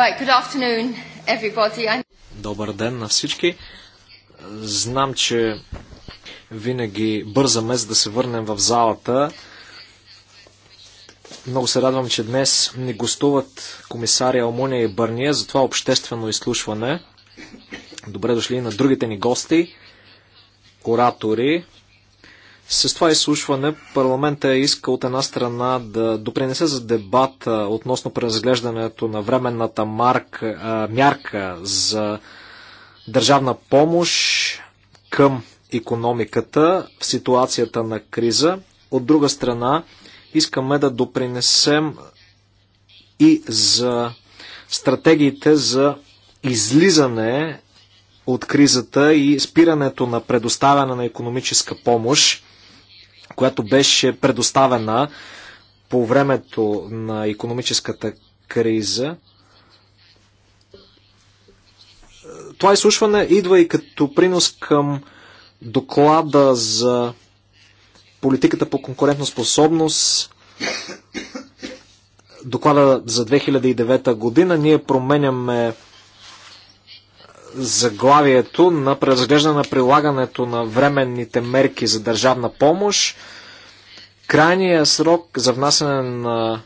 Right, good afternoon, everybody. Добър ден на всички. Знам, че винаги бързаме за да се върнем в залата. Много се радвам, че днес ни гостуват комисария Алмуния и Бърния за това обществено изслушване. Добре дошли и на другите ни гости, оратори, с това изслушване парламента е иска от една страна да допринесе за дебат относно преразглеждането на временната марка, мярка за държавна помощ към економиката в ситуацията на криза. От друга страна, искаме да допринесем и за стратегиите за излизане от кризата и спирането на предоставяне на економическа помощ която беше предоставена по времето на економическата криза. Това изслушване идва и като принос към доклада за политиката по конкурентоспособност, доклада за 2009 година. Ние променяме заглавието на преразглеждане на прилагането на временните мерки за държавна помощ. Крайният срок за внасяне на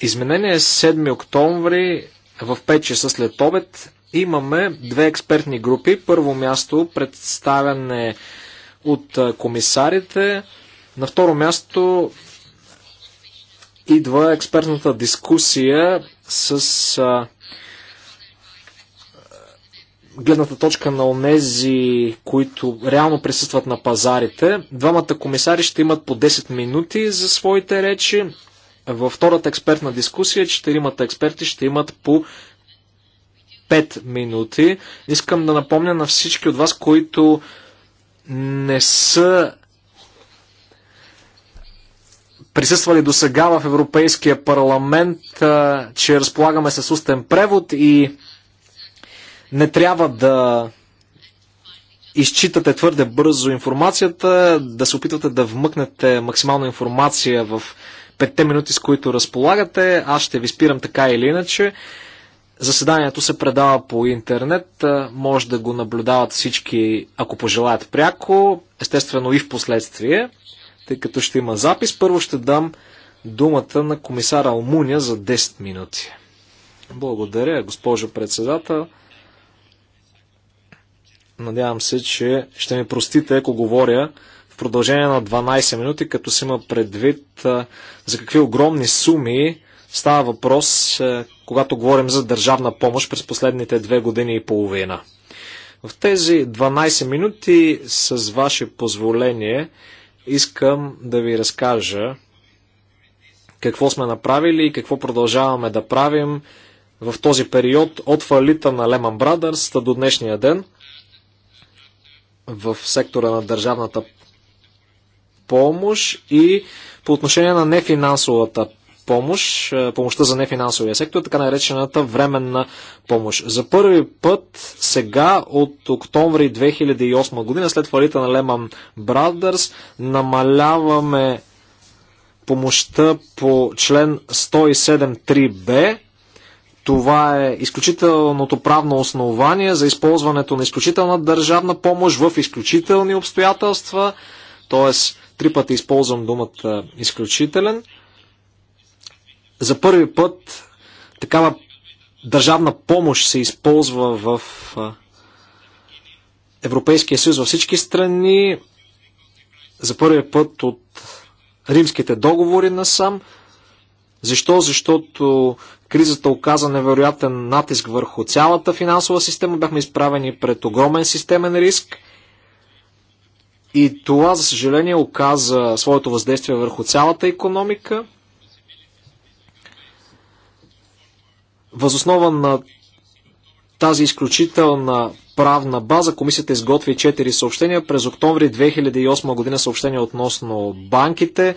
изменение е 7 октомври в 5 часа след обед. Имаме две експертни групи. Първо място представяне от комисарите. На второ място идва експертната дискусия с гледната точка на онези, които реално присъстват на пазарите. Двамата комисари ще имат по 10 минути за своите речи. Във втората експертна дискусия четиримата експерти ще имат по 5 минути. Искам да напомня на всички от вас, които не са присъствали до сега в Европейския парламент, че разполагаме с устен превод и не трябва да изчитате твърде бързо информацията, да се опитвате да вмъкнете максимална информация в петте минути, с които разполагате. Аз ще ви спирам така или иначе. Заседанието се предава по интернет, може да го наблюдават всички, ако пожелаят пряко, естествено и в последствие, тъй като ще има запис. Първо ще дам думата на комисара Омуня за 10 минути. Благодаря, госпожо председател. Надявам се, че ще ми простите, ако говоря в продължение на 12 минути, като си има предвид за какви огромни суми става въпрос, когато говорим за държавна помощ през последните две години и половина. В тези 12 минути, с ваше позволение, искам да ви разкажа какво сме направили и какво продължаваме да правим в този период от фалита на Lehman Brothers до днешния ден – в сектора на държавната помощ и по отношение на нефинансовата помощ, е, помощта за нефинансовия сектор, така наречената временна помощ. За първи път сега от октомври 2008 година, след фалита на Lehman Brothers, намаляваме помощта по член 107.3b това е изключителното правно основание за използването на изключителна държавна помощ в изключителни обстоятелства, т.е. три пъти използвам думата е, изключителен. За първи път такава държавна помощ се използва в е, Европейския съюз във всички страни. За първи път от римските договори насам. сам защо? Защото кризата оказа невероятен натиск върху цялата финансова система. Бяхме изправени пред огромен системен риск. И това, за съжаление, оказа своето въздействие върху цялата економика. Възоснова на тази изключителна правна база, комисията изготви 4 съобщения. През октомври 2008 година съобщения относно банките,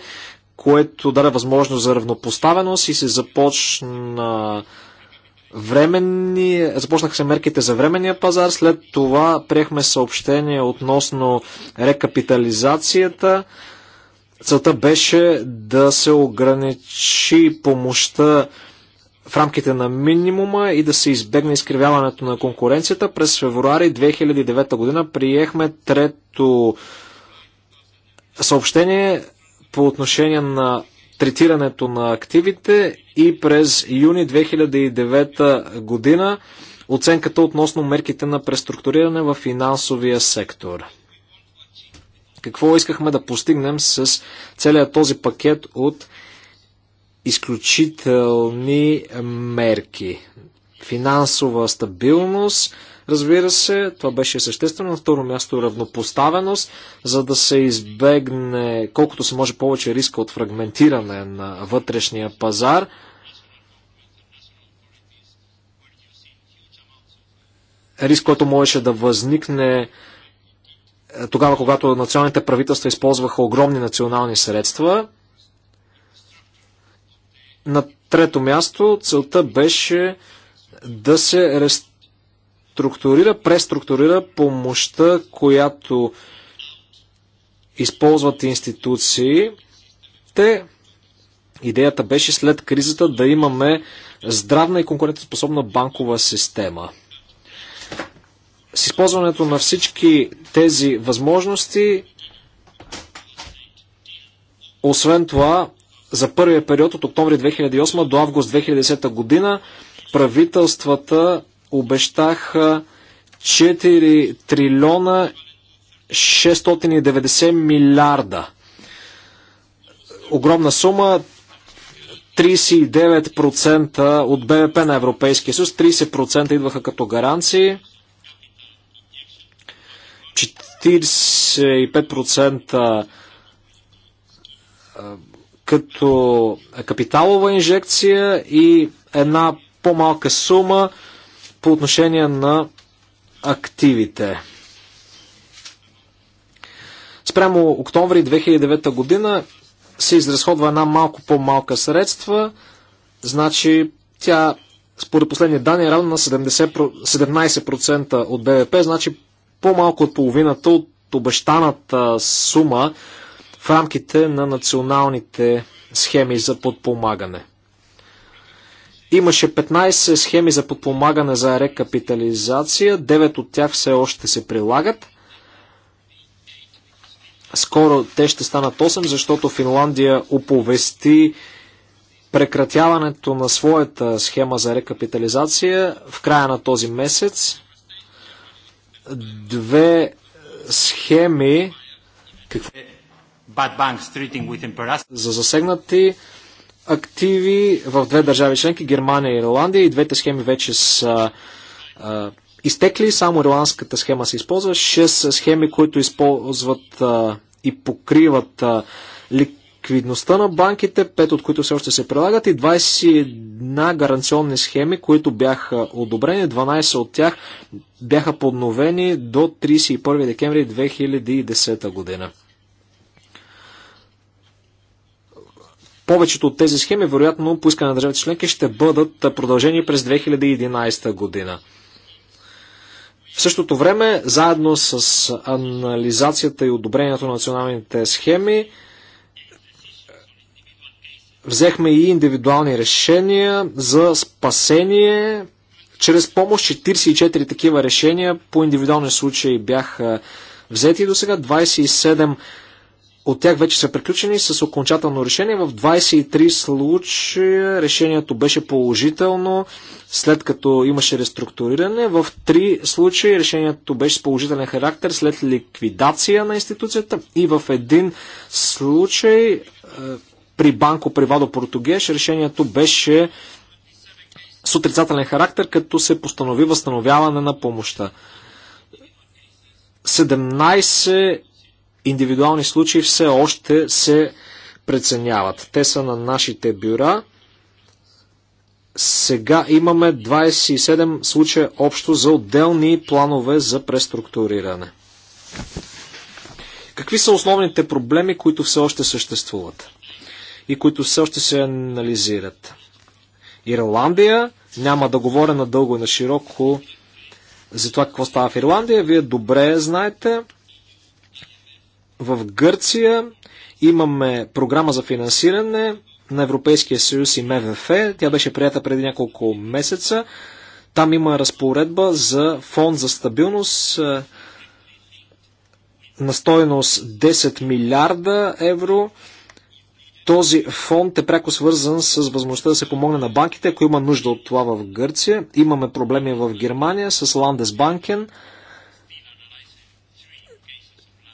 което даде възможност за равнопоставеност и се започна временни, започнаха се мерките за временния пазар, след това приехме съобщение относно рекапитализацията. Целта беше да се ограничи помощта в рамките на минимума и да се избегне изкривяването на конкуренцията. През февруари 2009 година приехме трето съобщение по отношение на третирането на активите и през юни 2009 година оценката относно мерките на преструктуриране в финансовия сектор. Какво искахме да постигнем с целият този пакет от изключителни мерки? Финансова стабилност, Разбира се, това беше съществено. На второ място равнопоставеност, за да се избегне колкото се може повече риска от фрагментиране на вътрешния пазар. Риск, който можеше да възникне е, тогава, когато националните правителства използваха огромни национални средства. На трето място целта беше да се реструктурира структурира, преструктурира помощта, която използват институции. Те, идеята беше след кризата да имаме здравна и конкурентоспособна банкова система. С използването на всички тези възможности, освен това, за първия период от октомври 2008 до август 2010 година, правителствата обещаха 4 трилиона 690 милиарда. Огромна сума, 39% от БВП на Европейския съюз, 30% идваха като гаранции, 45% като капиталова инжекция и една по-малка сума по отношение на активите. Спрямо октомври 2009 година се изразходва една малко по-малка средства, значи тя според последни данни е равна на 70, 17% от БВП, значи по-малко от половината от обещаната сума в рамките на националните схеми за подпомагане. Имаше 15 схеми за подпомагане за рекапитализация, 9 от тях все още се прилагат. Скоро те ще станат 8, защото Финландия оповести прекратяването на своята схема за рекапитализация в края на този месец. Две схеми какво... за засегнати активи в две държави членки, Германия и Ирландия. И двете схеми вече са а, изтекли, само ирландската схема се използва. Шест схеми, които използват а, и покриват а, ликвидността на банките, пет от които все още се прилагат и 21 гаранционни схеми, които бяха одобрени, 12 от тях бяха подновени до 31 декември 2010 година. Повечето от тези схеми, вероятно, по искане на държавите членки, ще бъдат продължени през 2011 година. В същото време, заедно с анализацията и одобрението на националните схеми, взехме и индивидуални решения за спасение чрез помощ. 44 такива решения по индивидуални случаи бяха взети до сега. 27 от тях вече са приключени с окончателно решение. В 23 случая решението беше положително, след като имаше реструктуриране. В 3 случая решението беше с положителен характер след ликвидация на институцията. И в един случай е, при Банко Привадо Португеш решението беше с отрицателен характер, като се постанови възстановяване на помощта. 17 индивидуални случаи все още се преценяват. Те са на нашите бюра. Сега имаме 27 случая общо за отделни планове за преструктуриране. Какви са основните проблеми, които все още съществуват и които все още се анализират? Ирландия, няма да говоря надълго и на широко за това какво става в Ирландия, вие добре знаете. В Гърция имаме програма за финансиране на Европейския съюз и МВФ. Тя беше прията преди няколко месеца. Там има разпоредба за фонд за стабилност е, на стоеност 10 милиарда евро. Този фонд е пряко свързан с възможността да се помогне на банките, ако има нужда от това в Гърция. Имаме проблеми в Германия с Ландесбанкен. Банкен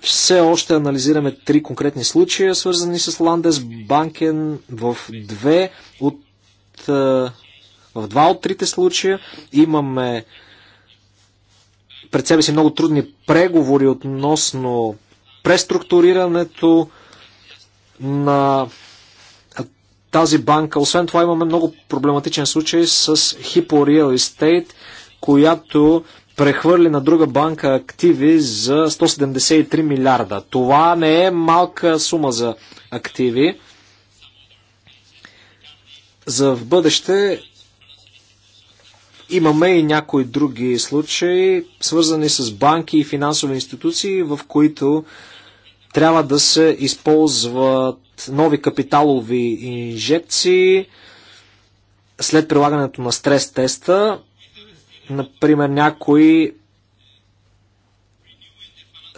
все още анализираме три конкретни случая, свързани с Ландес Банкен в две от е, в два от трите случая имаме пред себе си много трудни преговори относно преструктурирането на тази банка. Освен това имаме много проблематичен случай с Hippo Real Estate, която прехвърли на друга банка активи за 173 милиарда. Това не е малка сума за активи. За в бъдеще имаме и някои други случаи, свързани с банки и финансови институции, в които трябва да се използват нови капиталови инжекции след прилагането на стрес теста. Например, някои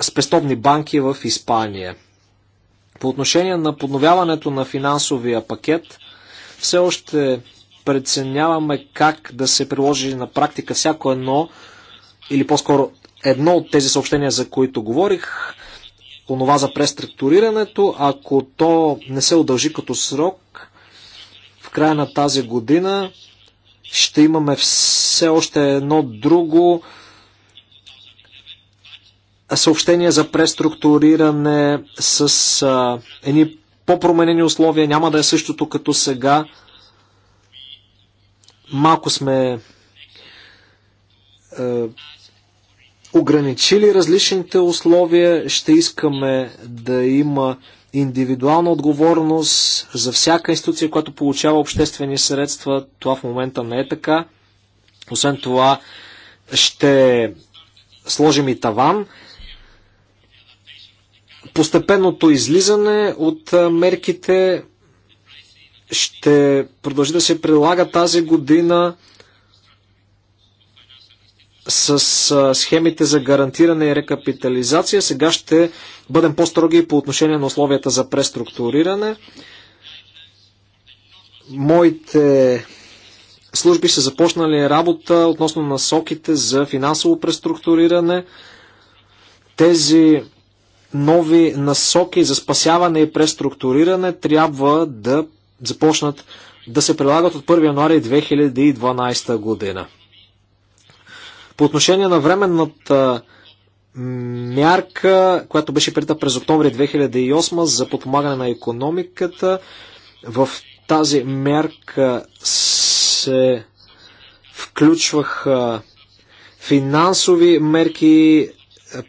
спестовни банки в Испания. По отношение на подновяването на финансовия пакет, все още преценяваме как да се приложи на практика всяко едно или по-скоро едно от тези съобщения, за които говорих, онова за преструктурирането, ако то не се удължи като срок, в края на тази година ще имаме все още едно друго съобщение за преструктуриране с а, едни по-променени условия. Няма да е същото като сега. Малко сме а, ограничили различните условия. Ще искаме да има индивидуална отговорност за всяка институция, която получава обществени средства. Това в момента не е така. Освен това, ще сложим и таван. Постепенното излизане от мерките ще продължи да се прилага тази година с схемите за гарантиране и рекапитализация. Сега ще бъдем по-строги по отношение на условията за преструктуриране. Моите служби са започнали работа относно насоките за финансово преструктуриране. Тези нови насоки за спасяване и преструктуриране трябва да започнат да се прилагат от 1 януари 2012 година. По отношение на временната мярка, която беше прита през октомври 2008 за подпомагане на економиката, в тази мярка се включваха финансови мерки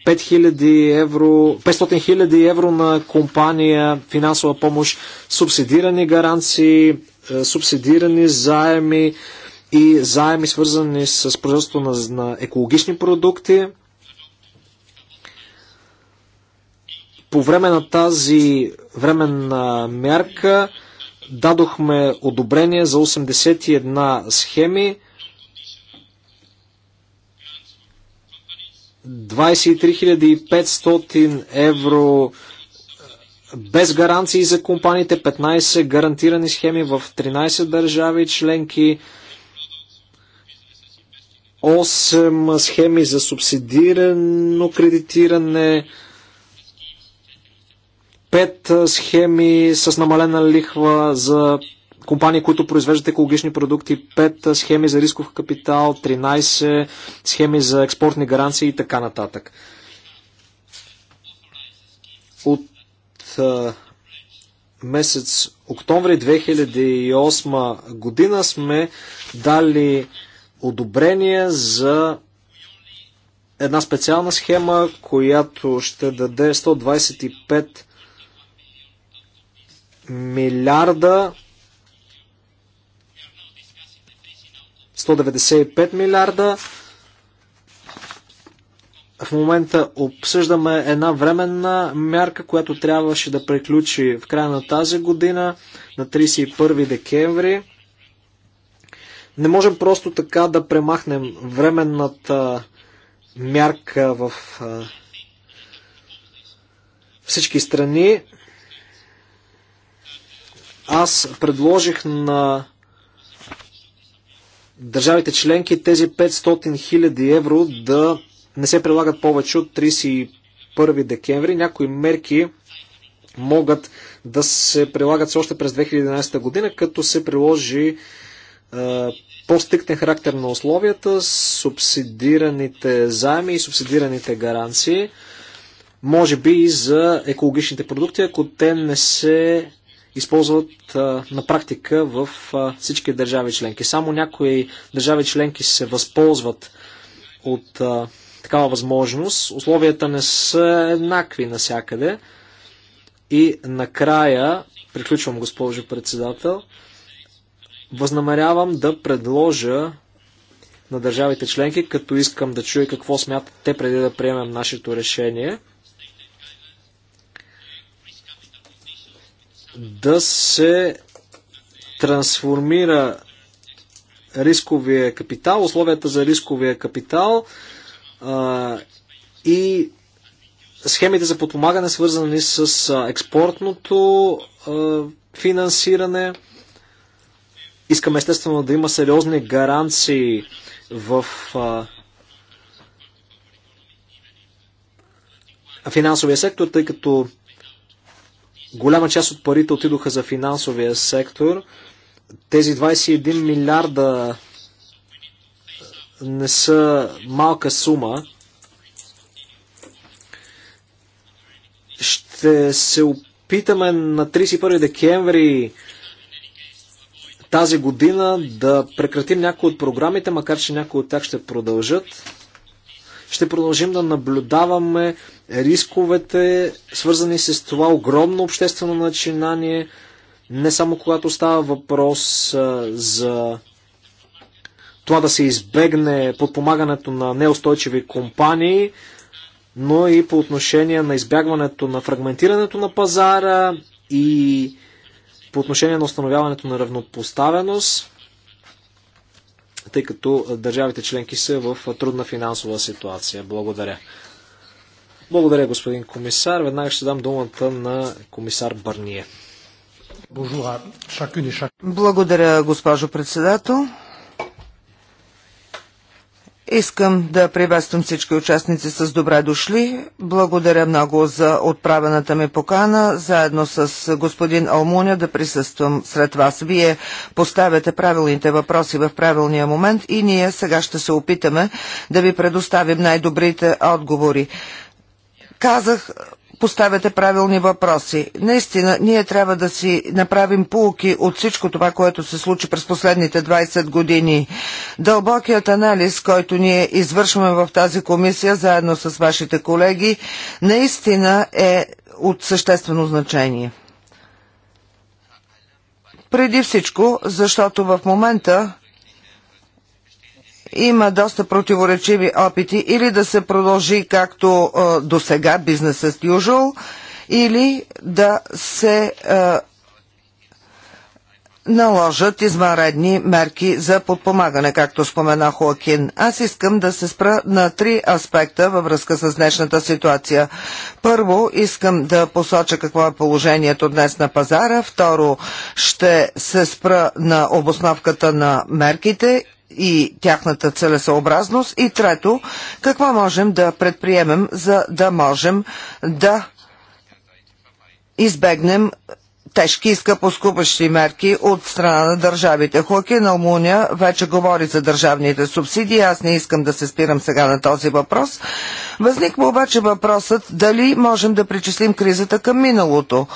5000 евро, 500 000 евро на компания, финансова помощ, субсидирани гаранции, е, субсидирани заеми, и заеми свързани с производство на, на екологични продукти. По време на тази временна мярка дадохме одобрение за 81 схеми. 23 евро без гаранции за компаниите, 15 гарантирани схеми в 13 държави членки, 8 схеми за субсидирано кредитиране, 5 схеми с намалена лихва за компании, които произвеждат екологични продукти, 5 схеми за рисков капитал, 13 схеми за експортни гаранции и така нататък. От а, месец октомври 2008 година сме дали одобрение за една специална схема, която ще даде 125 милиарда 195 милиарда. В момента обсъждаме една временна мярка, която трябваше да приключи в края на тази година, на 31 декември. Не можем просто така да премахнем временната мярка в всички страни. Аз предложих на държавите членки тези 500 хиляди евро да не се прилагат повече от 31 декември. Някои мерки могат да се прилагат все още през 2011 година, като се приложи по-стиктен характер на условията, субсидираните заеми и субсидираните гаранции, може би и за екологичните продукти, ако те не се използват а, на практика в а, всички държави членки. Само някои държави членки се възползват от а, такава възможност. Условията не са еднакви насякъде. И накрая, приключвам госпожо председател, Възнамерявам да предложа на държавите членки, като искам да чуя какво смятат те преди да приемем нашето решение, да се трансформира рисковия капитал, условията за рисковия капитал а, и схемите за подпомагане, свързани с експортното а, финансиране. Искаме естествено да има сериозни гаранции в а, финансовия сектор, тъй като голяма част от парите отидоха за финансовия сектор. Тези 21 милиарда не са малка сума. Ще се опитаме на 31 декември тази година да прекратим някои от програмите, макар че някои от тях ще продължат. Ще продължим да наблюдаваме рисковете, свързани с това огромно обществено начинание, не само когато става въпрос а, за това да се избегне подпомагането на неустойчиви компании, но и по отношение на избягването на фрагментирането на пазара и по отношение на установяването на равнопоставеност, тъй като държавите членки са в трудна финансова ситуация. Благодаря. Благодаря, господин комисар. Веднага ще дам думата на комисар Барние. Благодаря, госпожо председател. Искам да приветствам всички участници с добре дошли. Благодаря много за отправената ми покана, заедно с господин Алмуня да присъствам сред вас. Вие поставяте правилните въпроси в правилния момент и ние сега ще се опитаме да ви предоставим най-добрите отговори. Казах поставяте правилни въпроси. Наистина, ние трябва да си направим полуки от всичко това, което се случи през последните 20 години. Дълбокият анализ, който ние извършваме в тази комисия, заедно с вашите колеги, наистина е от съществено значение. Преди всичко, защото в момента има доста противоречиви опити или да се продължи както до сега бизнес as usual, или да се е, наложат извънредни мерки за подпомагане, както спомена Хоакин. Аз искам да се спра на три аспекта във връзка с днешната ситуация. Първо, искам да посоча какво е положението днес на пазара. Второ, ще се спра на обосновката на мерките и тяхната целесообразност? И трето, какво можем да предприемем, за да можем да избегнем тежки и скъпоскупащи мерки от страна на държавите. Хоакин Алмуния вече говори за държавните субсидии, аз не искам да се спирам сега на този въпрос. Възниква обаче въпросът дали можем да причислим кризата към миналото.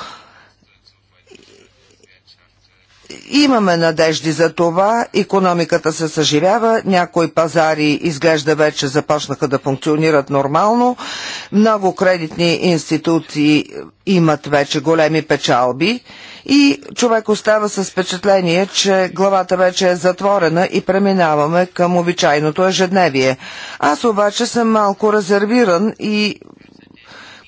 Имаме надежди за това, економиката се съживява, някои пазари изглежда вече започнаха да функционират нормално, много кредитни институции имат вече големи печалби и човек остава с впечатление, че главата вече е затворена и преминаваме към обичайното ежедневие. Аз обаче съм малко резервиран и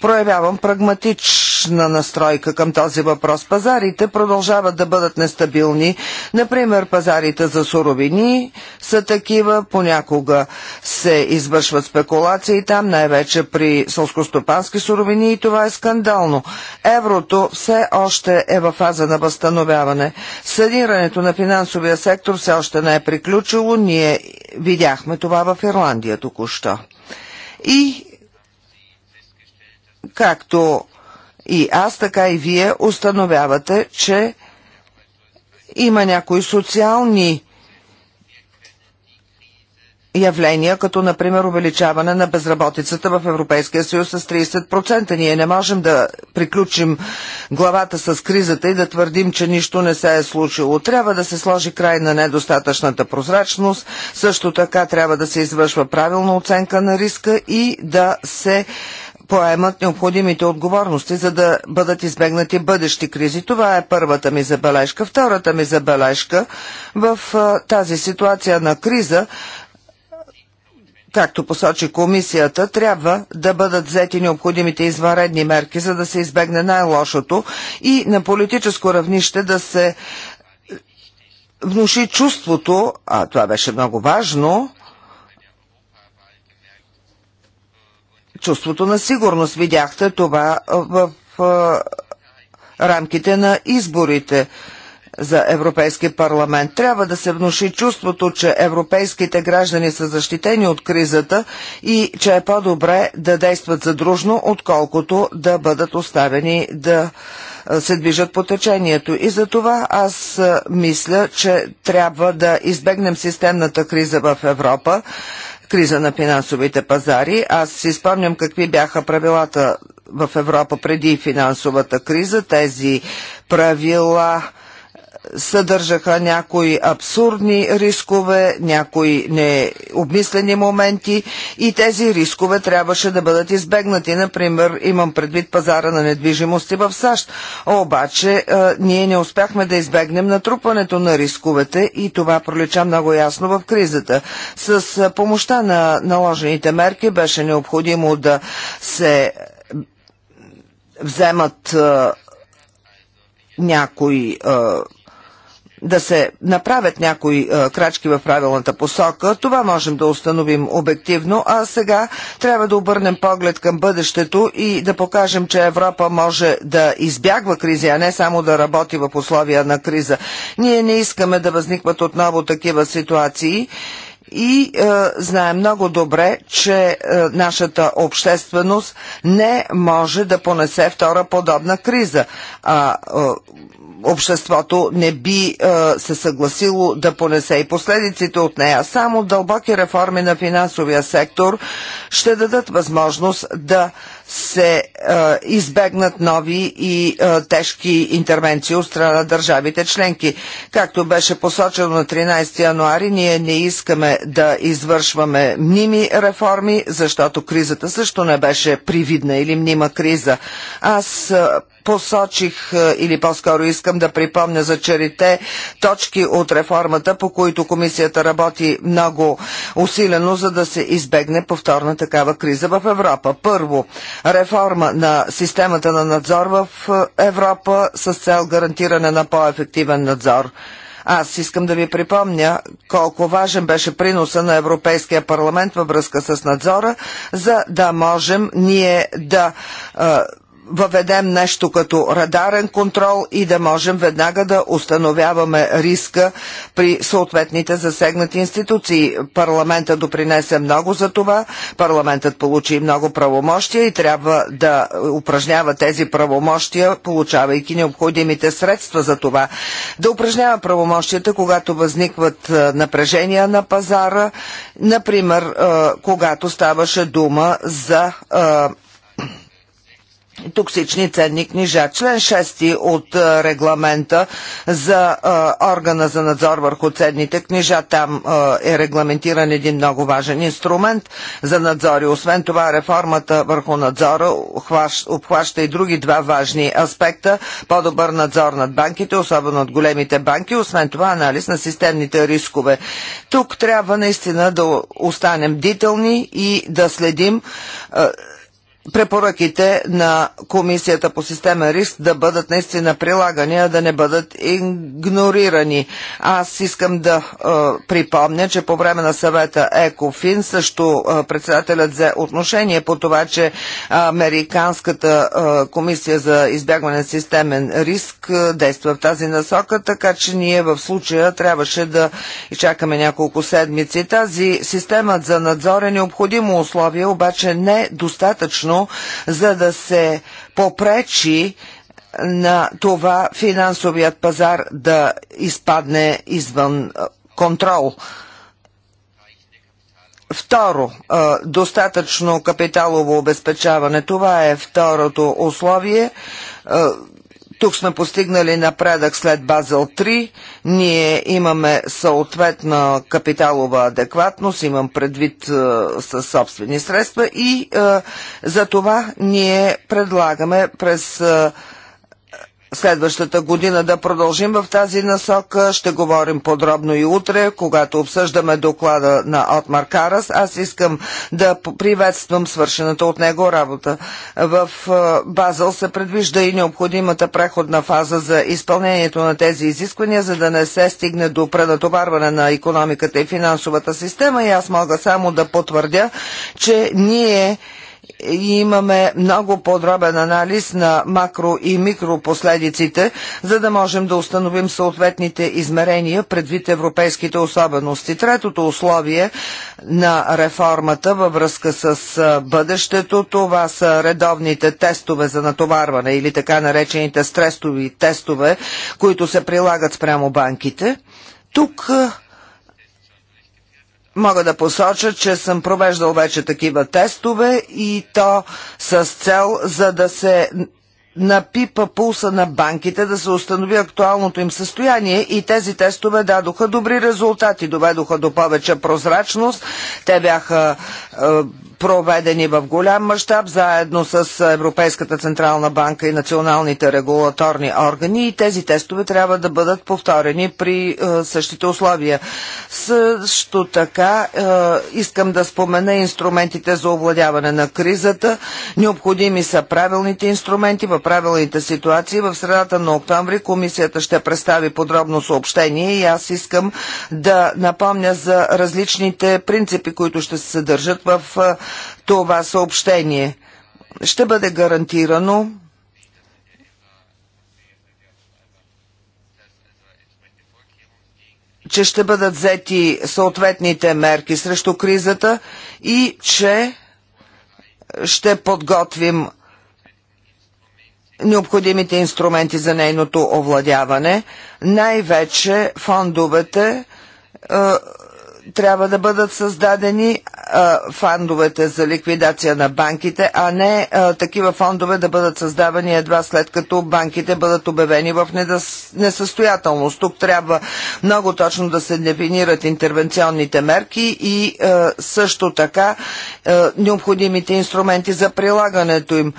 проявявам прагматична настройка към този въпрос. Пазарите продължават да бъдат нестабилни. Например, пазарите за суровини са такива, понякога се извършват спекулации там, най-вече при сълскостопански суровини и това е скандално. Еврото все още е във фаза на възстановяване. Съдирането на финансовия сектор все още не е приключило. Ние видяхме това в Ирландия току-що. И както и аз, така и вие установявате, че има някои социални явления, като например увеличаване на безработицата в Европейския съюз с 30%. Ние не можем да приключим главата с кризата и да твърдим, че нищо не се е случило. Трябва да се сложи край на недостатъчната прозрачност, също така трябва да се извършва правилна оценка на риска и да се поемат необходимите отговорности, за да бъдат избегнати бъдещи кризи. Това е първата ми забележка. Втората ми забележка в тази ситуация на криза Както посочи комисията, трябва да бъдат взети необходимите извънредни мерки, за да се избегне най-лошото и на политическо равнище да се внуши чувството, а това беше много важно, чувството на сигурност. Видяхте това в рамките на изборите за Европейски парламент. Трябва да се внуши чувството, че европейските граждани са защитени от кризата и че е по-добре да действат задружно, отколкото да бъдат оставени да се движат по течението. И за това аз мисля, че трябва да избегнем системната криза в Европа, криза на финансовите пазари. Аз си спомням какви бяха правилата в Европа преди финансовата криза. Тези правила съдържаха някои абсурдни рискове, някои необмислени моменти и тези рискове трябваше да бъдат избегнати. Например, имам предвид пазара на недвижимости в САЩ. Обаче, ние не успяхме да избегнем натрупването на рисковете и това пролича много ясно в кризата. С помощта на наложените мерки беше необходимо да се вземат някои а, да се направят някои е, крачки в правилната посока. Това можем да установим обективно, а сега трябва да обърнем поглед към бъдещето и да покажем, че Европа може да избягва кризи, а не само да работи в условия на криза. Ние не искаме да възникват отново такива ситуации и е, знаем много добре, че е, нашата общественост не може да понесе втора подобна криза. А, е, обществото не би е, се съгласило да понесе и последиците от нея. Само дълбоки реформи на финансовия сектор ще дадат възможност да се е, избегнат нови и е, тежки интервенции от страна на държавите членки. Както беше посочено на 13 януари, ние не искаме да извършваме мними реформи, защото кризата също не беше привидна или мнима криза. Аз е, посочих е, или по-скоро искам да припомня за черите точки от реформата, по които комисията работи много усилено, за да се избегне повторна такава криза в Европа. Първо, реформа на системата на надзор в е, Европа с цел гарантиране на по-ефективен надзор. Аз искам да ви припомня колко важен беше приноса на Европейския парламент във връзка с надзора, за да можем ние да е, въведем нещо като радарен контрол и да можем веднага да установяваме риска при съответните засегнати институции. Парламента допринесе много за това, парламентът получи много правомощия и трябва да упражнява тези правомощия, получавайки необходимите средства за това. Да упражнява правомощията, когато възникват е, напрежения на пазара, например, е, когато ставаше дума за е, токсични ценни книжа. Член 6 от регламента за органа за надзор върху ценните книжа, там е регламентиран един много важен инструмент за надзори. Освен това, реформата върху надзора обхваща и други два важни аспекта. По-добър надзор над банките, особено от големите банки, освен това анализ на системните рискове. Тук трябва наистина да останем дителни и да следим препоръките на Комисията по системен риск да бъдат наистина прилагани, а да не бъдат игнорирани. Аз искам да е, припомня, че по време на съвета ЕКОФИН също е, председателят взе отношение по това, че Американската е, комисия за избягване на системен риск е, действа в тази насока, така че ние в случая трябваше да изчакаме няколко седмици. Тази система за надзор е необходимо условие, обаче не достатъчно за да се попречи на това финансовият пазар да изпадне извън контрол. Второ, достатъчно капиталово обезпечаване. Това е второто условие тук сме постигнали напредък след Базел 3. Ние имаме съответна капиталова адекватност, имам предвид е, със собствени средства и е, за това ние предлагаме през е, следващата година да продължим в тази насока. Ще говорим подробно и утре, когато обсъждаме доклада на Отмар Карас. Аз искам да приветствам свършената от него работа. В Базел се предвижда и необходимата преходна фаза за изпълнението на тези изисквания, за да не се стигне до пренатоварване на економиката и финансовата система. И аз мога само да потвърдя, че ние и имаме много подробен анализ на макро и микро последиците, за да можем да установим съответните измерения предвид европейските особености. Третото условие на реформата във връзка с бъдещето, това са редовните тестове за натоварване или така наречените стресови тестове, които се прилагат спрямо банките. Тук Мога да посоча, че съм провеждал вече такива тестове и то с цел, за да се напипа пулса на банките, да се установи актуалното им състояние и тези тестове дадоха добри резултати, доведоха до повече прозрачност. Те бяха е, проведени в голям мащаб, заедно с Европейската Централна банка и националните регулаторни органи и тези тестове трябва да бъдат повторени при е, същите условия. Също така е, искам да спомена инструментите за овладяване на кризата. Необходими са правилните инструменти, въпросите правилните ситуации. В средата на октомври комисията ще представи подробно съобщение и аз искам да напомня за различните принципи, които ще се съдържат в това съобщение. Ще бъде гарантирано че ще бъдат взети съответните мерки срещу кризата и че ще подготвим необходимите инструменти за нейното овладяване, най-вече фондовете е, трябва да бъдат създадени е, фондовете за ликвидация на банките, а не е, такива фондове да бъдат създавани едва след като банките бъдат обявени в недъс... несъстоятелност. Тук трябва много точно да се дефинират интервенционните мерки и също така необходимите инструменти за прилагането им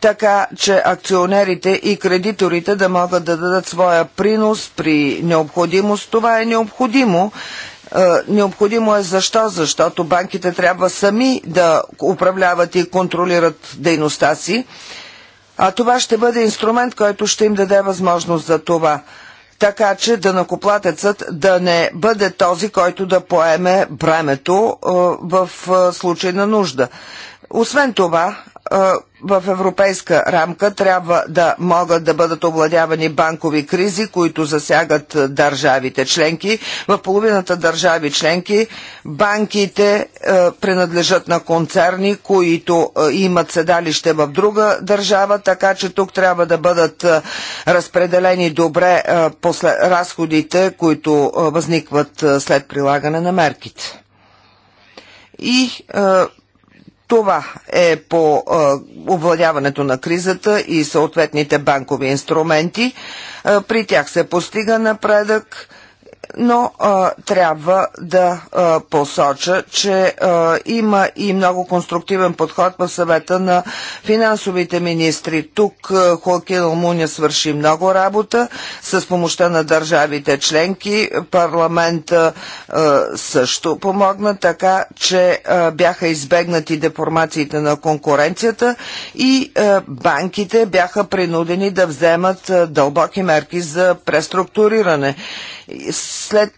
така че акционерите и кредиторите да могат да дадат своя принос при необходимост. Това е необходимо. Е, необходимо е защо? Защото банките трябва сами да управляват и контролират дейността си, а това ще бъде инструмент, който ще им даде възможност за това така че накоплатецът да не бъде този, който да поеме бремето е, в е, случай на нужда. Освен това, в европейска рамка трябва да могат да бъдат обладявани банкови кризи, които засягат държавите членки. В половината държави членки банките е, принадлежат на концерни, които е, имат седалище в друга държава, така че тук трябва да бъдат е, разпределени добре е, после, разходите, които е, възникват е, след прилагане на мерките. И е, това е по обладяването на кризата и съответните банкови инструменти. При тях се постига напредък но а, трябва да а, посоча, че а, има и много конструктивен подход в съвета на финансовите министри. Тук Хоакин Алмуня свърши много работа с помощта на държавите членки. Парламента а, също помогна така, че а, бяха избегнати деформациите на конкуренцията и а, банките бяха принудени да вземат а, дълбоки мерки за преструктуриране. След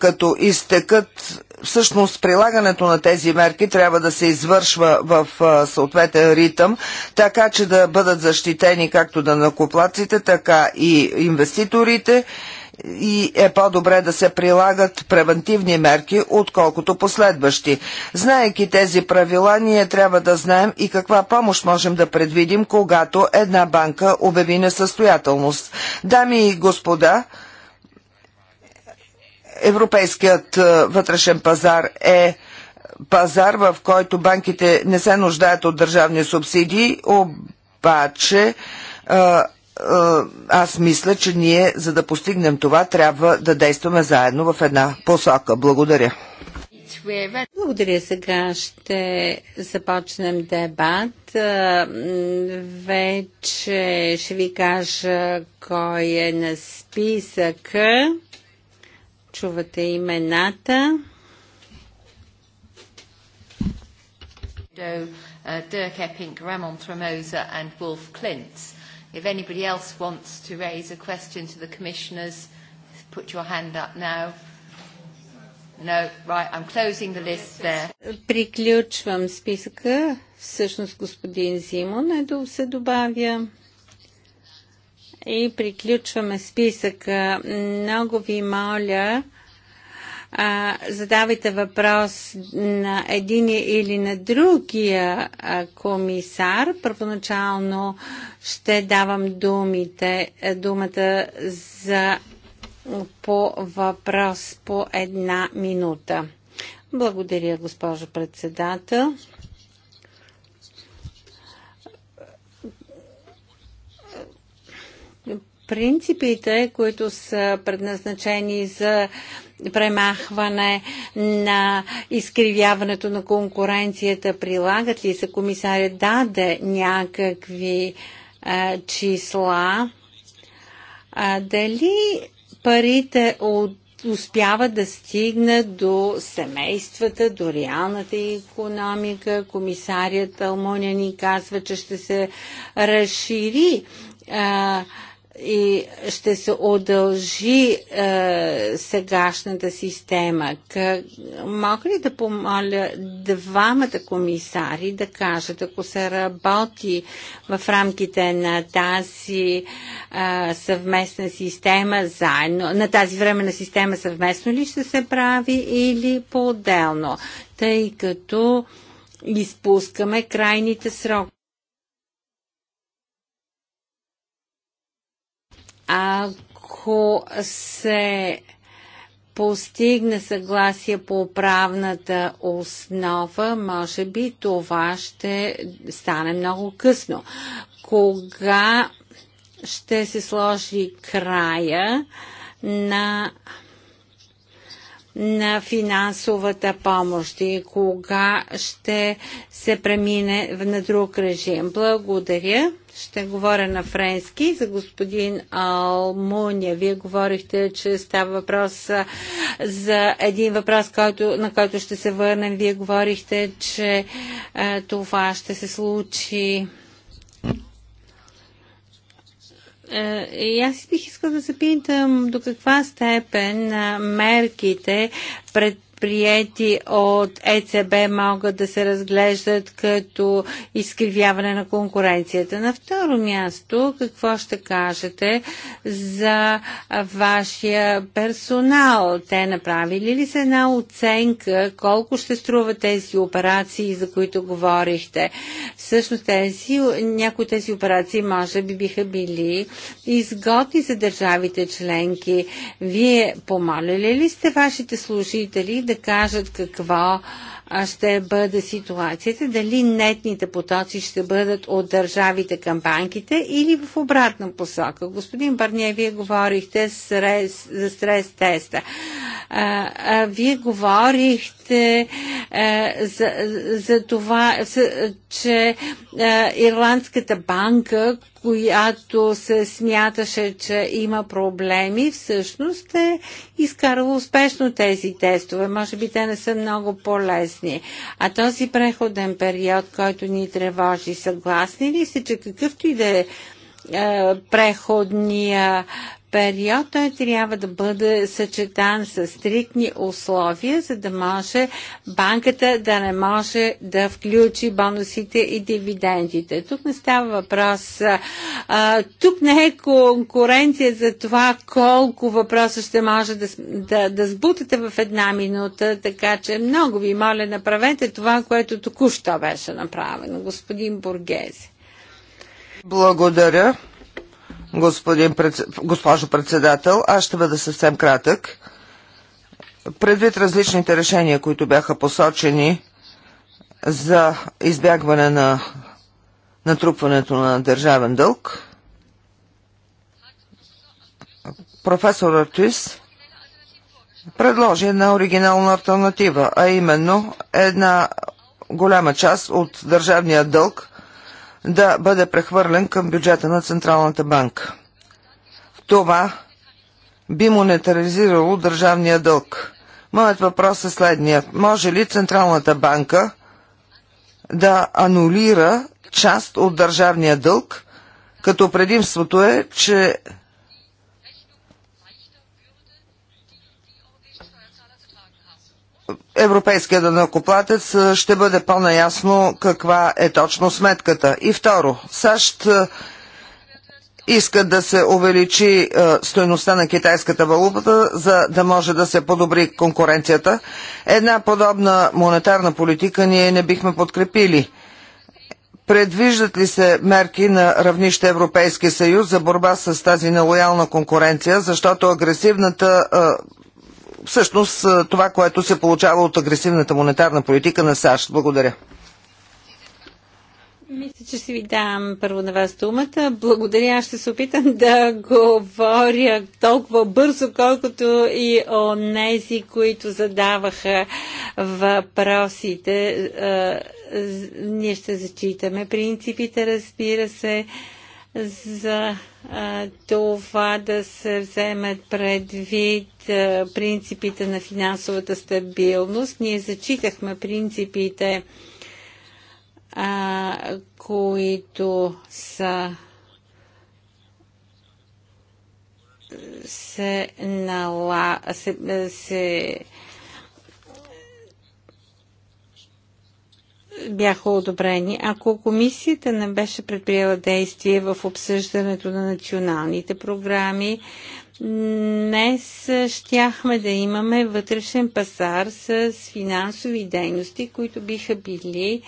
като изтекат всъщност прилагането на тези мерки трябва да се извършва в съответен ритъм, така че да бъдат защитени както да накоплаците, така и инвеститорите и е по-добре да се прилагат превентивни мерки, отколкото последващи. Знаеки тези правила, ние трябва да знаем и каква помощ можем да предвидим, когато една банка обяви несъстоятелност. Дами и господа, Европейският е, вътрешен пазар е пазар, в който банките не се нуждаят от държавни субсидии, обаче е, е, аз мисля, че ние, за да постигнем това, трябва да действаме заедно в една посока. Благодаря. Благодаря. Сега ще започнем дебат. Вече ще ви кажа кой е на списъка. Чувате имената. Dirk Epping, Ramon Tremosa and Wolf Klintz. If anybody else wants to raise a question to the commissioners, put your hand up now. No, right, I'm closing the list there. Приключвам списъка. Всъщност господин Зимон е да се добавя и приключваме списъка. Много ви моля, а, задавайте въпрос на един или на другия а, комисар. Първоначално ще давам думите, думата за по въпрос по една минута. Благодаря, госпожо председател. принципите, които са предназначени за премахване на изкривяването на конкуренцията, прилагат ли се? Комисарят даде някакви а, числа. А, дали парите от успяват да стигне до семействата, до реалната економика. Комисарият Алмония ни казва, че ще се разшири а, и ще се удължи е, сегашната система. Как, мога ли да помоля двамата комисари да кажат, ако се работи в рамките на тази е, съвместна система заедно, на тази времена система съвместно ли ще се прави или по-отделно, тъй като изпускаме крайните срок. Ако се постигне съгласие по правната основа, може би това ще стане много късно. Кога ще се сложи края на на финансовата помощ и кога ще се премине на друг режим. Благодаря. Ще говоря на френски за господин Алмуния. Вие говорихте, че става въпрос за един въпрос, който, на който ще се върнем. Вие говорихте, че е, това ще се случи Е, и аз бих искал да се питам до каква степен мерките пред прияти от ЕЦБ, могат да се разглеждат като изкривяване на конкуренцията. На второ място, какво ще кажете за вашия персонал? Те направили ли са една оценка колко ще струва тези операции, за които говорихте? Всъщност тези, някои тези операции може би биха били изгодни за държавите членки. Вие помолили ли сте вашите служители да кажат какво ще бъде ситуацията, дали нетните потоци ще бъдат от държавите към банките или в обратна посока. Господин Барния, вие говорихте за стрес теста. вие говорихте за, за това, че Ирландската банка, която се смяташе, че има проблеми, всъщност е изкарала успешно тези тестове. Може би те не са много по-лесни. А този преходен период, който ни тревожи, съгласни ли сте, че какъвто и да е, е преходния период, той трябва да бъде съчетан с стриктни условия, за да може банката да не може да включи бонусите и дивидендите. Тук не става въпрос. А, тук не е конкуренция за това колко въпроса ще може да, да, да сбутате в една минута, така че много ви моля, направете това, което току-що беше направено. Господин Бургези. Благодаря господин пред... госпожо председател. Аз ще бъда съвсем кратък. Предвид различните решения, които бяха посочени за избягване на натрупването на държавен дълг, професор Артис предложи една оригинална альтернатива, а именно една голяма част от държавния дълг да бъде прехвърлен към бюджета на Централната банка. Това би монетаризирало държавния дълг. Моят въпрос е следния. Може ли Централната банка да анулира част от държавния дълг, като предимството е, че европейския данъкоплатец ще бъде по-наясно каква е точно сметката. И второ, САЩ искат да се увеличи стоеността на китайската валута, за да може да се подобри конкуренцията. Една подобна монетарна политика ние не бихме подкрепили. Предвиждат ли се мерки на равнище Европейски съюз за борба с тази нелоялна конкуренция, защото агресивната е, всъщност това, което се получава от агресивната монетарна политика на САЩ. Благодаря. Мисля, че си ви дам първо на вас думата. Благодаря. аз Ще се опитам да говоря толкова бързо, колкото и о нези, които задаваха въпросите. Ние ще зачитаме принципите, разбира се за това да се вземат предвид принципите на финансовата стабилност. Ние зачитахме принципите, които са се, нала, се, се бяха одобрени. Ако комисията не беше предприела действие в обсъждането на националните програми, днес щяхме да имаме вътрешен пазар с финансови дейности, които биха били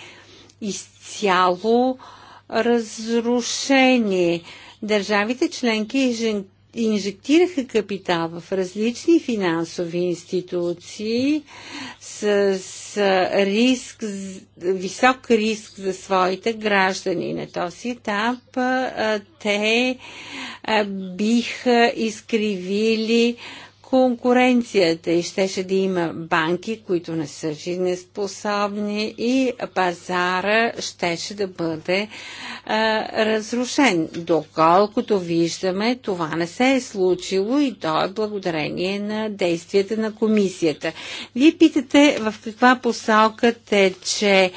изцяло разрушени. Държавите членки инжектираха капитал в различни финансови институции с риск, висок риск за своите граждани. На този етап те биха изкривили конкуренцията и щеше да има банки, които не са жизнеспособни и пазара щеше да бъде а, разрушен. Доколкото виждаме, това не се е случило и то е благодарение на действията на комисията. Вие питате в каква посока тече че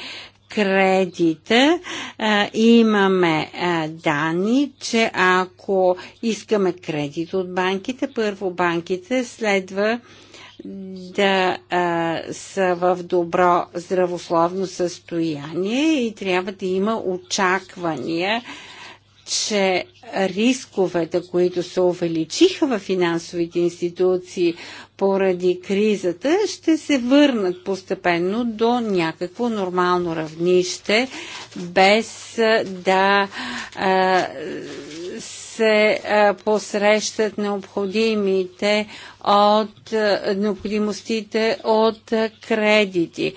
кредита а, имаме а, данни, че ако искаме кредит от банките, първо банките следва да а, са в добро здравословно състояние и трябва да има очаквания, че рисковете, които се увеличиха в финансовите институции поради кризата ще се върнат постепенно до някакво нормално равнище, без да а, се а, посрещат необходимите от а, необходимостите от а, кредити.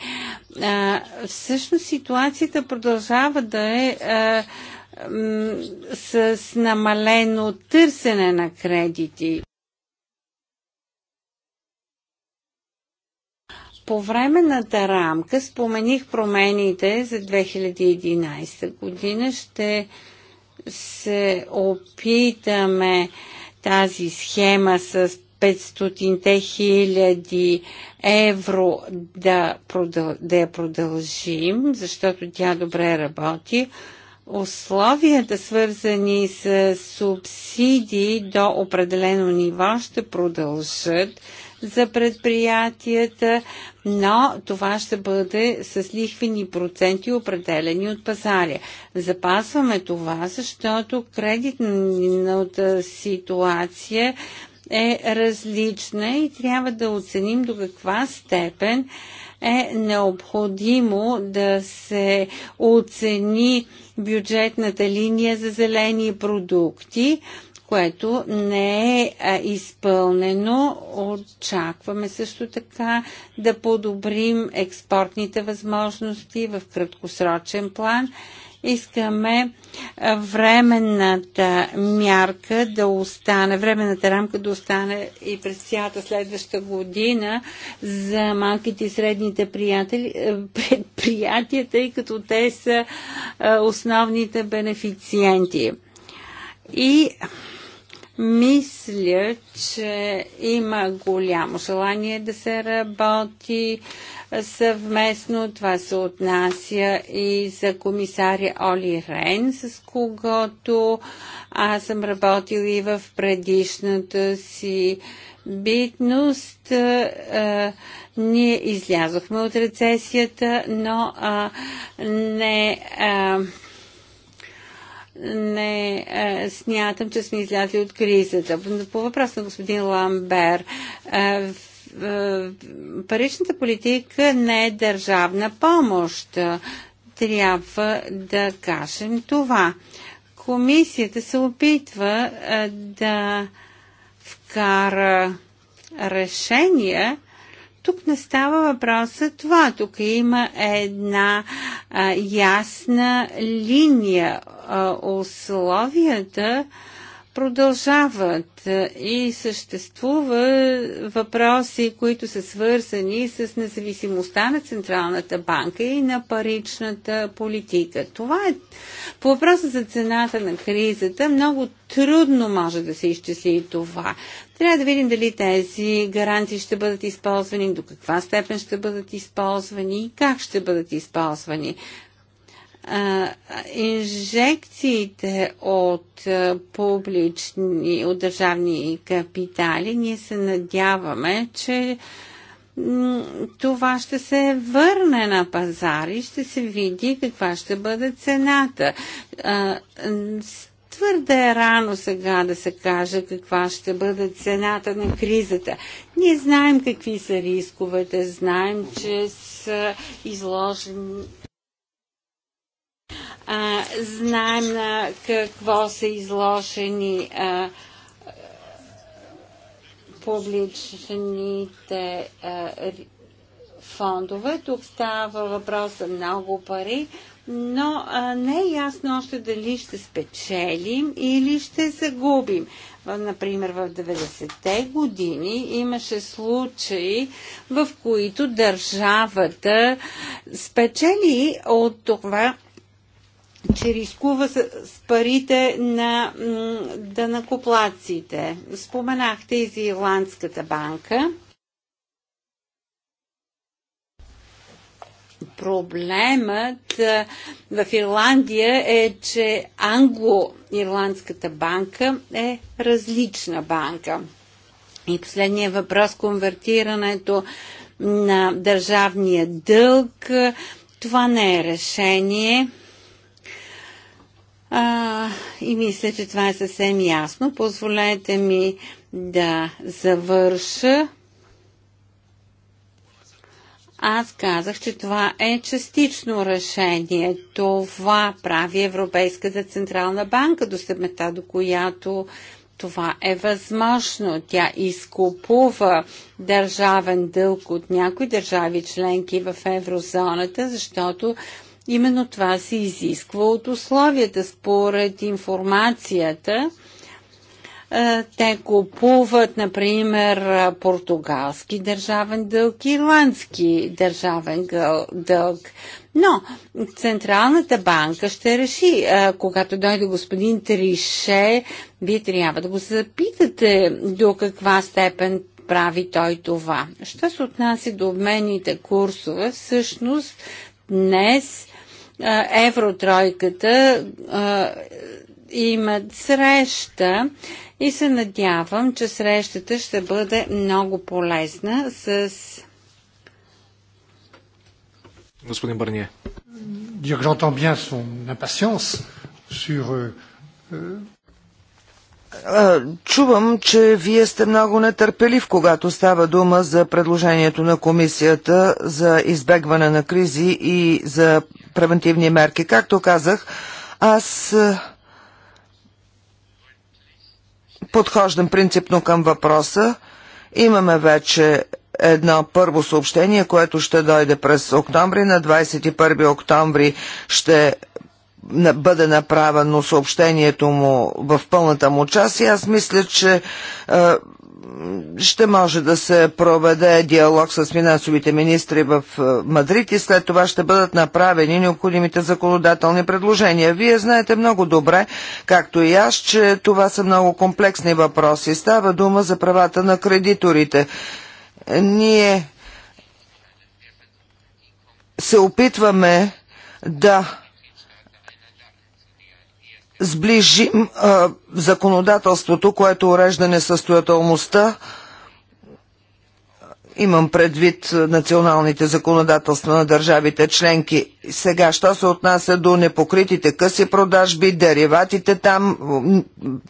А, всъщност ситуацията продължава да е а, с намалено търсене на кредити. По времената рамка спомених промените за 2011 година. Ще се опитаме тази схема с 500 хиляди евро да, продъл... да я продължим, защото тя добре работи. Условията, свързани с субсидии до определено ниво, ще продължат за предприятията, но това ще бъде с лихвени проценти, определени от пазаря. Запасваме това, защото кредитната ситуация е различна и трябва да оценим до каква степен е необходимо да се оцени бюджетната линия за зелени продукти което не е изпълнено. Очакваме също така да подобрим експортните възможности в краткосрочен план искаме временната мярка да остане, временната рамка да остане и през цялата следваща година за малките и средните предприятия, тъй като те са основните бенефициенти. И мисля, че има голямо желание да се работи съвместно. Това се отнася и за комисаря Оли Рен, с когото аз съм работил и в предишната си битност. Е, ние излязохме от рецесията, но а, не. А, не е, смятам, че сме излязли от кризата. По въпрос на господин Ламбер, е, е, паричната политика не е държавна помощ. Трябва да кажем това. Комисията се опитва е, да вкара решения, тук не става въпрос това. Тук има една а, ясна линия. А, условията, а, продължават и съществува въпроси, които са свързани с независимостта на Централната банка и на паричната политика. Това е по въпроса за цената на кризата. Много трудно може да се изчисли и това. Трябва да видим дали тези гаранции ще бъдат използвани, до каква степен ще бъдат използвани и как ще бъдат използвани инжекциите от публични, от държавни капитали, ние се надяваме, че това ще се върне на пазар и ще се види каква ще бъде цената. Твърде е рано сега да се каже каква ще бъде цената на кризата. Ние знаем какви са рисковете, знаем, че са изложени а, знаем на какво са изложени а, публичните а, фондове. Тук става въпрос за много пари, но а, не е ясно още дали ще спечелим или ще загубим. Например, в 90-те години имаше случаи, в които държавата спечели от това че рискува с, с парите на данакоплаците. Споменахте и за Ирландската банка. Проблемът в Ирландия е, че англо-ирландската банка е различна банка. И последния въпрос конвертирането на държавния дълг. Това не е решение а, и мисля, че това е съвсем ясно. Позволете ми да завърша. Аз казах, че това е частично решение. Това прави Европейската централна банка до съмета, до която това е възможно. Тя изкупува държавен дълг от някои държави членки в еврозоната, защото Именно това се изисква от условията. Според информацията, те купуват, например, португалски държавен дълг, ирландски държавен дълг. Но Централната банка ще реши, когато дойде господин Трише, вие трябва да го запитате до каква степен прави той това. Що се отнася до обменните курсове, всъщност днес евротройката имат среща и се надявам, че срещата ще бъде много полезна с господин Барние. Dire que j'entends bien son impatience sur euh, euh, Чувам, че вие сте много нетърпелив, когато става дума за предложението на комисията за избегване на кризи и за превентивни мерки. Както казах, аз е, подхождам принципно към въпроса. Имаме вече едно първо съобщение, което ще дойде през октомври. На 21 октомври ще бъде направено съобщението му в пълната му част и аз мисля, че е, ще може да се проведе диалог с финансовите министри в е, Мадрид и след това ще бъдат направени необходимите законодателни предложения. Вие знаете много добре, както и аз, че това са много комплексни въпроси. Става дума за правата на кредиторите. Ние се опитваме да сближим законодателството, което урежда несъстоятелността Имам предвид националните законодателства на държавите членки. Сега, що се отнася до непокритите къси продажби, дериватите там,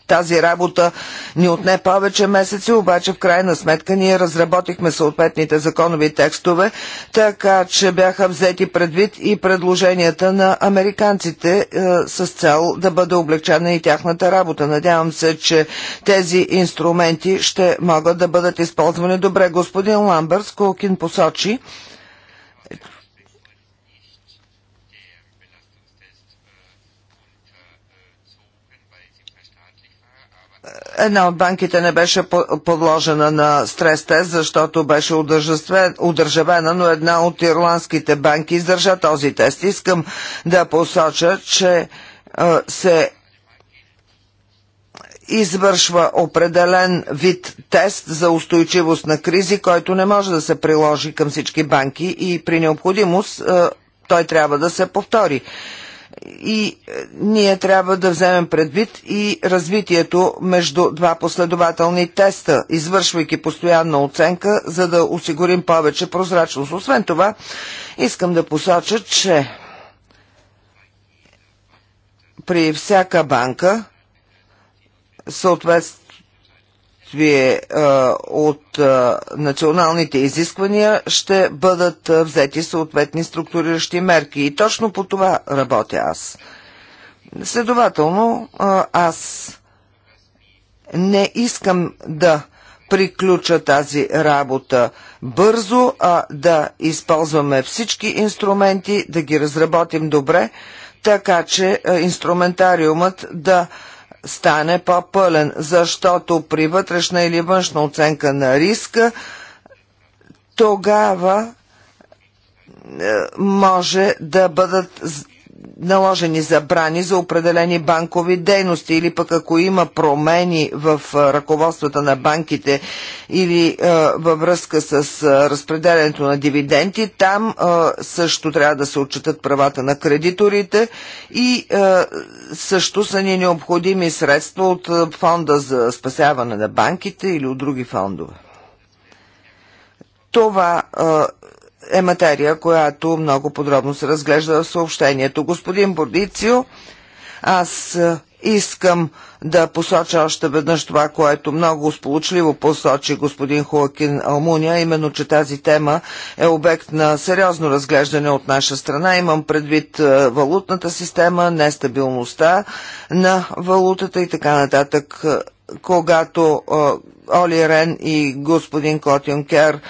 тази работа ни отне повече месеци, обаче в крайна сметка ние разработихме съответните законови текстове, така че бяха взети предвид и предложенията на американците е, с цел да бъде облегчена и тяхната работа. Надявам се, че тези инструменти ще могат да бъдат използвани добре. Господин Ламбърс Кулкин посочи, Една от банките не беше подложена на стрес тест, защото беше удържавена, но една от ирландските банки издържа този тест. Искам да посоча, че се извършва определен вид тест за устойчивост на кризи, който не може да се приложи към всички банки и при необходимост е, той трябва да се повтори. И е, ние трябва да вземем предвид и развитието между два последователни теста, извършвайки постоянна оценка, за да осигурим повече прозрачност. Освен това, искам да посоча, че при всяка банка съответствие от националните изисквания ще бъдат взети съответни структуриращи мерки. И точно по това работя аз. Следователно, аз не искам да приключа тази работа бързо, а да използваме всички инструменти, да ги разработим добре, така че инструментариумът да стане по-пълен, защото при вътрешна или външна оценка на риска, тогава е, може да бъдат наложени забрани за определени банкови дейности или пък ако има промени в ръководствата на банките или във връзка с разпределянето на дивиденти, там също трябва да се отчитат правата на кредиторите и също са ни необходими средства от фонда за спасяване на банките или от други фондове. Това е материя, която много подробно се разглежда в съобщението. Господин Бордицио, аз е, искам да посоча още веднъж това, което много сполучливо посочи господин Хуакин Алмуния, именно, че тази тема е обект на сериозно разглеждане от наша страна. Имам предвид е, валутната система, нестабилността на валутата и така нататък. Когато е, Оли Рен и господин Клотин Кер е,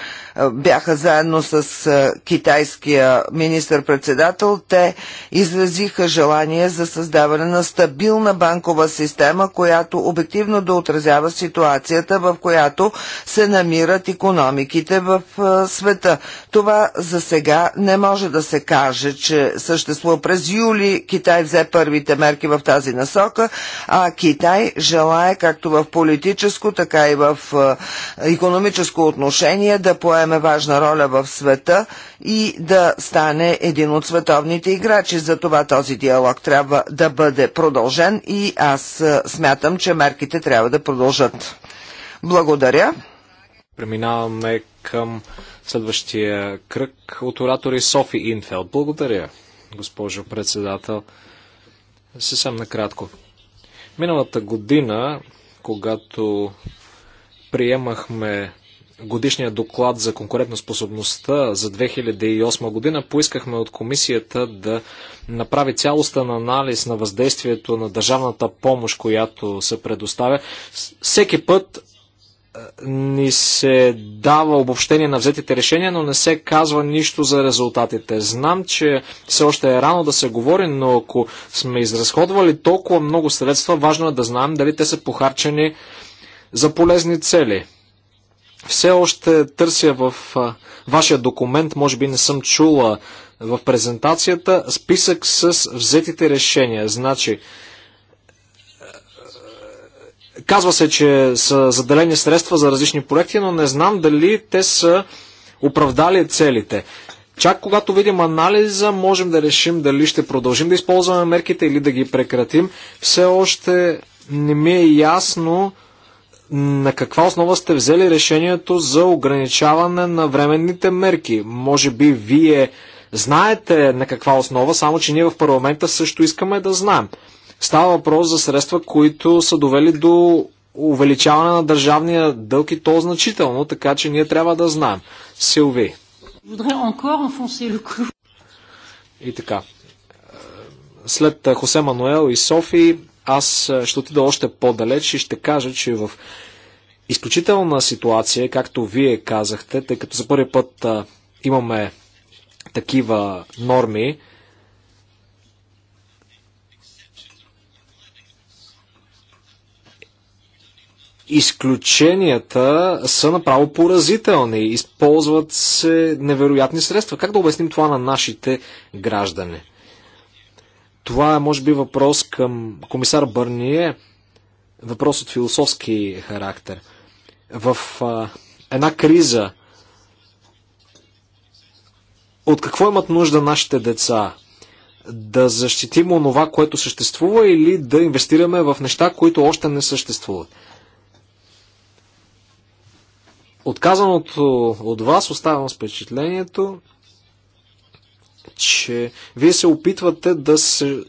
бяха заедно с китайския министр-председател. Те изразиха желание за създаване на стабилна банкова система, система, която обективно да отразява ситуацията, в която се намират економиките в света. Това за сега не може да се каже, че съществува. През юли Китай взе първите мерки в тази насока, а Китай желая както в политическо, така и в економическо отношение да поеме важна роля в света и да стане един от световните играчи. За това този диалог трябва да бъде продължен и аз смятам, че мерките трябва да продължат. Благодаря. Преминаваме към следващия кръг от оратори Софи Инфелд. Благодаря, госпожо председател. Съвсем накратко. Миналата година, когато приемахме годишния доклад за конкурентоспособността за 2008 година поискахме от комисията да направи цялостен анализ на въздействието на държавната помощ, която се предоставя. Всеки път е, ни се дава обобщение на взетите решения, но не се казва нищо за резултатите. Знам, че все още е рано да се говори, но ако сме изразходвали толкова много средства, важно е да знаем дали те са похарчени за полезни цели. Все още търся в вашия документ, може би не съм чула в презентацията, списък с взетите решения. Значи, казва се, че са заделени средства за различни проекти, но не знам дали те са оправдали целите. Чак когато видим анализа, можем да решим дали ще продължим да използваме мерките или да ги прекратим. Все още не ми е ясно на каква основа сте взели решението за ограничаване на временните мерки? Може би вие знаете на каква основа, само че ние в парламента също искаме да знаем. Става въпрос за средства, които са довели до увеличаване на държавния дълг и то значително, така че ние трябва да знаем. Силви. И така. След Хосе Мануел и Софи аз е, ще отида още по-далеч и ще кажа, че в изключителна ситуация, както вие казахте, тъй като за първи път а, е, имаме такива норми, изключенията са направо поразителни. Използват се невероятни средства. Как да обясним това на нашите граждани? Това е, може би, въпрос към комисар Бърние, въпрос от философски характер. В а, една криза, от какво имат нужда нашите деца? Да защитим онова, което съществува или да инвестираме в неща, които още не съществуват? Отказаното от вас оставам с впечатлението, че вие се опитвате да се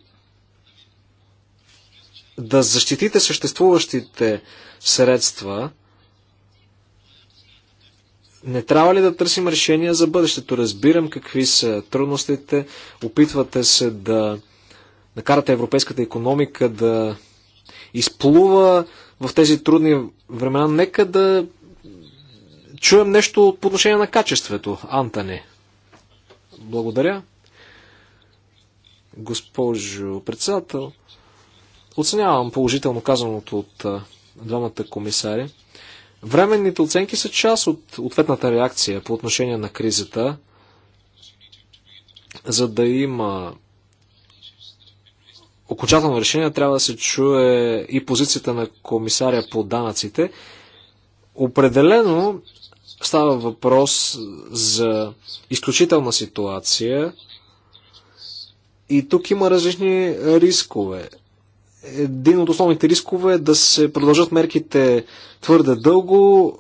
да защитите съществуващите средства, не трябва ли да търсим решения за бъдещето? Разбирам какви са трудностите, опитвате се да накарате европейската економика да изплува в тези трудни времена. Нека да чуем нещо по отношение на качеството, Антане. Благодаря. Госпожо председател, оценявам положително казаното от двамата комисари. Временните оценки са част от ответната реакция по отношение на кризата, за да има окончателно решение, трябва да се чуе и позицията на комисаря по данъците. Определено става въпрос за изключителна ситуация, и тук има различни е, рискове. Един от основните рискове е да се продължат мерките твърде дълго.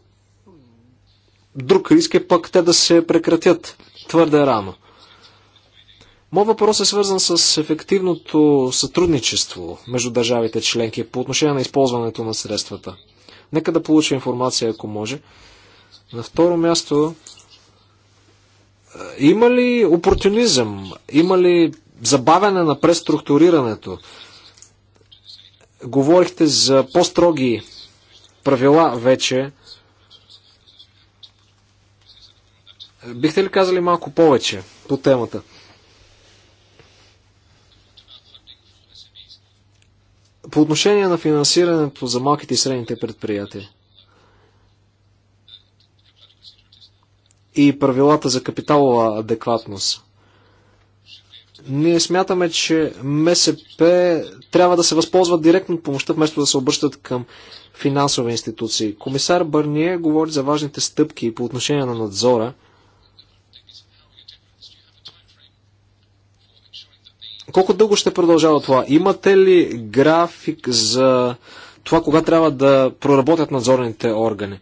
Друг риск е пък те да се прекратят твърде рано. Моят въпрос е свързан с ефективното сътрудничество между държавите членки по отношение на използването на средствата. Нека да получа информация, ако може. На второ място, е, има ли опортунизъм? Има ли забавяне на преструктурирането. Говорихте за по-строги правила вече. Бихте ли казали малко повече по темата? По отношение на финансирането за малките и средните предприятия и правилата за капиталова адекватност. Ние смятаме, че МСП трябва да се възползват директно от помощта, вместо да се обръщат към финансови институции. Комисар Бърние говори за важните стъпки по отношение на надзора. Колко дълго ще продължава това? Имате ли график за това, кога трябва да проработят надзорните органи?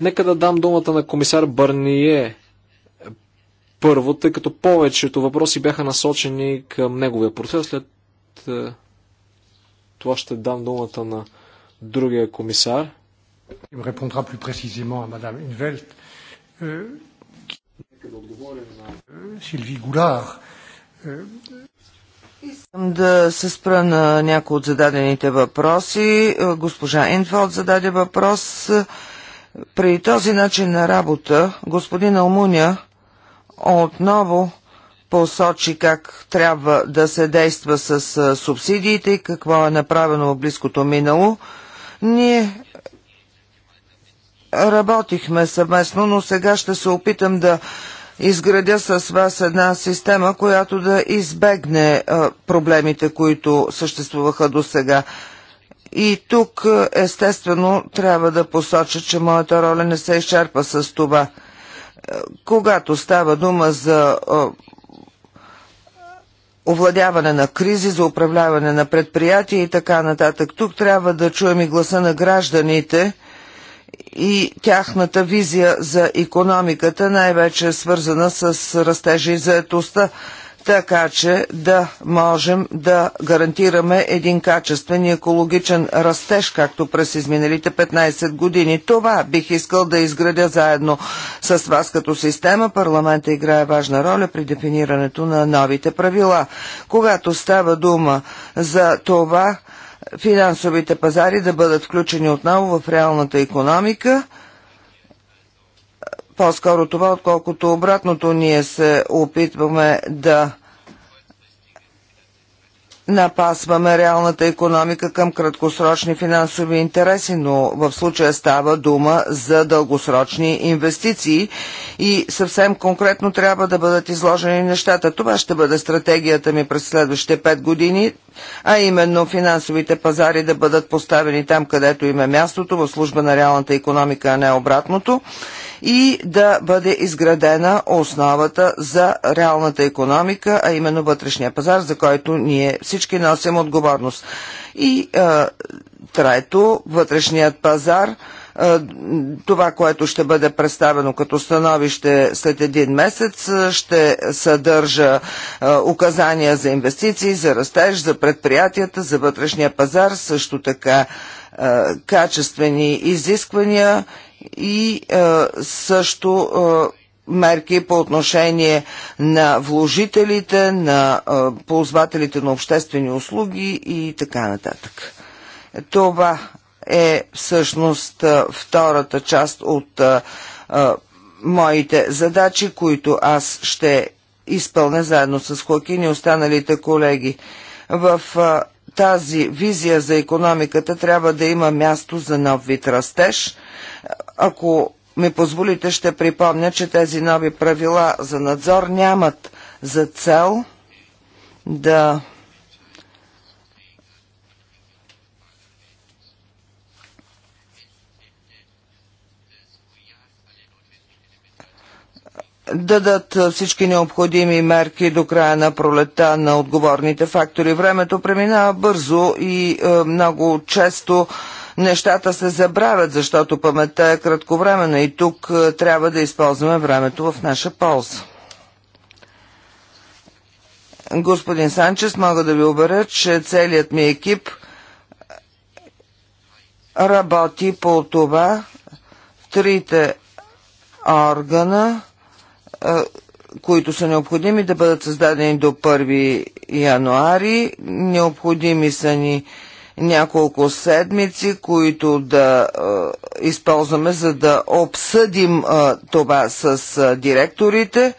Нека да дам думата на комисар Бърние първо, тъй като повечето въпроси бяха насочени към неговия портфел. След е, това ще дам думата на другия комисар. Им répondra plus précisément à Madame Invelt. Нека да отговоря на Сильви Гулар. Искам да се спра на някои от зададените въпроси. Госпожа Инфолт зададе въпрос. При този начин на работа господин Алмуня отново посочи как трябва да се действа с субсидиите, и какво е направено в близкото минало. Ние работихме съвместно, но сега ще се опитам да изградя с вас една система, която да избегне проблемите, които съществуваха до сега. И тук, естествено, трябва да посоча, че моята роля не се изчерпа с това – когато става дума за овладяване на кризи, за управляване на предприятия и така нататък. Тук трябва да чуем и гласа на гражданите и тяхната визия за економиката, най-вече свързана с растежа и заетостта така че да можем да гарантираме един качествен и екологичен растеж, както през изминалите 15 години. Това бих искал да изградя заедно с вас като система. Парламента играе важна роля при дефинирането на новите правила. Когато става дума за това финансовите пазари да бъдат включени отново в реалната економика – по-скоро това, отколкото обратното ние се опитваме да напасваме реалната економика към краткосрочни финансови интереси, но в случая става дума за дългосрочни инвестиции и съвсем конкретно трябва да бъдат изложени нещата. Това ще бъде стратегията ми през следващите 5 години, а именно финансовите пазари да бъдат поставени там, където им е мястото, в служба на реалната економика, а не обратното и да бъде изградена основата за реалната економика, а именно вътрешния пазар, за който ние всички носим отговорност. И е, трето, вътрешният пазар това, което ще бъде представено като становище след един месец, ще съдържа указания за инвестиции, за растеж, за предприятията, за вътрешния пазар, също така качествени изисквания и е, също е, мерки по отношение на вложителите, на е, ползвателите на обществени услуги и така нататък. Това е всъщност втората част от а, а, моите задачи, които аз ще изпълня заедно с Хоакин и останалите колеги. В а, тази визия за економиката трябва да има място за нов вид растеж, ако ми позволите, ще припомня, че тези нови правила за надзор нямат за цел да дадат всички необходими мерки до края на пролета на отговорните фактори. Времето преминава бързо и е, много често нещата се забравят, защото паметта е кратковременна и тук е, трябва да използваме времето в наша полза. Господин Санчес, мога да ви уверя, че целият ми екип работи по това трите органа, е, които са необходими да бъдат създадени до 1 януари. Необходими са ни няколко седмици, които да е, използваме, за да обсъдим е, това с е, директорите,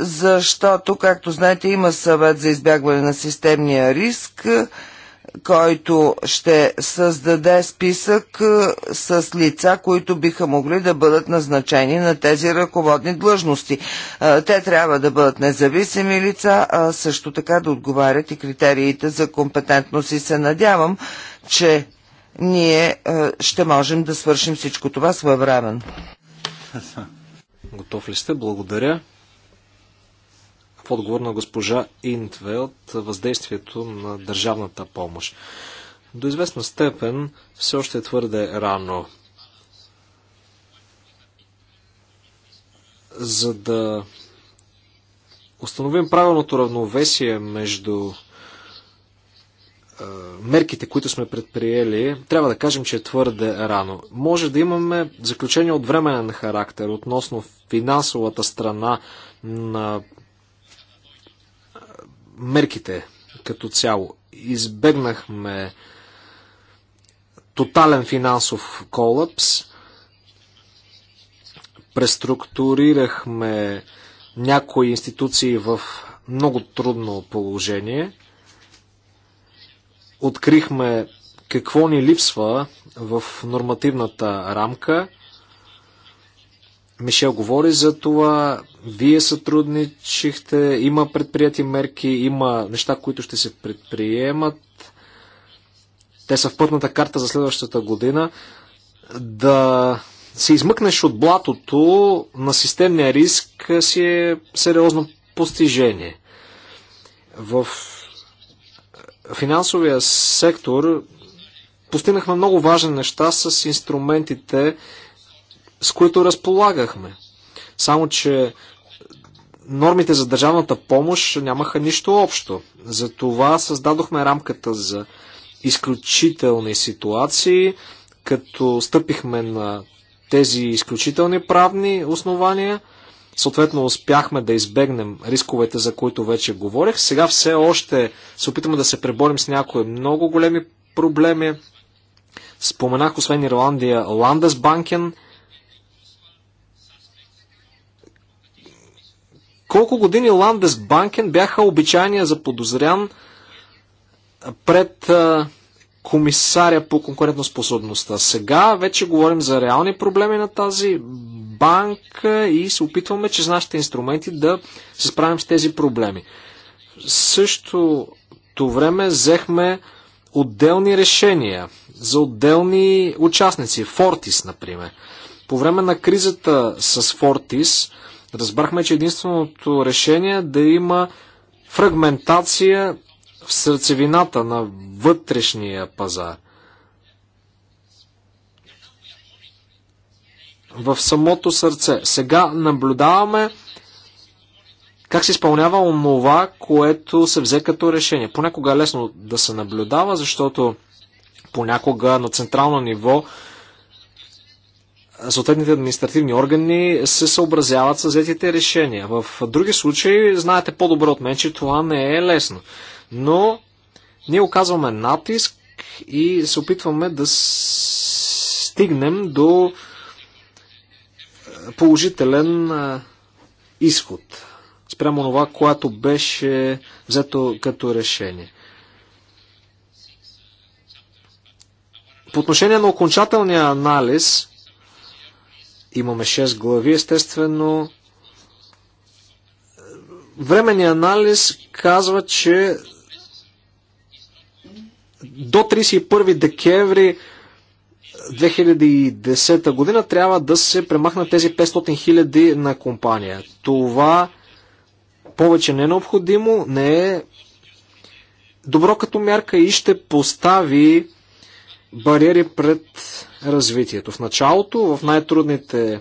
защото, както знаете, има съвет за избягване на системния риск. Е, който ще създаде списък е, с лица, които биха могли да бъдат назначени на тези ръководни длъжности. Е, те трябва да бъдат независими лица, а също така да отговарят и критериите за компетентност и се надявам, че ние е, ще можем да свършим всичко това своевременно. Готов ли сте? Благодаря отговор на госпожа от въздействието на държавната помощ. До известна степен все още е твърде рано. За да установим правилното равновесие между мерките, които сме предприели, трябва да кажем, че е твърде рано. Може да имаме заключение от временен характер относно финансовата страна на мерките като цяло. Избегнахме тотален финансов колапс, преструктурирахме някои институции в много трудно положение, открихме какво ни липсва в нормативната рамка – Мишел говори за това, вие сътрудничихте, има предприяти мерки, има неща, които ще се предприемат. Те са в пътната карта за следващата година. Да се измъкнеш от блатото на системния риск си е сериозно постижение. В финансовия сектор постигнахме много важни неща с инструментите, с които разполагахме. Само, че нормите за държавната помощ нямаха нищо общо. Затова създадохме рамката за изключителни ситуации, като стъпихме на тези изключителни правни основания. Съответно, успяхме да избегнем рисковете, за които вече говорих. Сега все още се опитаме да се преборим с някои много големи проблеми. Споменах, освен Ирландия, Ландес Банкен. Колко години Ландес Банкен бяха обичайния за подозрян пред комисаря по конкурентоспособността. Сега вече говорим за реални проблеми на тази банка и се опитваме чрез нашите инструменти да се справим с тези проблеми. Същото време взехме отделни решения за отделни участници. Фортис, например. По време на кризата с Фортис, Разбрахме, че единственото решение е да има фрагментация в сърцевината на вътрешния пазар. В самото сърце. Сега наблюдаваме как се изпълнява онова, което се взе като решение. Понякога е лесно да се наблюдава, защото понякога на централно ниво съответните административни органи се съобразяват с взетите решения. В други случаи, знаете по-добре от мен, че това не е лесно. Но ние оказваме натиск и се опитваме да стигнем до е, положителен е, изход спрямо това, което беше взето като решение. По отношение на окончателния анализ, Имаме 6 глави, естествено. Временният анализ казва, че до 31 декември 2010 година трябва да се премахнат тези 500 хиляди на компания. Това повече не е необходимо, не е добро като мярка и ще постави бариери пред развитието. В началото, в най-трудните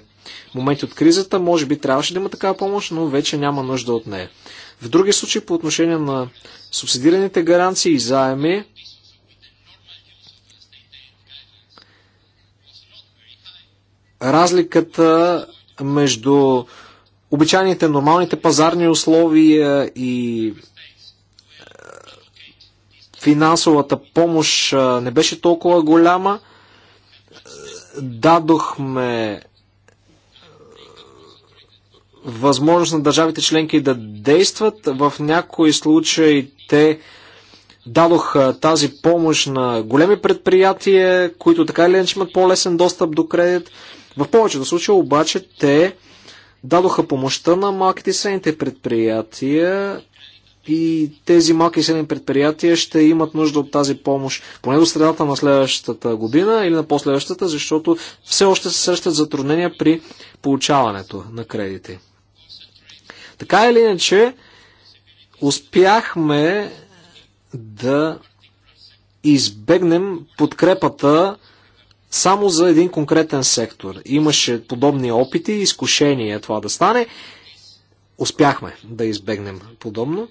моменти от кризата, може би трябваше да има такава помощ, но вече няма нужда от нея. В други случаи, по отношение на субсидираните гаранции и заеми, разликата между обичайните, нормалните пазарни условия и е, финансовата помощ е, не беше толкова голяма дадохме е, възможност на държавите членки да действат. В някои случаи те дадоха тази помощ на големи предприятия, които така или иначе имат по-лесен достъп до кредит. В повечето случаи обаче те дадоха помощта на малките и средните предприятия и тези малки и средни предприятия ще имат нужда от тази помощ поне до средата на следващата година или на последващата, защото все още се срещат затруднения при получаването на кредити. Така или иначе, успяхме да избегнем подкрепата само за един конкретен сектор. Имаше подобни опити, изкушения това да стане. Успяхме да избегнем подобно.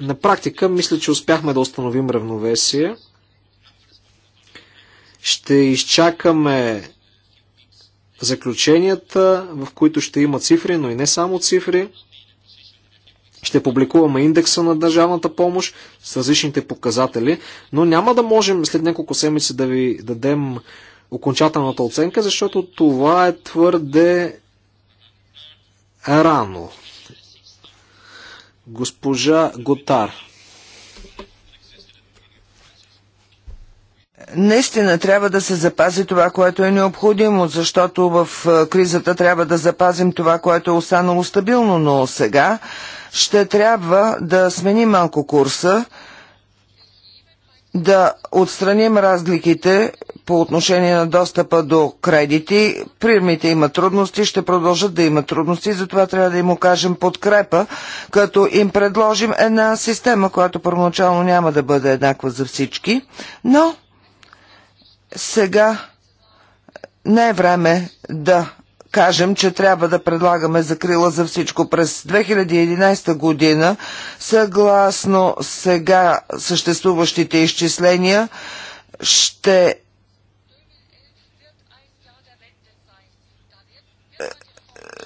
На практика, мисля, че успяхме да установим равновесие. Ще изчакаме заключенията, в които ще има цифри, но и не само цифри. Ще публикуваме индекса на държавната помощ с различните показатели, но няма да можем след няколко седмици да ви дадем окончателната оценка, защото това е твърде рано. Госпожа Готар. Наистина трябва да се запази това, което е необходимо, защото в е, кризата трябва да запазим това, което е останало стабилно, но сега ще трябва да сменим малко курса, да отстраним разликите по отношение на достъпа до кредити. Фирмите имат трудности, ще продължат да имат трудности, затова трябва да им окажем подкрепа, като им предложим една система, която първоначално няма да бъде еднаква за всички, но сега не е време да кажем, че трябва да предлагаме закрила за всичко. През 2011 година, съгласно сега съществуващите изчисления, ще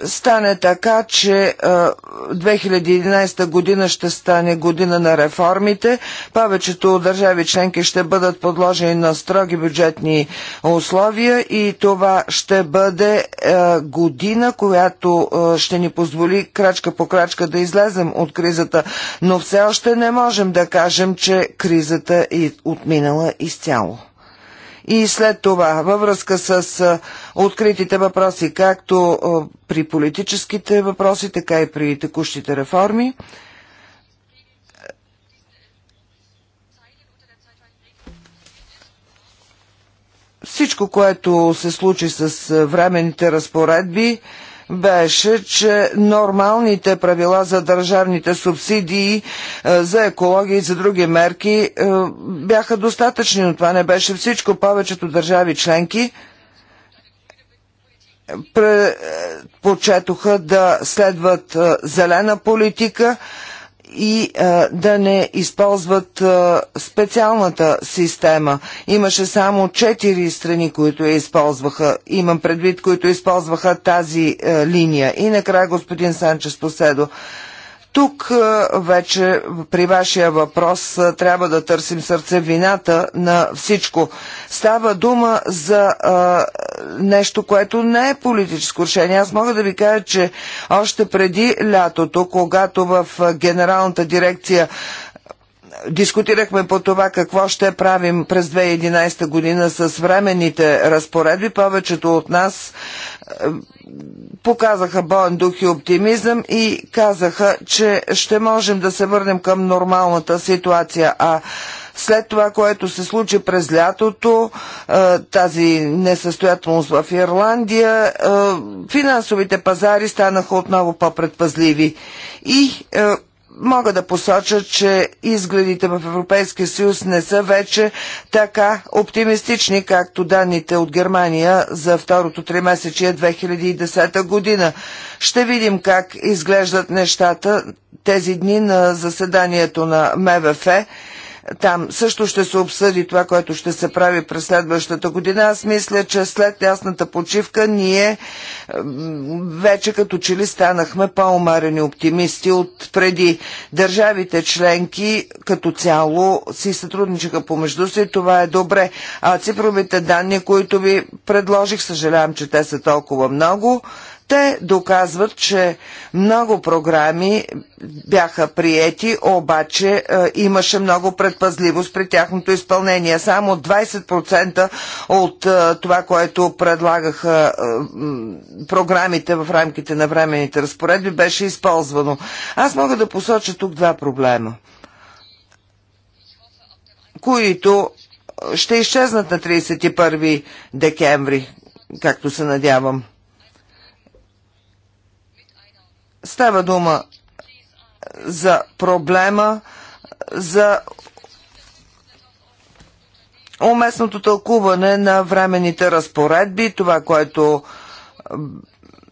стане така, че 2011 година ще стане година на реформите. Повечето държави членки ще бъдат подложени на строги бюджетни условия и това ще бъде година, която ще ни позволи крачка по крачка да излезем от кризата. Но все още не можем да кажем, че кризата е отминала изцяло. И след това, във връзка с откритите въпроси, както при политическите въпроси, така и при текущите реформи, всичко, което се случи с временните разпоредби, беше, че нормалните правила за държавните субсидии е, за екология и за други мерки е, бяха достатъчни, но това не беше всичко. Повечето държави членки предпочетоха да следват е, зелена политика, и а, да не използват а, специалната система. Имаше само четири страни, които я използваха. Имам предвид, които използваха тази а, линия. И накрая господин Санчес Поседо. А, тук вече при вашия въпрос трябва да търсим сърцевината на всичко. Става дума за а, нещо, което не е политическо решение. Аз мога да ви кажа, че още преди лятото, когато в Генералната дирекция дискутирахме по това какво ще правим през 2011 година с временните разпоредби. Повечето от нас е, показаха боен дух и оптимизъм и казаха, че ще можем да се върнем към нормалната ситуация. А след това, което се случи през лятото, е, тази несъстоятелност в Ирландия, е, финансовите пазари станаха отново по-предпазливи. И мога да посоча, че изгледите в Европейския съюз не са вече така оптимистични, както данните от Германия за второто тримесечие 2010 година. Ще видим как изглеждат нещата тези дни на заседанието на МВФ. Там също ще се обсъди това, което ще се прави през следващата година. Аз мисля, че след ясната почивка ние вече като че ли станахме по-умарени оптимисти от преди. Държавите членки като цяло си сътрудничаха помежду си. Това е добре. А цифровите данни, които ви предложих, съжалявам, че те са толкова много. Те доказват, че много програми бяха приети, обаче е, имаше много предпазливост при тяхното изпълнение. Само 20% от е, това, което предлагаха е, програмите в рамките на временните разпоредби, беше използвано. Аз мога да посоча тук два проблема, които е, ще изчезнат на 31 декември, както се надявам. Става дума за проблема, за уместното тълкуване на временните разпоредби, това, което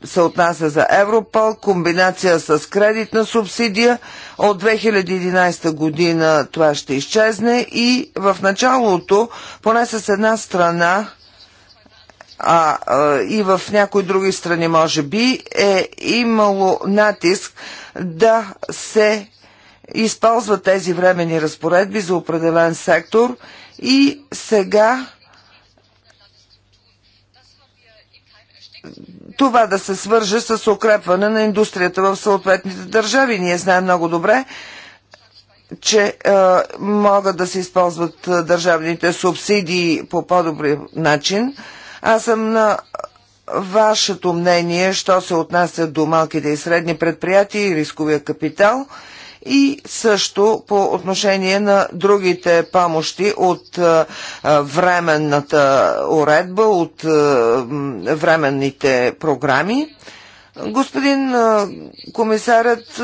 се отнася за Европол, комбинация с кредитна субсидия. От 2011 година това ще изчезне и в началото, поне с една страна, а, а и в някои други страни може би е имало натиск да се използват тези времени разпоредби за определен сектор и сега това да се свърже с укрепване на индустрията в съответните държави. Ние знаем много добре, че е, могат да се използват държавните субсидии по по-добри начин. Е, аз съм на вашето мнение, що се отнася до малките и средни предприятия и рисковия капитал и също по отношение на другите помощи от временната уредба, от временните програми. Господин комисарът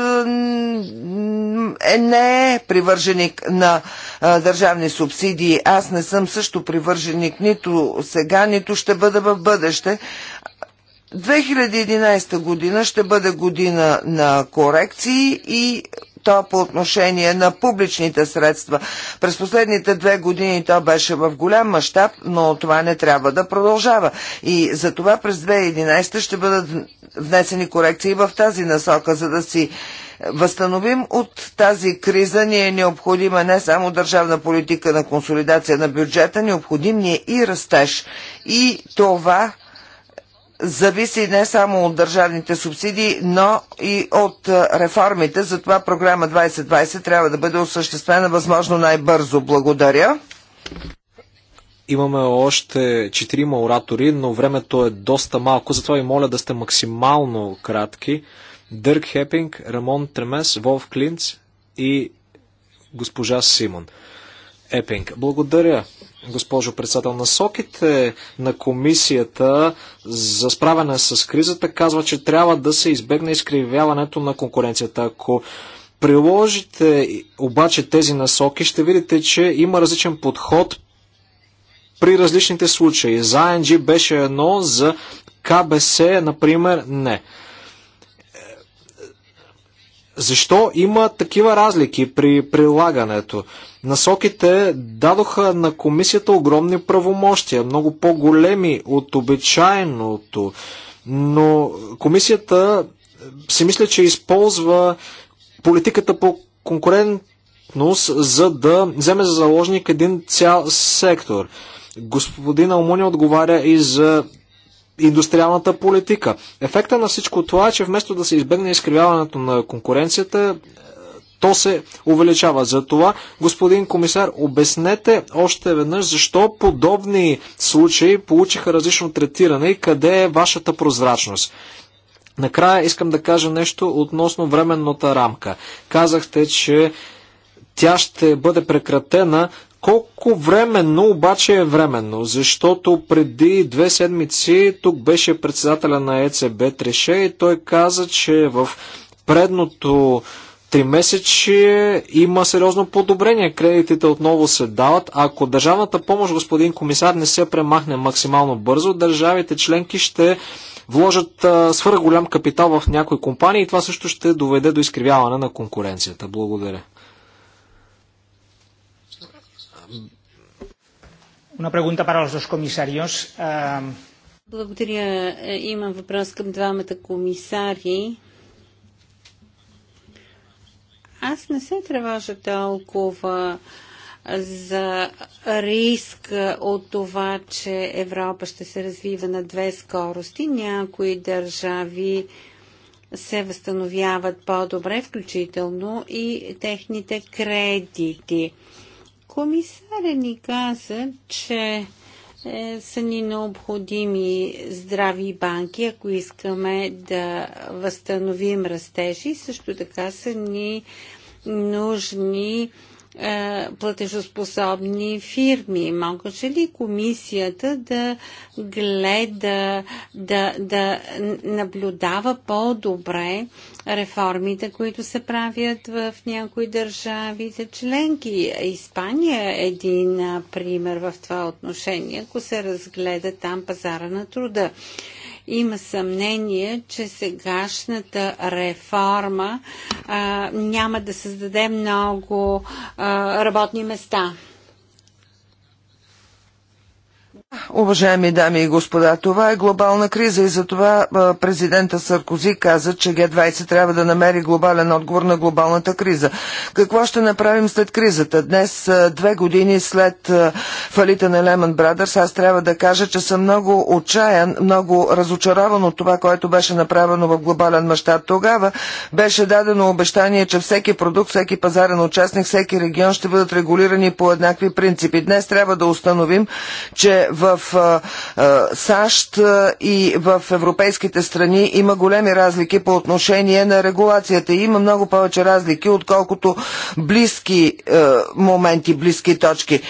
е не е привърженик на държавни субсидии. Аз не съм също привърженик нито сега, нито ще бъда в бъдеще. 2011 година ще бъде година на корекции и то по отношение на публичните средства. През последните две години то беше в голям мащаб, но това не трябва да продължава. И за това през 2011 ще бъдат внесени корекции в тази насока, за да си възстановим от тази криза, ни е необходима не само държавна политика на консолидация на бюджета, необходим ни е и растеж. И това зависи не само от държавните субсидии, но и от реформите. Затова програма 2020 трябва да бъде осъществена възможно най-бързо. Благодаря. Имаме още четирима оратори, но времето е доста малко, затова ви моля да сте максимално кратки. Дърк Хепинг, Рамон Тремес, Волф Клинц и госпожа Симон. Епинг. Благодаря, госпожо председател. Насоките на комисията за справяне с кризата казва, че трябва да се избегне изкривяването на конкуренцията. Ако приложите обаче тези насоки, ще видите, че има различен подход при различните случаи. За ING беше едно, за КБС, например, не. Защо има такива разлики при прилагането? Насоките дадоха на комисията огромни правомощия, много по-големи от обичайното, но комисията си мисля, че използва политиката по конкурентност, за да вземе за заложник един цял сектор. Господин Алмуни отговаря и за индустриалната политика. Ефекта на всичко това е, че вместо да се избегне изкривяването на конкуренцията, е, то се увеличава. Затова, господин комисар, обяснете още веднъж защо подобни случаи получиха различно третиране и къде е вашата прозрачност. Накрая искам да кажа нещо относно временната рамка. Казахте, че тя ще бъде прекратена колко временно обаче е временно? Защото преди две седмици тук беше председателя на ЕЦБ Треше и той каза, че в предното три месечи има сериозно подобрение. Кредитите отново се дават. Ако държавната помощ, господин комисар, не се премахне максимално бързо, държавите членки ще вложат свърх голям капитал в някои компании и това също ще доведе до изкривяване на конкуренцията. Благодаря. Una pregunta para los dos comisarios. Благодаря. Е, имам въпрос към двамата комисари. Аз не се тревожа толкова за риск от това, че Европа ще се развива на две скорости. Някои държави се възстановяват по-добре, включително и техните кредити. Комисаря ни каза, че е, са ни необходими здрави банки, ако искаме да възстановим растежи. Също така са ни нужни е, е, платежоспособни фирми. Могаше ли комисията да гледа, да, да наблюдава по-добре реформите, които се правят в някои държави за членки? Испания е един пример в това отношение, ако се разгледа там пазара на труда има съмнение, че сегашната реформа а, няма да създаде много а, работни места. Уважаеми дами и господа, това е глобална криза и затова президента Саркози каза, че Г-20 трябва да намери глобален отговор на глобалната криза. Какво ще направим след кризата? Днес, две години след фалита на Лемон Брадърс, аз трябва да кажа, че съм много отчаян, много разочарован от това, което беше направено в глобален мащаб. Тогава беше дадено обещание, че всеки продукт, всеки пазарен участник, всеки регион ще бъдат регулирани по еднакви принципи. Днес трябва да установим, че в в САЩ и в европейските страни има големи разлики по отношение на регулацията. И има много повече разлики, отколкото близки моменти, близки точки.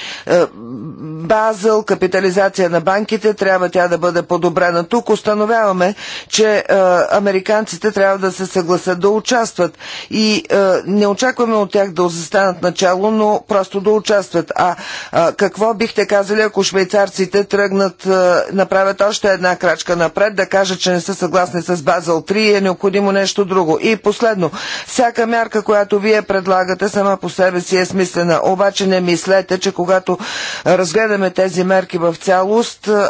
Базъл, капитализация на банките, трябва тя да бъде подобрена. Тук установяваме, че американците трябва да се съгласят да участват. И не очакваме от тях да застанат начало, но просто да участват. А, а какво бихте казали, ако швейцарците тръгнат, е, направят още една крачка напред, да кажат, че не са съгласни с базал 3 и е необходимо нещо друго. И последно, всяка мярка, която вие предлагате сама по себе си е смислена. Обаче не мислете, че когато разгледаме тези мерки в цялост, е,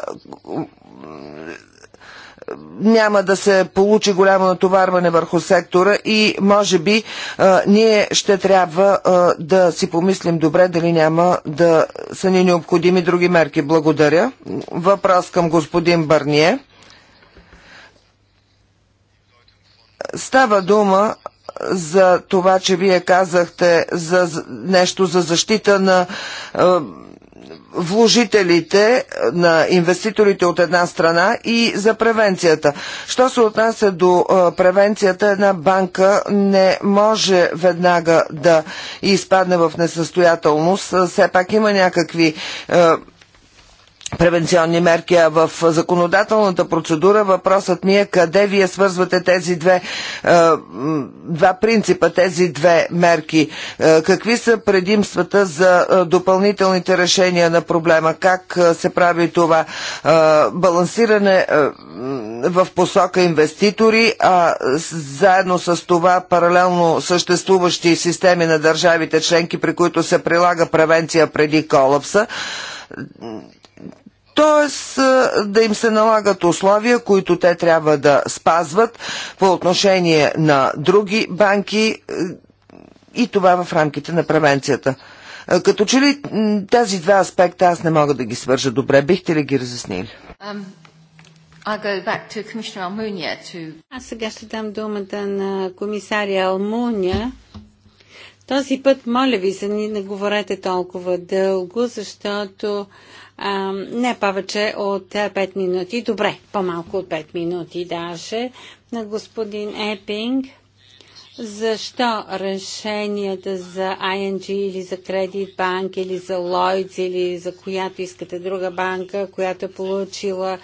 няма да се получи голямо натоварване върху сектора и може би а, ние ще трябва а, да си помислим добре дали няма да са ни необходими други мерки. Благодаря. Въпрос към господин Барние. Става дума за това, че вие казахте за нещо за защита на вложителите е, на инвеститорите от една страна и за превенцията. Що се отнася до е, превенцията, една банка не може веднага да изпадне в несъстоятелност. Е, все пак има някакви превенционни мерки, а в законодателната процедура въпросът ми е къде вие свързвате тези две, е, два принципа, тези две мерки. Е, какви са предимствата за е, допълнителните решения на проблема? Как се прави това балансиране в посока инвеститори, а заедно с това паралелно съществуващи системи на държавите членки, при които се прилага превенция преди колапса? т.е. да им се налагат условия, които те трябва да спазват по отношение на други банки е, и това в рамките на превенцията. Като че ли тези два аспекта аз не мога да ги свържа добре, бихте ли ги разяснили? Um, аз сега ще дам думата на комисаря Алмуния. Този път, моля ви се, не говорете толкова дълго, защото а, не повече от 5 минути, добре, по-малко от 5 минути даже, на господин Епинг. Защо решенията за ING или за Кредит банк или за Lloyds или за която искате друга банка, която е получила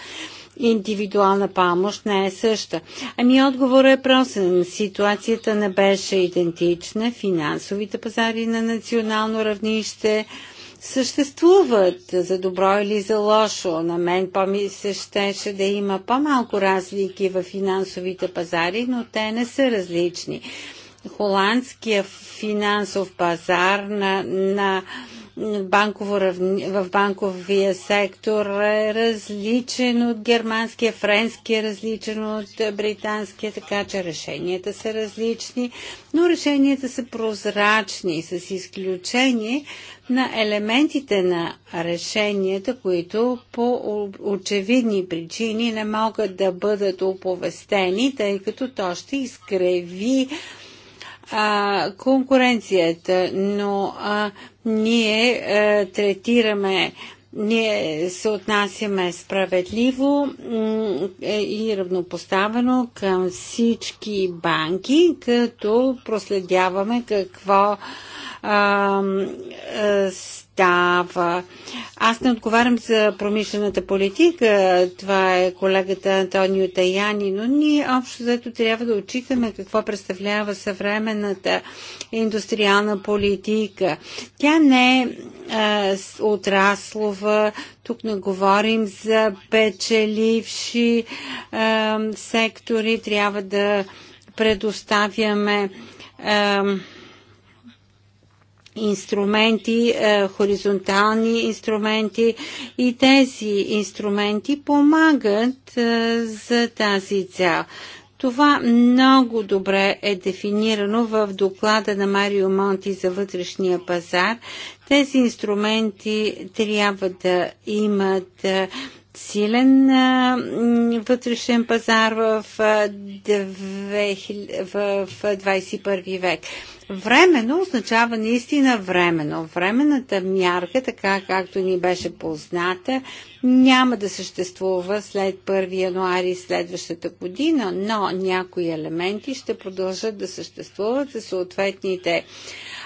индивидуална помощ не е съща? Ами отговорът е просен. Ситуацията не беше идентична. Финансовите пазари на национално равнище съществуват за добро или за лошо. На мен по-ми се щеше да има по-малко разлики в финансовите пазари, но те не са различни. Холандския финансов пазар на, на банково в банковия сектор е различен от германския, френския е различен от британския, така че решенията са различни, но решенията са прозрачни, с изключение на елементите на решенията, които по очевидни причини не могат да бъдат оповестени, тъй като то ще изкреви а, конкуренцията, но а, ние а, е, третираме ние се отнасяме справедливо е, и равнопоставено към всички банки, като проследяваме какво а, а, е, става. Аз не отговарям за промишлената политика, това е колегата Антонио Таяни, но ние общо заето трябва да отчитаме какво представлява съвременната индустриална политика. Тя не е отраслова, тук не говорим за печеливши е, сектори, трябва да предоставяме е, инструменти, е, хоризонтални инструменти и тези инструменти помагат е, за тази цел. Това много добре е дефинирано в доклада на Марио Монти за вътрешния пазар. Тези инструменти трябва да имат е, силен вътрешен пазар в 21 век. Временно означава наистина временно. Временната мярка, така както ни беше позната, няма да съществува след 1 януари следващата година, но някои елементи ще продължат да съществуват за съответните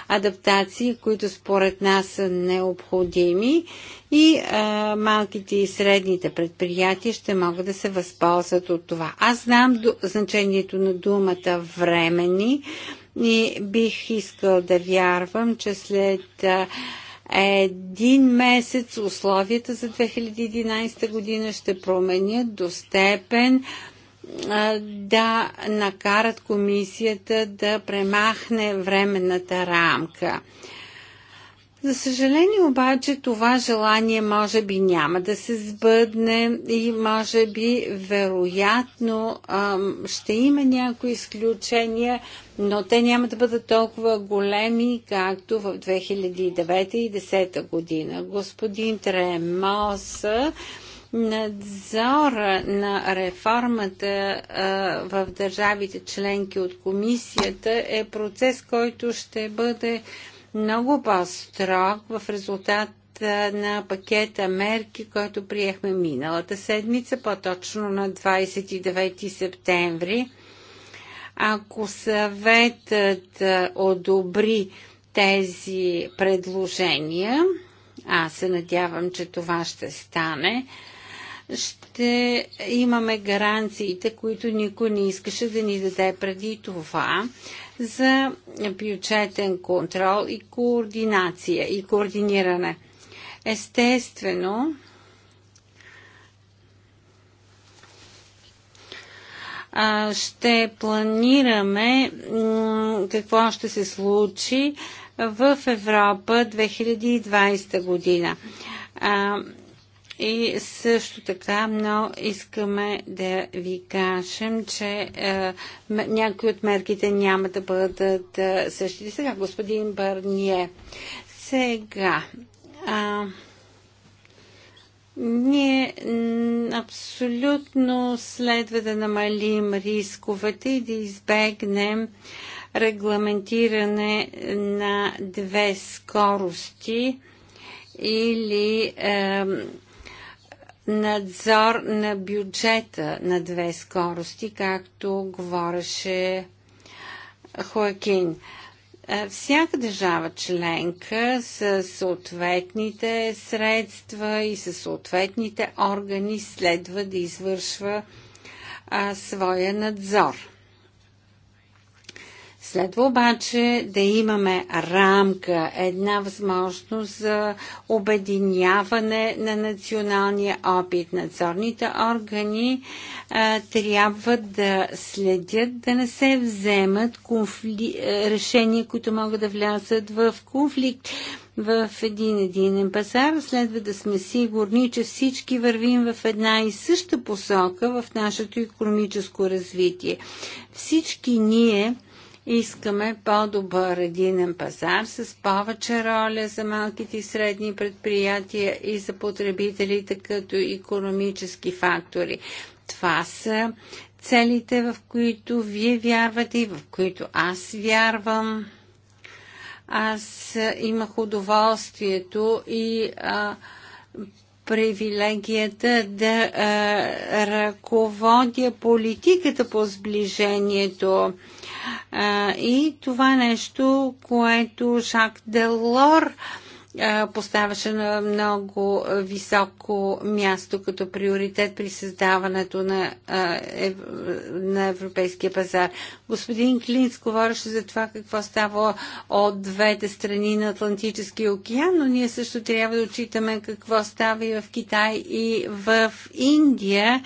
адаптации, които според нас са необходими и а, малките и средните предприятия ще могат да се възползват от това. Аз знам до, значението на думата времени, не бих искал да вярвам, че след един месец условията за 2011 година ще променят до степен да накарат комисията да премахне временната рамка. За съжаление обаче това желание може би няма да се сбъдне и може би вероятно ще има някои изключения, но те няма да бъдат толкова големи, както в 2009 и 2010 година. Господин Тремоса, надзора на реформата в държавите членки от комисията е процес, който ще бъде много по-строг в резултат на пакета мерки, който приехме миналата седмица, по-точно на 29 септември. Ако съветът одобри тези предложения, аз се надявам, че това ще стане, ще имаме гаранциите, които никой не искаше да ни даде преди това за бюджетен контрол и координация и координиране. Естествено, ще планираме какво ще се случи в Европа 2020 година. И също така, но искаме да ви кажем, че е, някои от мерките няма да бъдат е, същите. Сега, господин Барние, сега. А, ние абсолютно следва да намалим рисковете и да избегнем регламентиране на две скорости или е, надзор на бюджета на две скорости, както говореше Хоакин. Е, всяка държава членка с съответните средства и със съответните органи следва да извършва а, своя надзор. Следва обаче да имаме рамка, една възможност за обединяване на националния опит. Надзорните органи а, трябва да следят да не се вземат конфли... решения, които могат да влязат в конфликт в един единен пазар, следва да сме сигурни, че всички вървим в една и съща посока в нашето економическо развитие. Всички ние Искаме по-добър единен пазар с повече роля за малките и средни предприятия и за потребителите като економически фактори. Това са целите, в които вие вярвате и в които аз вярвам. Аз имах удоволствието и а, привилегията да а, ръководя политиката по сближението и това е нещо, което Жак Делор а, поставяше на много високо място като приоритет при създаването на, на европейския пазар. Господин Клинц говореше за това какво става от двете страни на Атлантическия океан, но ние също трябва да отчитаме какво става и в Китай и в Индия,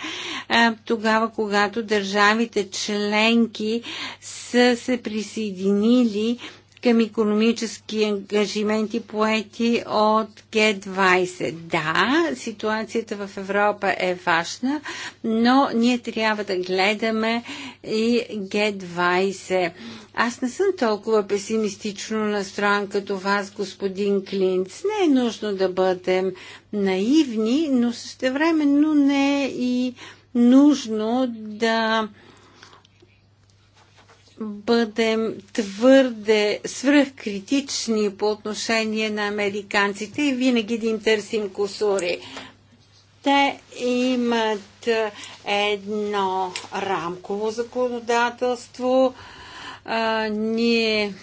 тогава когато държавите членки са се присъединили към економически ангажименти поети от Г-20. Да, ситуацията в Европа е важна, но ние трябва да гледаме и Г-20. Аз не съм толкова песимистично настроен като вас, господин Клинц. Не е нужно да бъдем наивни, но същевременно не е и нужно да бъдем твърде свръхкритични по отношение на американците и винаги да им търсим косури. Те имат едно рамково законодателство. А, ние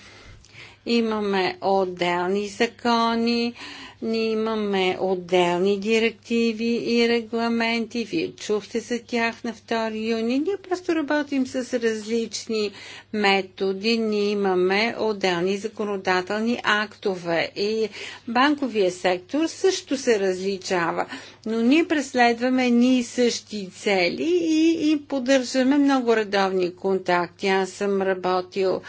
имаме отделни закони. А, ние имаме отделни директиви и регламенти. Вие чухте за тях на 2 юни. Ние просто работим с различни методи. Ние имаме отделни законодателни актове. И банковия сектор също се различава но ние преследваме ни същи цели и, и поддържаме много редовни контакти. Аз съм работил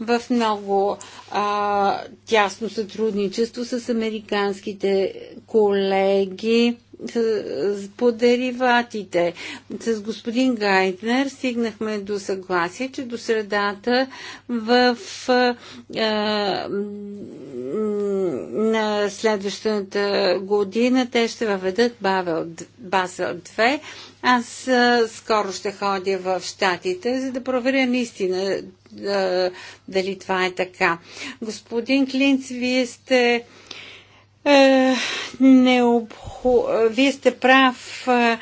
в много а, тясно сътрудничество с американските колеги по дериватите. С господин Гайднер стигнахме до съгласие, че до средата в а, на следващата година те ще въведат Бавел, Базел 2. Аз а, скоро ще ходя в Штатите, за да проверя наистина а, дали това е така. Господин Клинц, вие сте а, е, необхо... Вие сте прав, е,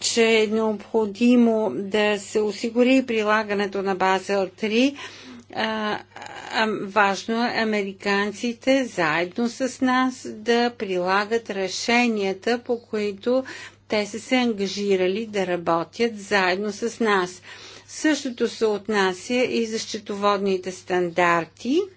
че е необходимо да се осигури прилагането на Базел 3. А, е, а, важно е американците заедно с нас да прилагат решенията, по които те са се ангажирали да работят заедно с нас. Същото се отнася и за счетоводните стандарти –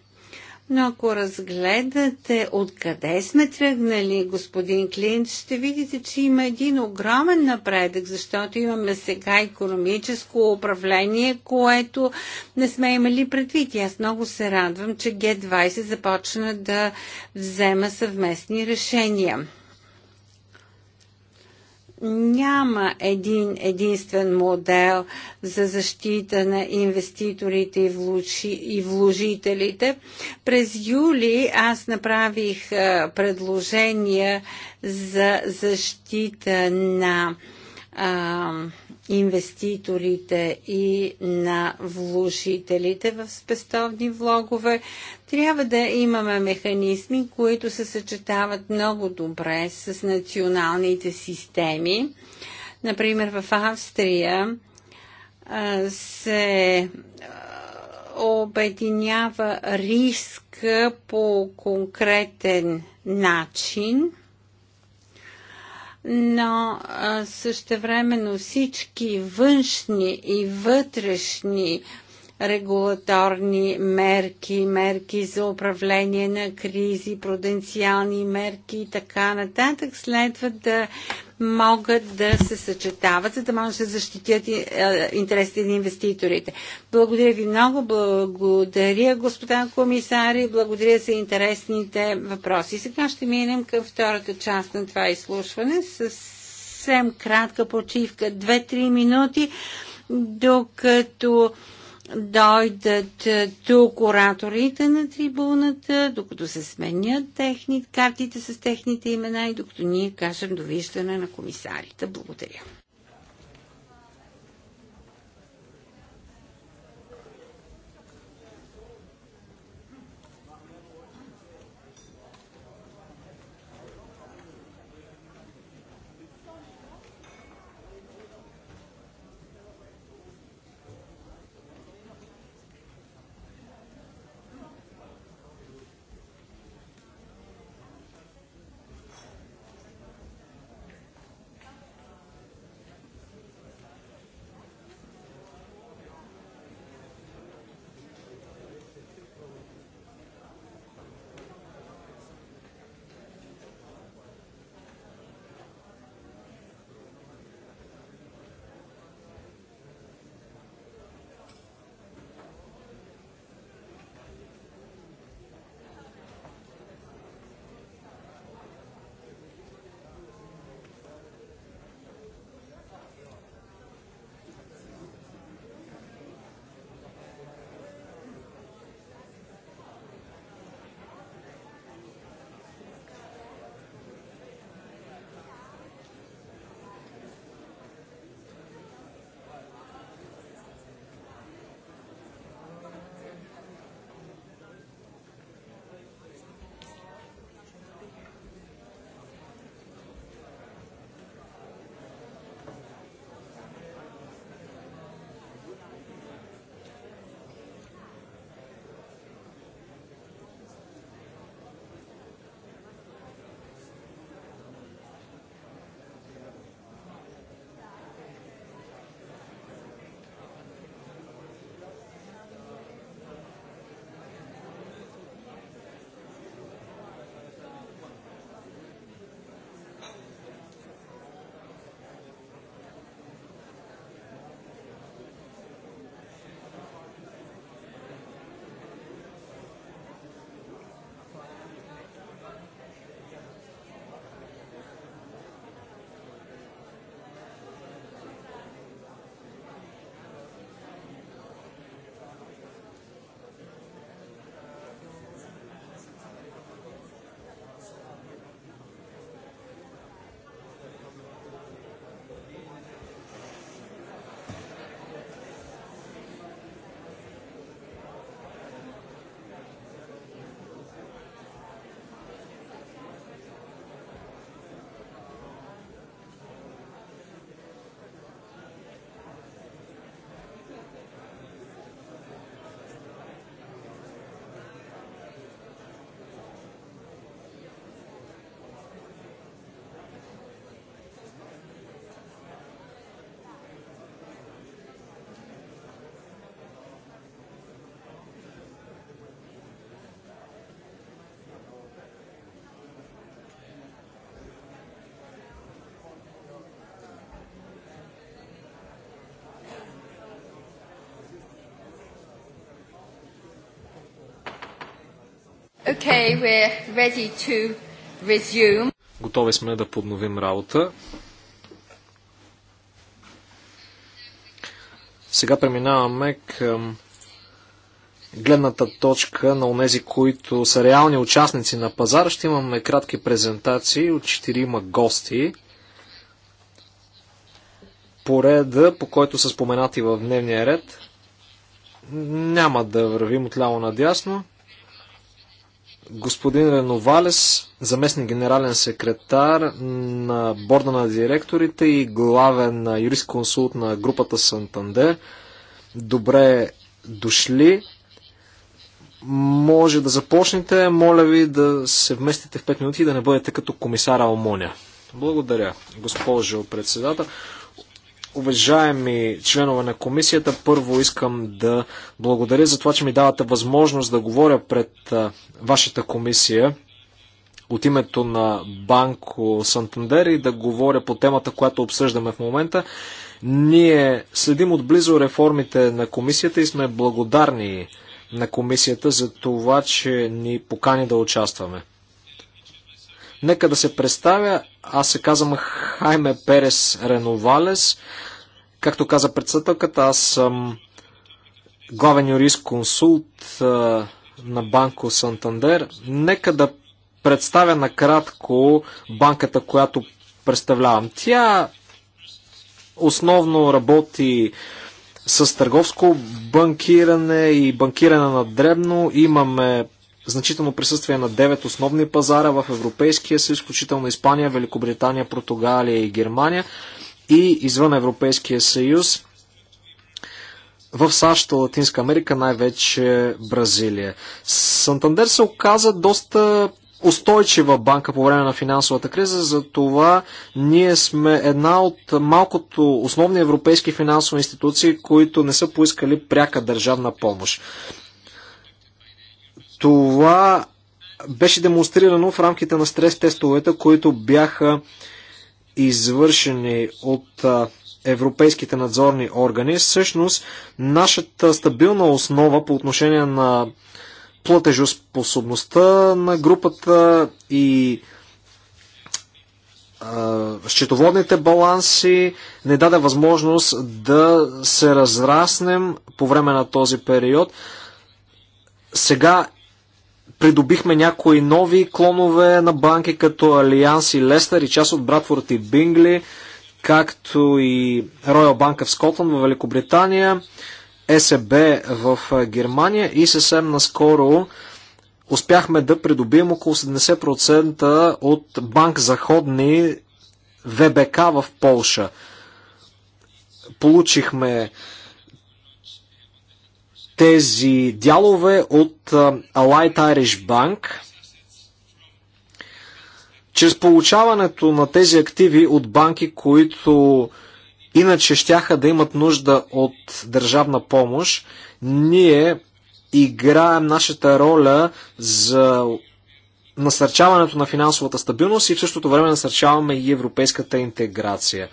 но ако разгледате откъде сме тръгнали, господин Клинт, ще видите, че има един огромен напредък, защото имаме сега економическо управление, което не сме имали предвид. И аз много се радвам, че Г20 започна да взема съвместни решения няма един единствен модел за защита на инвеститорите и, влучи, и вложителите. През юли аз направих предложения за защита на а, инвеститорите и на вложителите в спестовни влогове. Трябва да имаме механизми, които се съчетават много добре с националните системи. Например, в Австрия се обединява риск по конкретен начин – но същевременно всички външни и вътрешни регулаторни мерки, мерки за управление на кризи, пруденциални мерки и така нататък следва да могат да се съчетават, за да може да се защитят е, интересите на инвеститорите. Благодаря ви много, благодаря господа комисари, благодаря за интересните въпроси. Сега ще минем към втората част на това изслушване с съвсем кратка почивка, 2-3 минути, докато дойдат е, тук ораторите на трибуната, докато се сменят техни, картите с техните имена и докато ние кажем довиждане на комисарите. Благодаря. Okay, we're ready to resume. Готови сме да подновим работа. Сега преминаваме към гледната точка на онези, които са реални участници на пазара. Ще имаме кратки презентации от 4 гости. Пореда, по който са споменати в дневния ред, няма да вървим отляво надясно господин Реновалес, заместник генерален секретар на борда на директорите и главен юрист консулт на групата Сантандер. Добре дошли. Може да започнете. Моля ви да се вместите в 5 минути и да не бъдете като комисара Омоня. Благодаря, госпожо председател. Уважаеми членове на комисията, първо искам да благодаря за това, че ми давате възможност да говоря пред вашата комисия от името на Банко Сантандер и да говоря по темата, която обсъждаме в момента. Ние следим отблизо реформите на комисията и сме благодарни на комисията за това, че ни покани да участваме. Нека да се представя. Аз се казвам Хайме Перес Реновалес. Както каза председателката, аз съм главен юрист консулт на Банко Сантандер. Нека да представя накратко банката, която представлявам. Тя основно работи с търговско банкиране и банкиране на дребно. Имаме значително присъствие на 9 основни пазара в Европейския съюз, включително Испания, Великобритания, Португалия и Германия и извън Европейския съюз в САЩ, Латинска Америка, най-вече Бразилия. Сантандер се оказа доста устойчива банка по време на финансовата криза, за това ние сме една от малкото основни европейски финансови институции, които не са поискали пряка държавна помощ. Това беше демонстрирано в рамките на стрес тестовете, които бяха извършени от европейските надзорни органи. Всъщност, нашата стабилна основа по отношение на платежоспособността на групата и счетоводните баланси не даде възможност да се разраснем по време на този период. Сега придобихме някои нови клонове на банки, като Алианс и Лестър и част от Братфорд и Бингли, както и Royal Bank в Скотланд в Великобритания, СБ е в Германия и съвсем наскоро успяхме да придобием около 70% от банк заходни ВБК в Полша. Получихме тези дялове от Allied Irish Bank. Чрез получаването на тези активи от банки, които иначе щяха да имат нужда от държавна помощ, ние играем нашата роля за насърчаването на финансовата стабилност и в същото време насърчаваме и европейската интеграция.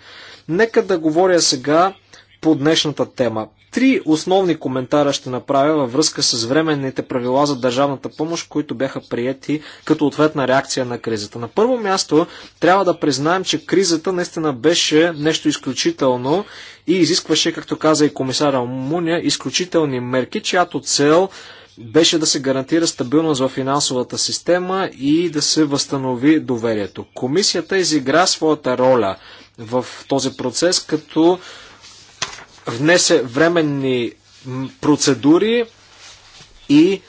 Нека да говоря сега по днешната тема. Три основни коментара ще направя във връзка с временните правила за държавната помощ, които бяха приети като ответна реакция на кризата. На първо място трябва да признаем, че кризата наистина беше нещо изключително и изискваше, както каза и комисара Муня, изключителни мерки, чиято цел беше да се гарантира стабилност в финансовата система и да се възстанови доверието. Комисията изигра своята роля в този процес, като внесе временни процедури и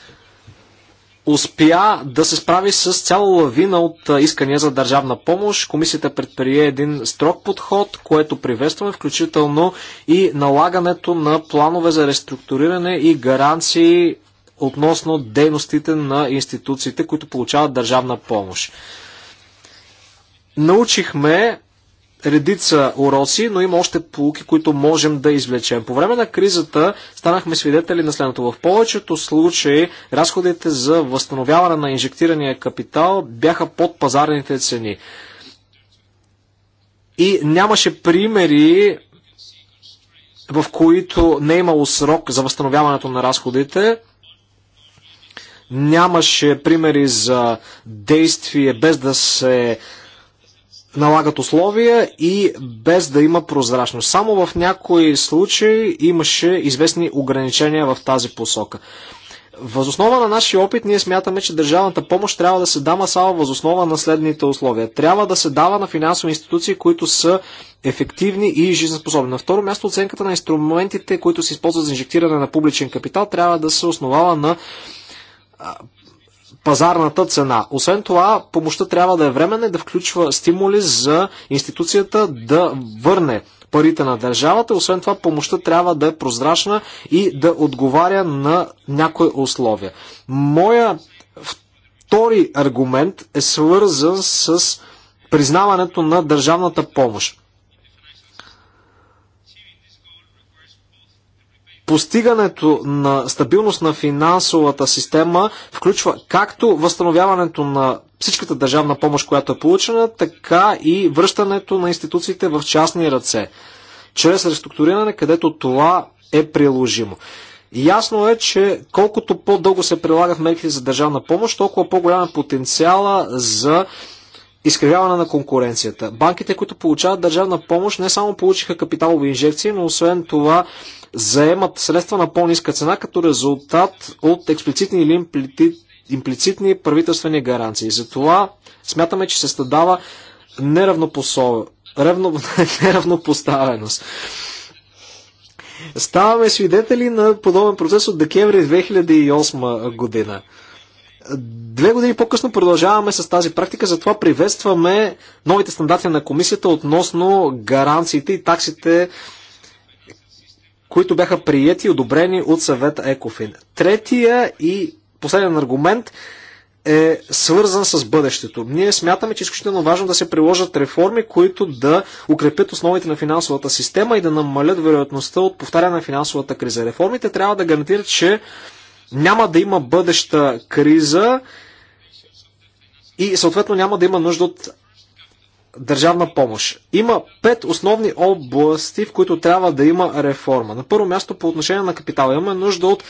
успя да се справи с цяла лавина от искания за държавна помощ. Комисията предприе един строг подход, което приветстваме, включително и налагането на планове за реструктуриране и гаранции относно дейностите на институциите, които получават държавна помощ. Научихме редица уроци, но има още полуки, които можем да извлечем. По време на кризата станахме свидетели на следното. В повечето случаи разходите за възстановяване на инжектирания капитал бяха под пазарните цени. И нямаше примери, в които не е имало срок за възстановяването на разходите. Нямаше примери за действие без да се налагат условия и без да има прозрачност. Само в някои случаи имаше известни ограничения в тази посока. Възоснова на нашия опит ние смятаме, че държавната помощ трябва да се дава само възоснова на следните условия. Трябва да се дава на финансови институции, които са ефективни и жизнеспособни. На второ място оценката на инструментите, които се използват за инжектиране на публичен капитал, трябва да се основава на пазарната цена. Освен това, помощта трябва да е временна и да включва стимули за институцията да върне парите на държавата. Освен това, помощта трябва да е прозрачна и да отговаря на някои условия. Моя втори аргумент е свързан с признаването на държавната помощ. постигането на стабилност на финансовата система включва както възстановяването на всичката държавна помощ, която е получена, така и връщането на институциите в частни ръце, чрез реструктуриране, където това е приложимо. Ясно е, че колкото по-дълго се прилагат мерките за държавна помощ, толкова по-голям е потенциала за изкривяване на конкуренцията. Банките, които получават държавна помощ, не само получиха капиталови инжекции, но освен това заемат средства на по-ниска цена като резултат от експлицитни или имплицитни правителствени гаранции. Затова смятаме, че се стадава неравнопоставеност. Ставаме свидетели на подобен процес от декември 2008 година. Две години по-късно продължаваме с тази практика, затова приветстваме новите стандарти на комисията относно гаранциите и таксите, които бяха приети и одобрени от съвета Екофин. Третия и последен аргумент е свързан с бъдещето. Ние смятаме, че е изключително важно да се приложат реформи, които да укрепят основите на финансовата система и да намалят вероятността от повтаряне на финансовата криза. Реформите трябва да гарантират, че няма да има бъдеща криза и съответно няма да има нужда от държавна помощ. Има пет основни области, в които трябва да има реформа. На първо място по отношение на капитала имаме нужда от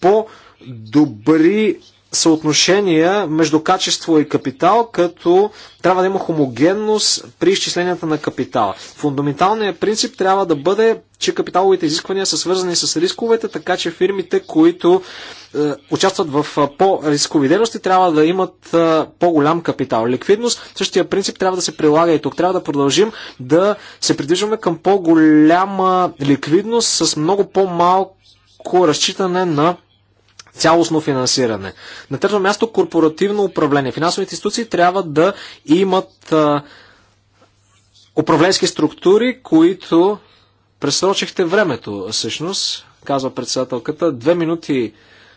по-добри съотношения между качество и капитал, като трябва да има хомогенност при изчисленията на капитала. Фундаменталният принцип трябва да бъде, че капиталовите изисквания са свързани с рисковете, така че фирмите, които е, участват в е, по-рискови дейности, трябва да имат е, по-голям капитал. Ликвидност, същия принцип трябва да се прилага и тук. Трябва да продължим да се придвижваме към по-голяма ликвидност с много по-малко разчитане на цялостно финансиране. На трето място корпоративно управление. Финансовите институции трябва да имат а, управленски структури, които пресрочихте времето, всъщност, казва председателката. Две минути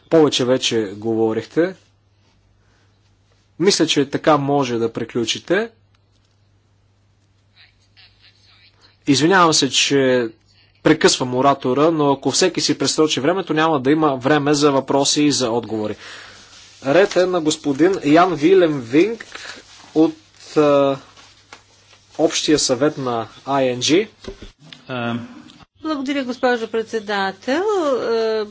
повече вече говорихте. Мисля, че така може да приключите. Извинявам се, че прекъсвам оратора, но ако всеки си пресрочи времето, няма да има време за въпроси и за отговори. Ред е на господин Ян Вилем Винг от а, Общия съвет на ING. Благодаря, госпожо председател. Е,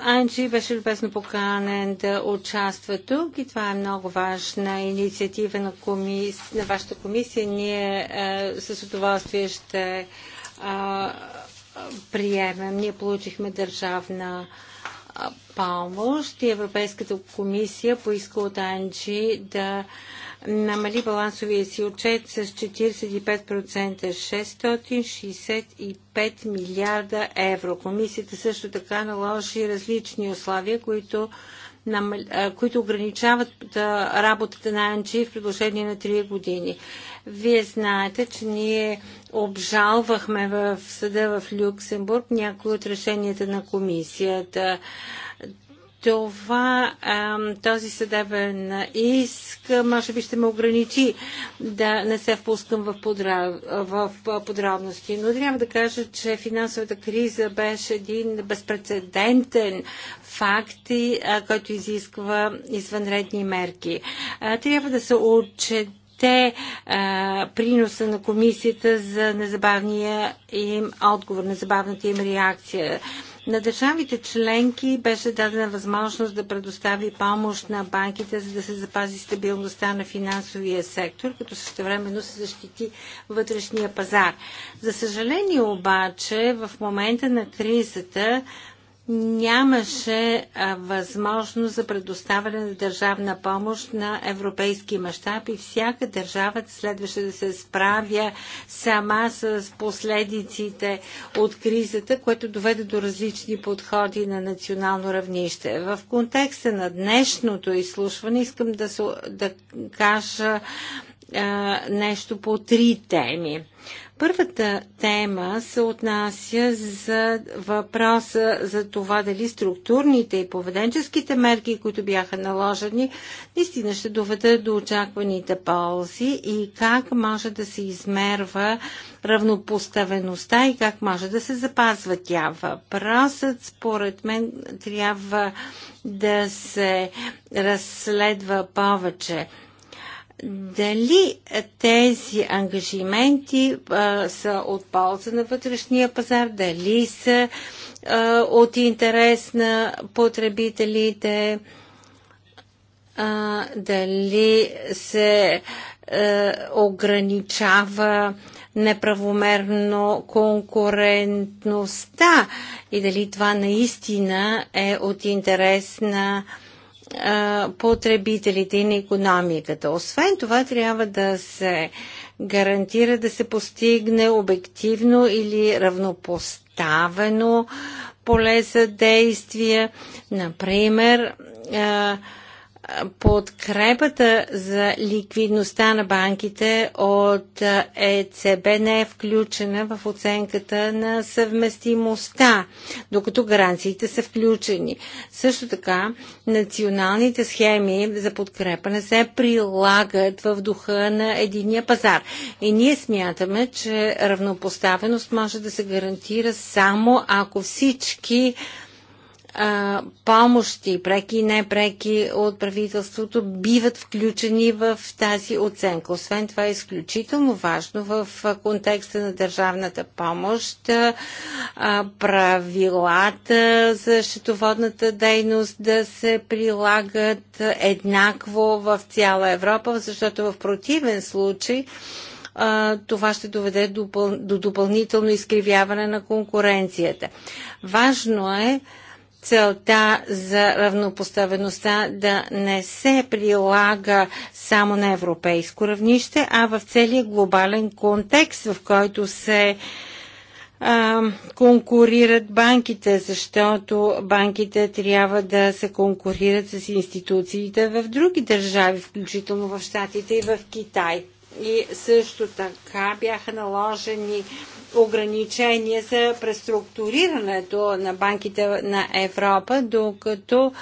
АНЧ беше любезно поканен да участва тук и това е много важна инициатива на, комис... на вашата комисия. Ние е, с удоволствие ще е, приемем. Ние получихме държавна помощ и Европейската комисия поиска от Анджи да намали балансовия си отчет с 45% 665 милиарда евро. Комисията също така наложи различни условия, които които ограничават работата на Анджи в продължение на 3 години. Вие знаете, че ние обжалвахме в съда в Люксембург някои от решенията на комисията. Това, този съдебен иск, може би ще ме ограничи да не се впускам в, в подробности. Но трябва да кажа, че финансовата криза беше един безпредседентен факт, който изисква извънредни мерки. Трябва да се отчете отчете а, е, приноса на комисията за незабавния им отговор, незабавната им реакция. На държавите членки беше дадена възможност да предостави помощ на банките, за да се запази стабилността на финансовия сектор, като същевременно се защити вътрешния пазар. За съжаление обаче, в момента на кризата нямаше възможност за предоставяне на държавна помощ на европейски мащаб и всяка държава следваше да се справя сама с последиците от кризата, което доведе до различни подходи на национално равнище. В контекста на днешното изслушване искам да, да кажа нещо по три теми. Първата тема се отнася за въпроса за това дали структурните и поведенческите мерки, които бяха наложени, наистина ще доведат до очакваните ползи и как може да се измерва равнопоставеността и как може да се запазва тя. Въпросът, според мен, трябва да се разследва повече дали тези ангажименти а, са от полза на вътрешния пазар, дали са а, от интерес на потребителите, а, дали се а, ограничава неправомерно конкурентността и дали това наистина е от интерес на а, потребителите и на економиката. Освен това, трябва да се гарантира да се постигне обективно или равнопоставено поле за действие. Например, подкрепата за ликвидността на банките от ЕЦБ не е включена в оценката на съвместимостта, докато гаранциите са включени. Също така, националните схеми за подкрепа не се прилагат в духа на единия пазар. И ние смятаме, че равнопоставеност може да се гарантира само ако всички а, помощи, преки и непреки от правителството, биват включени в тази оценка. Освен това е изключително важно в контекста на държавната помощ а, правилата за счетоводната дейност да се прилагат еднакво в цяла Европа, защото в противен случай това ще доведе до, до допълнително изкривяване на конкуренцията. Важно е целта за равнопоставеността да не се прилага само на европейско равнище, а в целия глобален контекст, в който се а, конкурират банките, защото банките трябва да се конкурират с институциите в други държави, включително в Штатите и в Китай. И също така бяха наложени ограничения за преструктурирането на банките на Европа, докато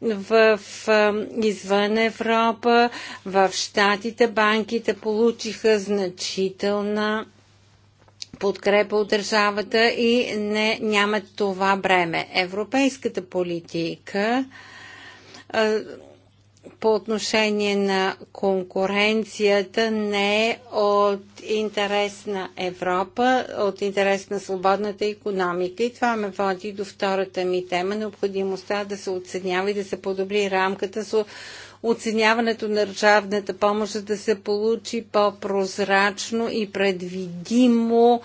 в, в извън Европа, в Штатите банките получиха значителна подкрепа от държавата и не, нямат това бреме. Европейската политика по отношение на конкуренцията не е от интерес на Европа, от интерес на свободната економика. И това ме води до втората ми тема необходимостта да се оценява и да се подобри рамката с оценяването на държавната помощ, да се получи по-прозрачно и предвидимо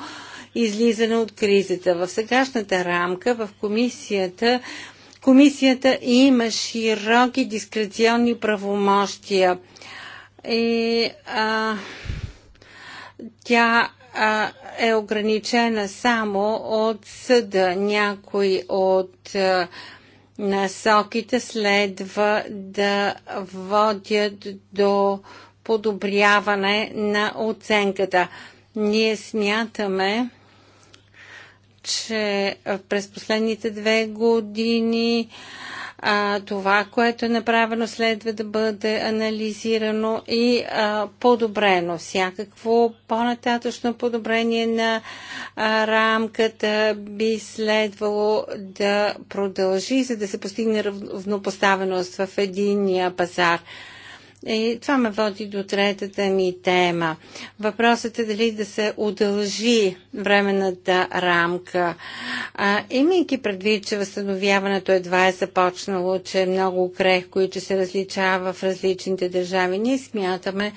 излизане от кризата. В сегашната рамка в комисията Комисията има широки дискреционни правомощия и а, тя а, е ограничена само от съда. Някой от а, насоките следва да водят до подобряване на оценката. Ние смятаме, че през последните две години а, това, което е направено, следва да бъде анализирано и а, подобрено. Всякакво по-нататъчно подобрение на а, рамката би следвало да продължи, за да се постигне равнопоставеност в единния пазар. И това ме води до третата ми тема. Въпросът е дали да се удължи временната рамка. А, имайки предвид, че възстановяването едва е започнало, че е много крехко и че се различава в различните държави, ние смятаме,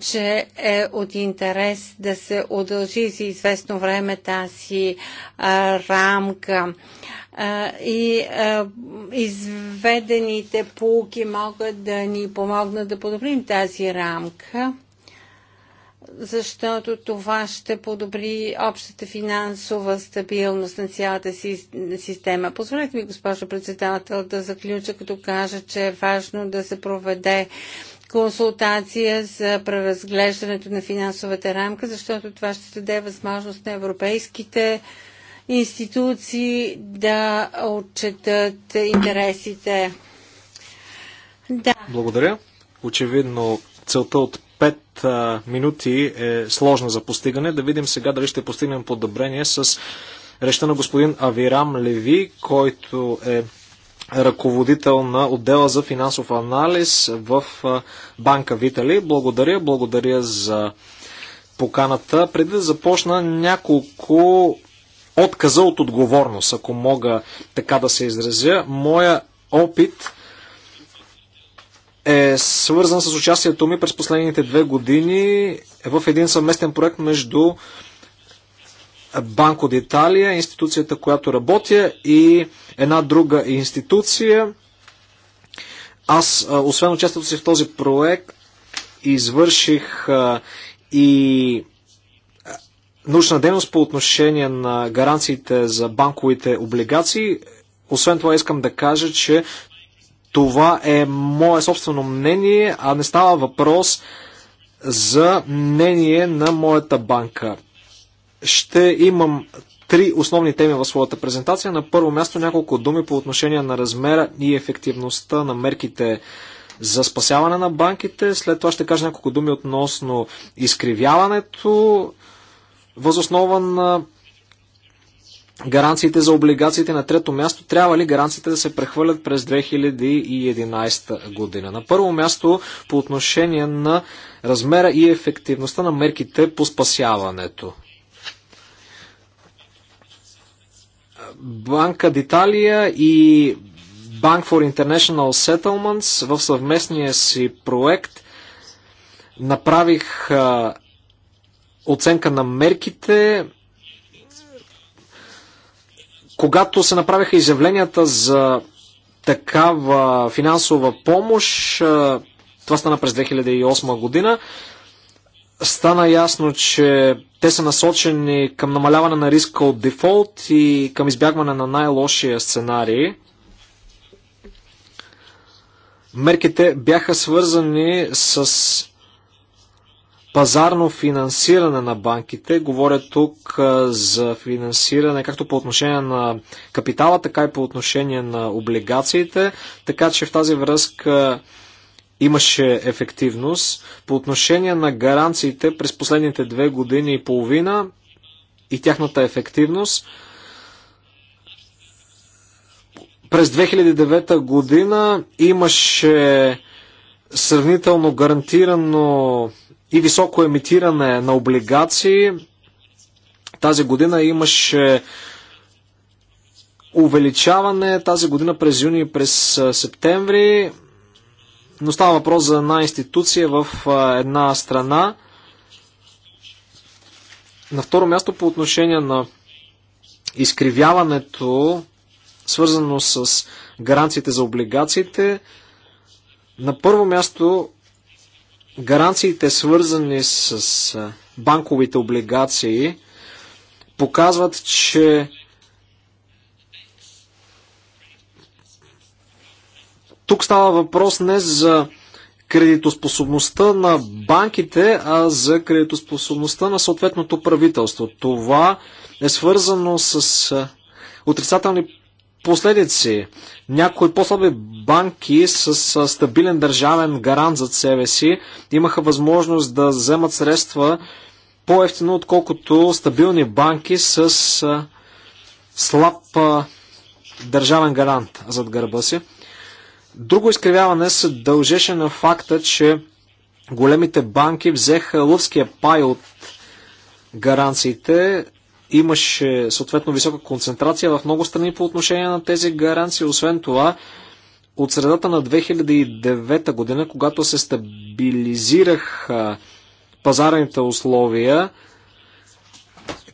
че е от интерес да се удължи за известно време тази а, рамка и изведените полуки могат да ни помогнат да подобрим тази рамка защото това ще подобри общата финансова стабилност на цялата си, система. Позволете ми, госпожо председател, да заключа, като кажа, че е важно да се проведе консултация за преразглеждането на финансовата рамка, защото това ще даде възможност на европейските институции да отчетат интересите. Да. Благодаря. Очевидно целта от 5 а, минути е сложна за постигане. Да видим сега дали ще постигнем подобрение с речта на господин Авирам Леви, който е ръководител на отдела за финансов анализ в Банка Витали. Благодаря, благодаря за поканата. Преди да започна няколко отказа от отговорност, ако мога така да се изразя. Моя опит е свързан с участието ми през последните две години в един съвместен проект между Банко Италия, институцията, която работя и една друга институция. Аз, освен участието си в този проект, извърших и научна дейност по отношение на гаранциите за банковите облигации. Освен това искам да кажа, че това е мое собствено мнение, а не става въпрос за мнение на моята банка. Ще имам три основни теми в своята презентация. На първо място няколко думи по отношение на размера и ефективността на мерките за спасяване на банките. След това ще кажа няколко думи относно изкривяването възоснова на гаранциите за облигациите на трето място, трябва ли гаранциите да се прехвърлят през 2011 година? На първо място по отношение на размера и ефективността на мерките по спасяването. Банка Диталия и Bank for International Settlements в съвместния си проект направих оценка на мерките. Когато се направиха изявленията за такава финансова помощ, това стана през 2008 година, стана ясно, че те са насочени към намаляване на риска от дефолт и към избягване на най-лошия сценарий. Мерките бяха свързани с пазарно финансиране на банките. Говоря тук за финансиране както по отношение на капитала, така и по отношение на облигациите, така че в тази връзка имаше ефективност. По отношение на гаранциите през последните две години и половина и тяхната ефективност, през 2009 година имаше сравнително гарантирано и високо емитиране на облигации. Тази година имаше увеличаване, тази година през юни и през септември, но става въпрос за една институция в една страна. На второ място по отношение на изкривяването, свързано с гаранциите за облигациите, на първо място гаранциите свързани с банковите облигации показват, че тук става въпрос не за кредитоспособността на банките, а за кредитоспособността на съответното правителство. Това е свързано с отрицателни последици. Някои по-слаби банки с, с стабилен държавен гарант зад себе си имаха възможност да вземат средства по-ефтино, отколкото стабилни банки с а, слаб а, държавен гарант зад гърба си. Друго изкривяване се дължеше на факта, че големите банки взеха лъвския пай от гаранциите, Имаше съответно висока концентрация в много страни по отношение на тези гаранции. Освен това, от средата на 2009 година, когато се стабилизирах пазарните условия,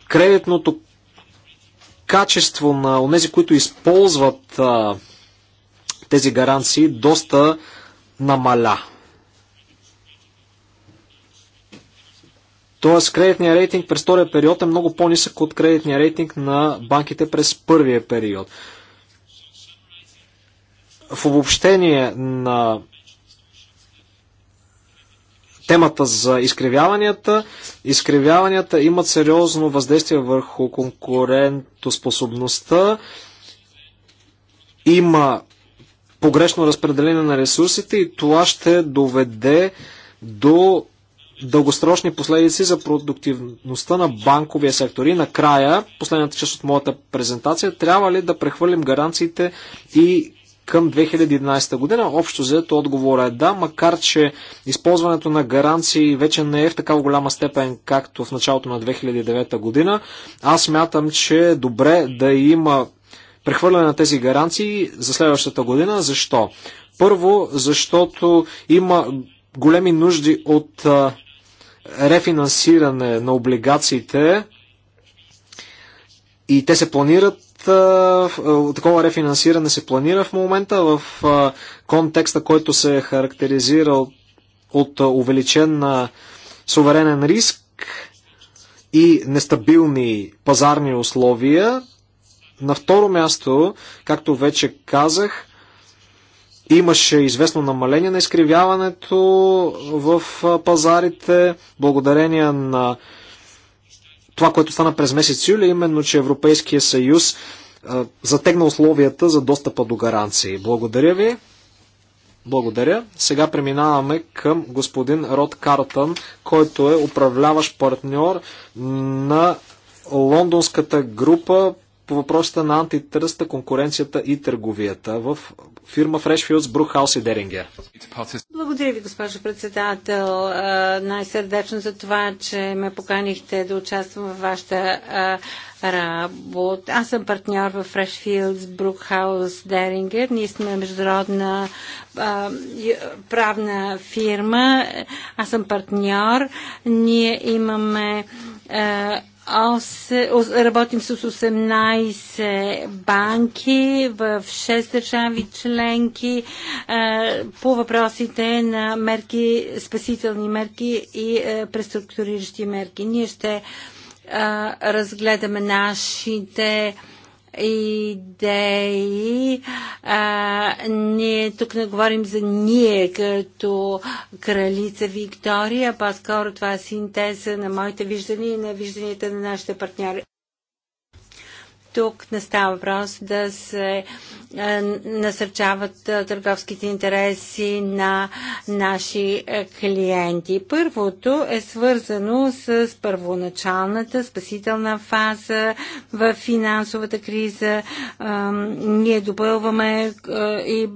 кредитното качество на тези, които използват а, тези гаранции, доста намаля. Тоест, кредитния рейтинг през втория период е много по-нисък от кредитния рейтинг на банките през първия период. В обобщение на темата за изкривяванията. Изкривяванията имат сериозно въздействие върху конкурентоспособността. Има погрешно разпределение на ресурсите и това ще доведе до дългосрочни последици за продуктивността на банковия сектор. И накрая, последната част от моята презентация, трябва ли да прехвърлим гаранциите и към 2011 година. Общо взето отговора е да, макар че използването на гаранции вече не е в такава голяма степен, както в началото на 2009 година. Аз мятам, че е добре да има прехвърляне на тези гаранции за следващата година. Защо? Първо, защото има големи нужди от а, рефинансиране на облигациите и те се планират такова рефинансиране се планира в момента в контекста, който се е характеризира от увеличен на суверенен риск и нестабилни пазарни условия. На второ място, както вече казах, Имаше известно намаление на изкривяването в пазарите, благодарение на това, което стана през месец юли, именно, че Европейския съюз затегна условията за достъпа до гаранции. Благодаря ви. Благодаря. Сега преминаваме към господин Род Картън, който е управляващ партньор на лондонската група по въпросите на антитръста, конкуренцията и търговията в фирма Freshfields, Брукхаус и Дерингер. Благодаря ви, госпожо председател, най-сърдечно за това, че ме поканихте да участвам в вашата работа. Аз съм партньор в Freshfields, Брукхаус, Дерингер. Ние сме международна правна фирма. Аз съм партньор. Ние имаме аз работим с 18 банки в 6 държави членки е, по въпросите на мерки, спасителни мерки и е, преструктуриращи мерки. Ние ще е, разгледаме нашите идеи. А, ние тук не говорим за ние като кралица Виктория, по-скоро това е синтеза на моите виждания и на вижданията на нашите партньори. Тук не става въпрос да се е, насърчават е, търговските интереси на наши е, клиенти. Първото е свързано с първоначалната спасителна фаза в финансовата криза. Ние допълваме и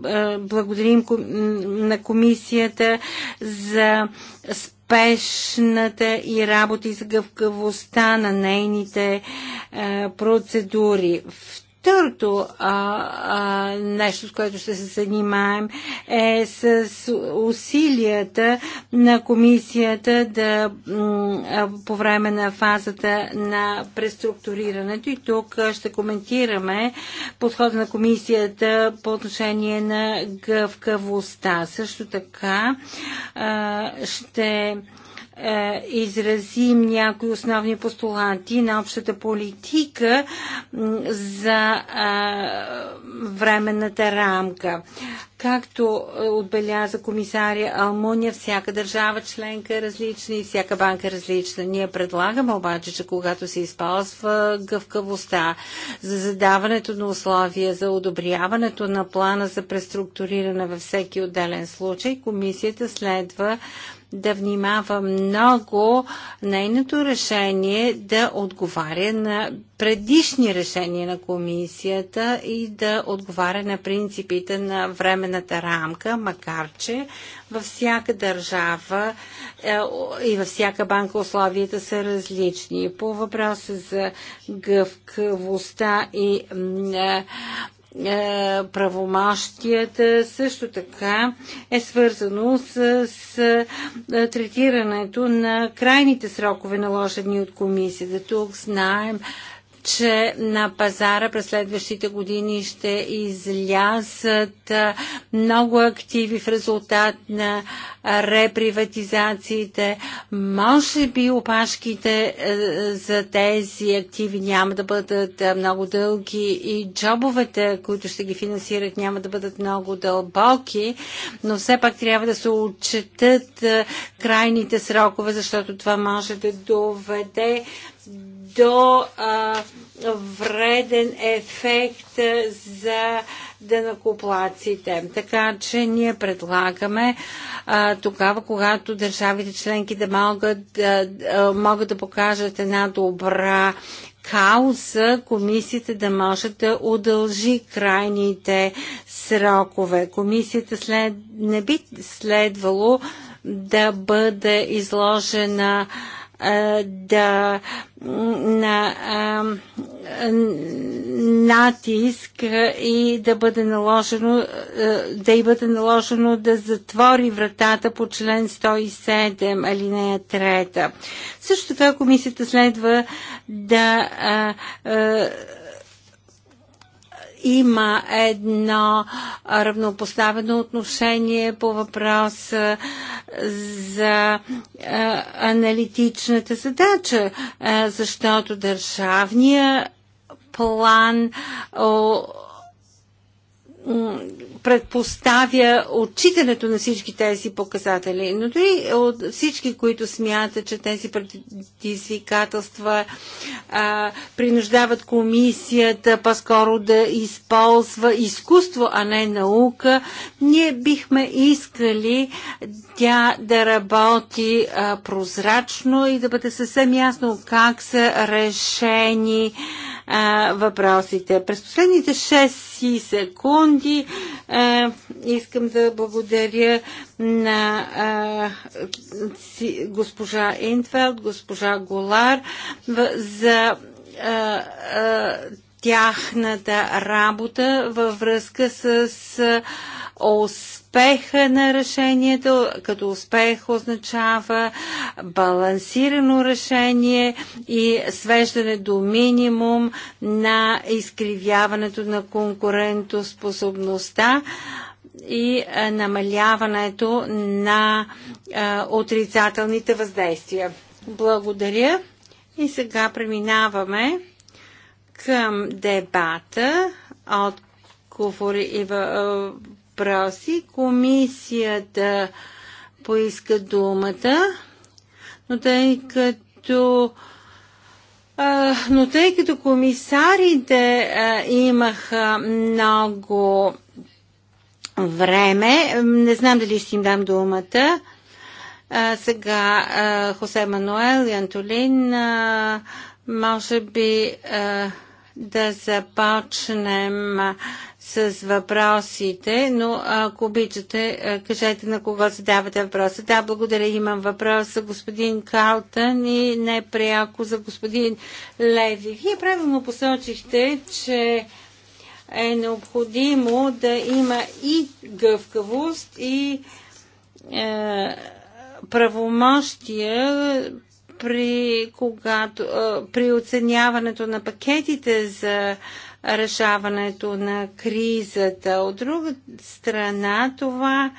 благодарим на комисията за спасителната успешната и работи с гъвкавостта на нейните е, процедури. В Второто а, а, нещо, с което ще се занимаем, е с усилията на комисията да по време на фазата на преструктурирането и тук ще коментираме подхода на комисията по отношение на гъвкавостта. Също така а, ще е, изразим някои основни постулати на общата политика за е, временната рамка. Както е, отбеляза комисария Алмуния, всяка държава членка е различна и всяка банка е различна. Ние предлагаме обаче, че когато се използва гъвкавостта за задаването на условия, за одобряването на плана за преструктуриране във всеки отделен случай, комисията следва да внимава много нейното решение да отговаря на предишни решения на комисията и да отговаря на принципите на временната рамка, макар че във всяка държава е, и във всяка банка условията са различни. По въпроса за гъвкавостта и е, е, правомощията също така е свързано с, с е, третирането на крайните срокове наложени от комисията. Тук знаем, че на пазара през следващите години ще излязат е, много активи в резултат на реприватизациите. Може би опашките е, за тези активи няма да бъдат е, много дълги и джобовете, които ще ги финансират, няма да бъдат много дълбоки, но все пак трябва да се отчетат е, крайните срокове, защото това може да доведе до а, вреден ефект за денакоплаците. Така че ние предлагаме а, тогава, когато държавите членки да могат да, а, могат да покажат една добра кауза комисията да може да удължи крайните срокове. Комисията след, не би следвало да бъде изложена а, да на а, натиск и да бъде наложено да й бъде наложено да затвори вратата по член 107 алинея 3. Също така комисията следва да а, а, има едно равнопоставено отношение по въпроса за аналитичната задача, защото държавния план предпоставя отчитането на всички тези показатели. Но дори от всички, които смятат, че тези предизвикателства а, принуждават комисията по-скоро да използва изкуство, а не наука, ние бихме искали тя да работи а, прозрачно и да бъде съвсем ясно как са решени а, а, въпросите. През последните 6 секунди а, искам да благодаря на а, си, госпожа Инфелд, госпожа Голар в, за а, а, тяхната работа във връзка с ОС успеха на решението, като успех означава балансирано решение и свеждане до минимум на изкривяването на конкурентоспособността и намаляването на а, отрицателните въздействия. Благодаря. И сега преминаваме към дебата. от. и въпроси. Комисията поиска думата, но тъй като но тъй като комисарите имаха много време, не знам дали ще им дам думата. сега Хосе Мануел и Антолин, може би да започнем с въпросите, но ако обичате, е, кажете на кого задавате въпроса. Да, благодаря. Имам въпрос за господин Калтън и не пряко за господин Леви. Вие правилно посочихте, че е необходимо да има и гъвкавост, и е, правомощия при, когато, е, при оценяването на пакетите за решаването на кризата. От друга страна, това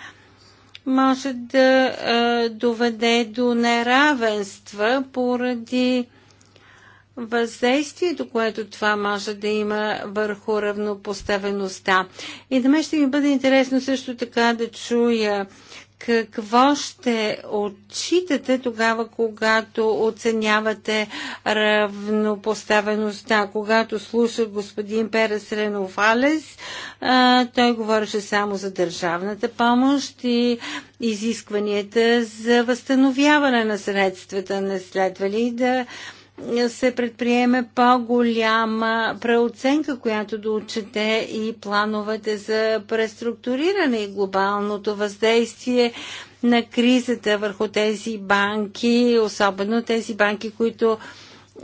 може да е, доведе до неравенства поради въздействието, което това може да има върху равнопоставеността. И да мен ще ми бъде интересно също така да чуя какво ще отчитате тогава, когато оценявате равнопоставеността? Когато слушах господин Перес Ренофалес, той говореше само за държавната помощ и изискванията за възстановяване на средствата. Не следва ли да се предприеме по-голяма преоценка, която да отчете и плановете за преструктуриране и глобалното въздействие на кризата върху тези банки, особено тези банки, които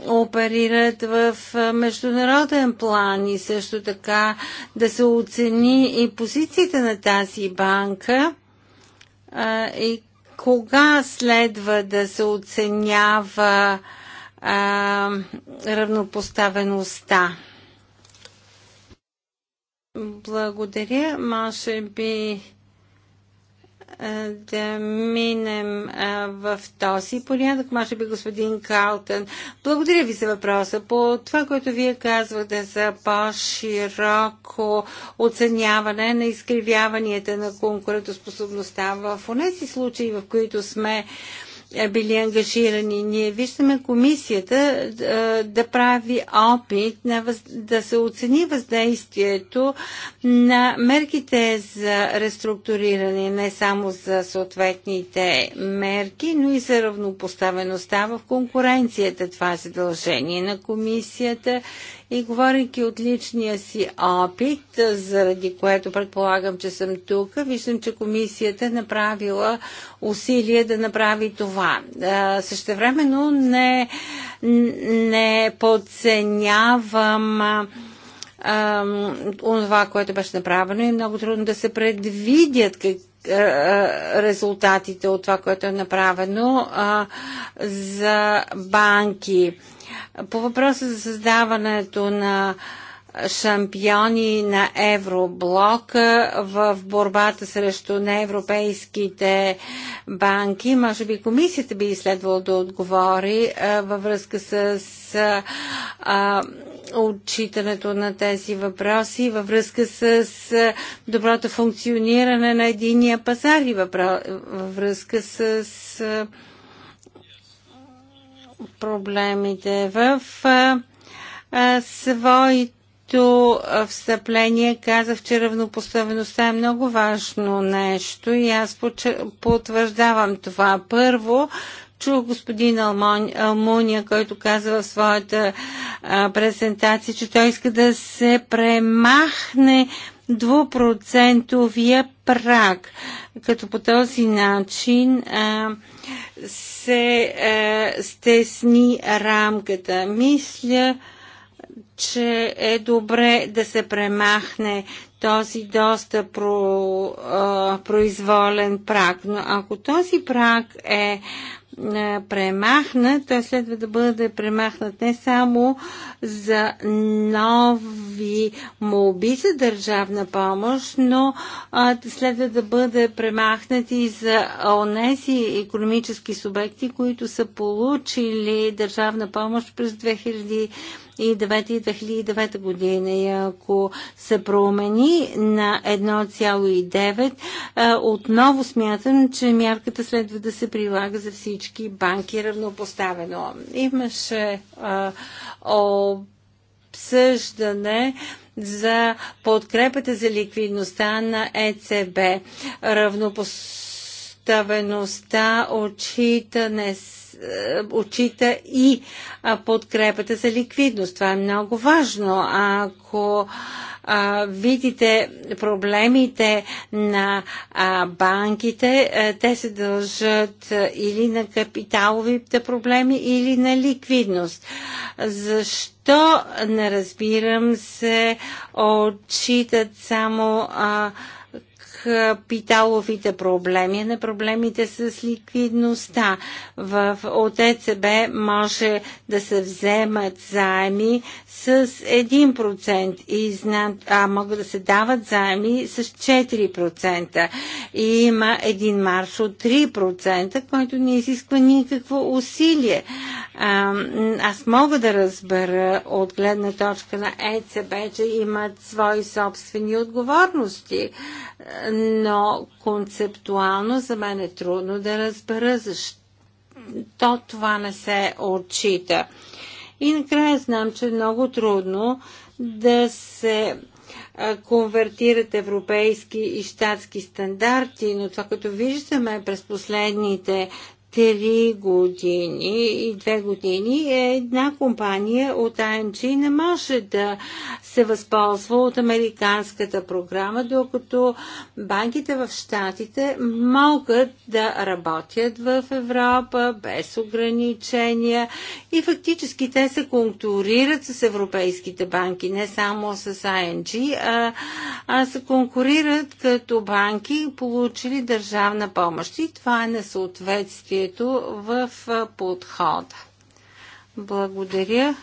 оперират в международен план и също така да се оцени и позицията на тази банка и кога следва да се оценява а, равнопоставеността. Благодаря. Може би да минем в този порядък, може би господин Калтън. Благодаря ви за въпроса. По това, което вие казвате за по-широко оценяване на изкривяванията на конкурентоспособността в тези случаи, в които сме е, били ангажирани. Ние виждаме комисията е, да прави опит на въз... да се оцени въздействието на мерките за реструктуриране, не само за съответните мерки, но и за равнопоставеността в конкуренцията. Това е задължение на комисията и говорейки от личния си опит, заради което предполагам, че съм тук, виждам, че комисията е направила усилие да направи това. Същевременно не, не подценявам това, което беше направено и е много трудно да се предвидят как, резултатите от това, което е направено а, за банки. По въпроса за създаването на шампиони на евроблока в борбата срещу неевропейските банки. Може би комисията би следвало да отговори а, е, във връзка с а, е, отчитането на тези въпроси, във връзка с а, е, доброто функциониране на единия пазар и във връзка с а, проблемите. В а, а, своето встъпление казах, че равнопоставеността е много важно нещо и аз потвърждавам това. Първо, чух господин Алмуния, който каза в своята а, презентация, че той иска да се премахне двупроцентовия прак, като по този начин а, се е, стесни рамката. Мисля, че е добре да се премахне този доста про, е, произволен прак. Но ако този прак е, е премахнат, той следва да бъде премахнат не само за нови молби за държавна помощ, но а, следва да бъде премахнати и за онези економически субекти, които са получили държавна помощ през 2000 2009 и 2009 година. И ако се промени на 1,9, отново смятам, че мярката следва да се прилага за всички банки равнопоставено. Имаше обсъждане за подкрепата за ликвидността на ЕЦБ. Равнопоставеността отчита не е, отчита и подкрепата за ликвидност. Това е много важно. Ако видите проблемите на банките, е, те се дължат е, или на капиталовите проблеми, или на ликвидност. Защо не разбирам се, отчитат само а, капиталовите проблеми, на проблемите с ликвидността. В, от ЕЦБ може да се вземат заеми с 1% и знат, а могат да се дават заеми с 4%. И има един марш от 3%, който не изисква никакво усилие аз мога да разбера от гледна точка на ЕЦБ, че имат свои собствени отговорности, но концептуално за мен е трудно да разбера защо това не се отчита. И накрая знам, че е много трудно да се конвертират европейски и щатски стандарти, но това като виждаме през последните три години и две години една компания от АМЧ не може да се възползва от американската програма, докато банките в Штатите могат да работят в Европа без ограничения и фактически те се конкурират с европейските банки, не само с АНГ, а, а се конкурират като банки, получили държавна помощ. И това е несъответствие развитието в подхода. Благодаря.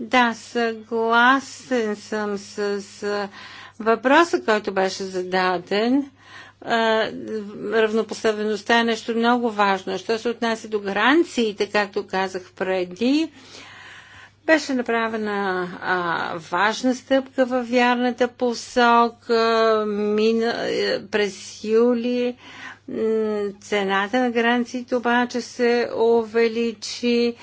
Да, съгласен съм с въпроса, който беше зададен равнопоставеността е нещо много важно. Що се отнася до гаранциите, както казах преди, беше направена а, важна стъпка във вярната посока. Мина, е, през юли Цената на гаранциите обаче се увеличи.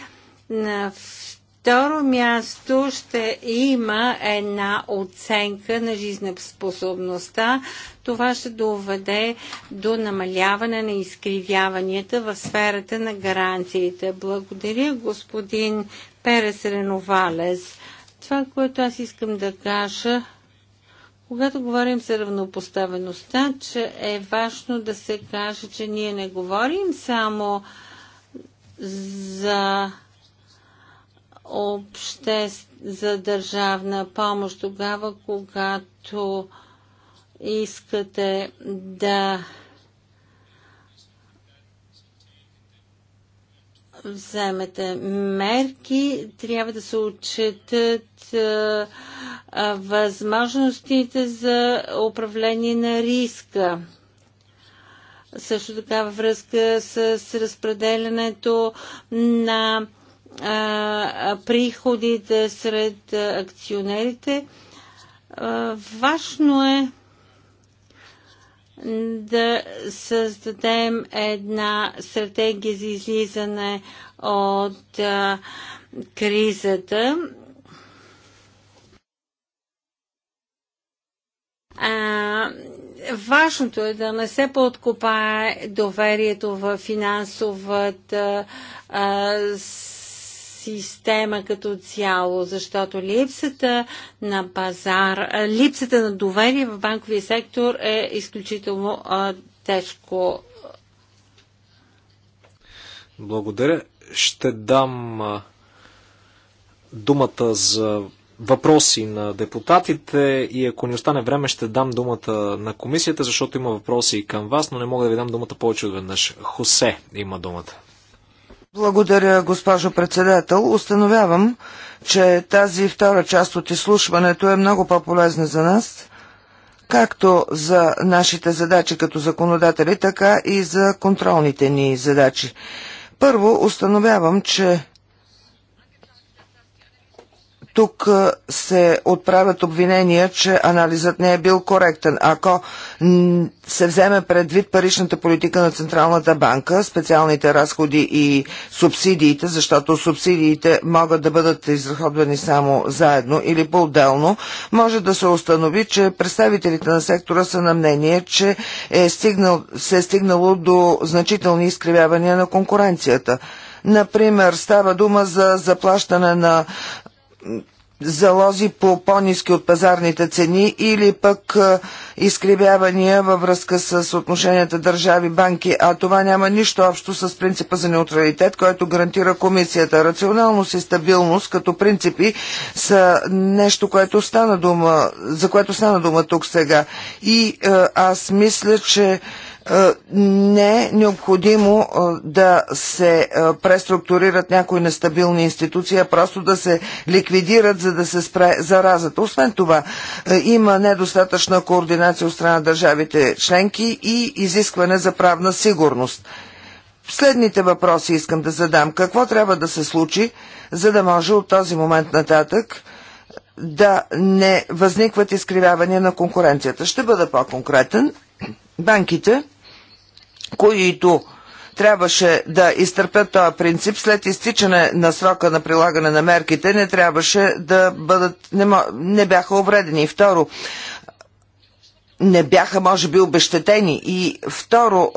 На второ място ще има една оценка на жизнеспособността. Това ще доведе до намаляване на изкривяванията в сферата на гаранциите. Благодаря господин Перес Реновалес. Това, което аз искам да кажа когато говорим за равнопоставеността, че е важно да се каже, че ние не говорим само за обще за държавна помощ тогава, когато искате да вземете мерки, трябва да се отчетат възможностите за управление на риска. Също така във връзка с, разпределянето на приходите сред акционерите. Важно е да създадем една стратегия за излизане от а, кризата. А, важното е да не се подкопае доверието в финансовата а, система като цяло, защото липсата на пазар, липсата на доверие в банковия сектор е изключително а, тежко. Благодаря. Ще дам думата за въпроси на депутатите и ако ни остане време ще дам думата на комисията, защото има въпроси и към вас, но не мога да ви дам думата повече от веднъж. Хосе има думата. Благодаря, госпожо председател. Установявам, че тази втора част от изслушването е много по-полезна за нас, както за нашите задачи като законодатели, така и за контролните ни задачи. Първо, установявам, че тук се отправят обвинения, че анализът не е бил коректен. Ако се вземе предвид паричната политика на Централната банка, специалните разходи и субсидиите, защото субсидиите могат да бъдат изразходвани само заедно или по-отделно, може да се установи, че представителите на сектора са на мнение, че е стигнал, се е стигнало до значителни изкривявания на конкуренцията. Например, става дума за заплащане на залози по по-низки от пазарните цени или пък изкривявания във връзка с отношенията държави-банки, а това няма нищо общо с принципа за неутралитет, който гарантира комисията. Рационалност и стабилност като принципи са нещо, което стана дума, за което стана дума тук сега. И аз мисля, че е, не е необходимо е, да се е, преструктурират някои нестабилни институции, а просто да се ликвидират, за да се спре заразата. Освен това, има недостатъчна координация от страна на държавите членки и изискване за правна сигурност. Следните въпроси искам да задам. Какво трябва да се случи, за да може от този момент нататък да не възникват изкривявания на конкуренцията? Ще бъда по-конкретен. Банките които трябваше да изтърпят този принцип след изтичане на срока на прилагане на мерките, не трябваше да бъдат, не, не бяха увредени. Второ, не бяха, може би, обещетени. И второ,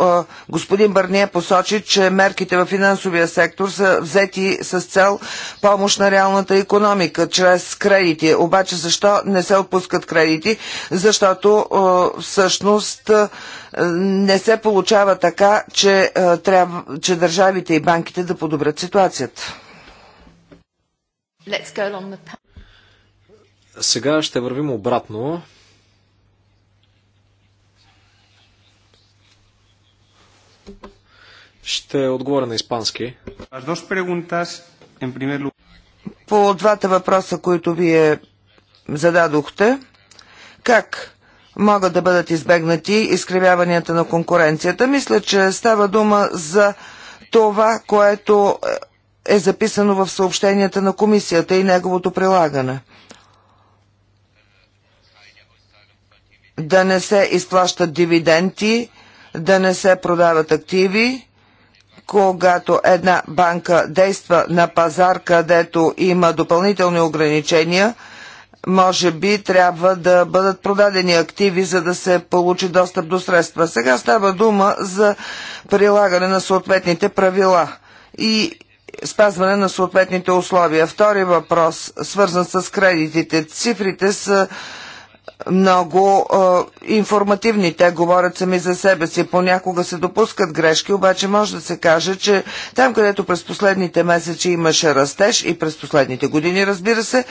господин Бърния посочи, че мерките в финансовия сектор са взети с цел помощ на реалната економика, чрез кредити. Обаче защо не се отпускат кредити? Защото всъщност не се получава така, че, трябва, че държавите и банките да подобрят ситуацията. Сега ще вървим обратно. Ще отговоря на испански. По двата въпроса, които вие зададохте, как могат да бъдат избегнати изкривяванията на конкуренцията, мисля, че става дума за това, което е записано в съобщенията на комисията и неговото прилагане. Да не се изплащат дивиденти да не се продават активи, когато една банка действа на пазар, където има допълнителни ограничения, може би трябва да бъдат продадени активи, за да се получи достъп до средства. Сега става дума за прилагане на съответните правила и спазване на съответните условия. Втори въпрос, свързан с кредитите. Цифрите са много е, информативни. Те говорят сами за себе си. Понякога се допускат грешки, обаче може да се каже, че там, където през последните месеци имаше растеж и през последните години, разбира се,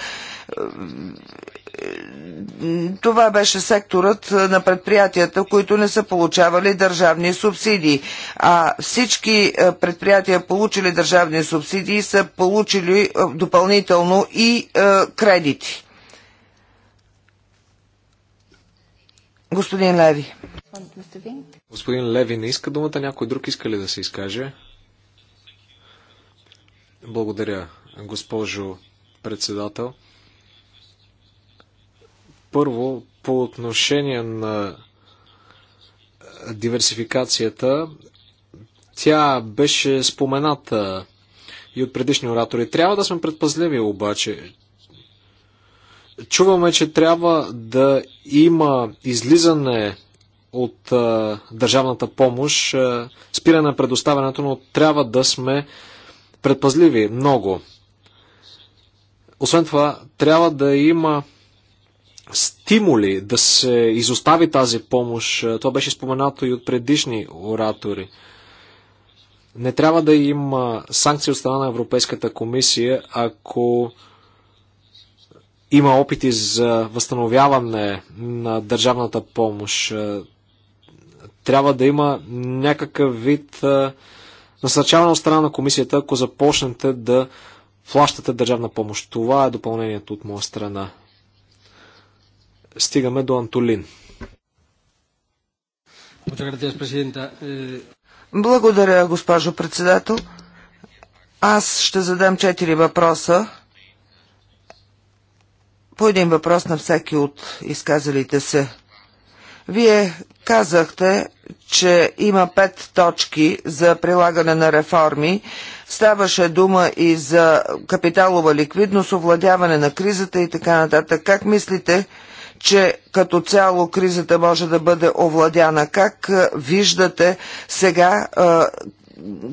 това беше секторът на предприятията, които не са получавали държавни субсидии. А всички предприятия, получили държавни субсидии, са получили допълнително и кредити. Господин Леви. Господин Леви не иска думата, някой друг иска ли да се изкаже? Благодаря, госпожо председател. Първо, по отношение на диверсификацията, тя беше спомената и от предишни оратори. Трябва да сме предпазливи обаче. Чуваме, че трябва да има излизане от а, държавната помощ, а, спиране на предоставянето, но трябва да сме предпазливи много. Освен това, трябва да има стимули да се изостави тази помощ. Това беше споменато и от предишни оратори. Не трябва да има санкции от страна на Европейската комисия, ако има опити за възстановяване на държавната помощ. Е, трябва да има някакъв вид е, насърчаване от страна на комисията, ако започнете да плащате държавна помощ. Това е допълнението от моя страна. Стигаме до Антолин. Е, Благодаря, госпожо председател. Аз ще задам четири въпроса по един въпрос на всеки от изказалите се. Вие казахте, че има пет точки за прилагане на реформи. Ставаше дума и за капиталова ликвидност, овладяване на кризата и така нататък. Как мислите, че като цяло кризата може да бъде овладяна? Как виждате сега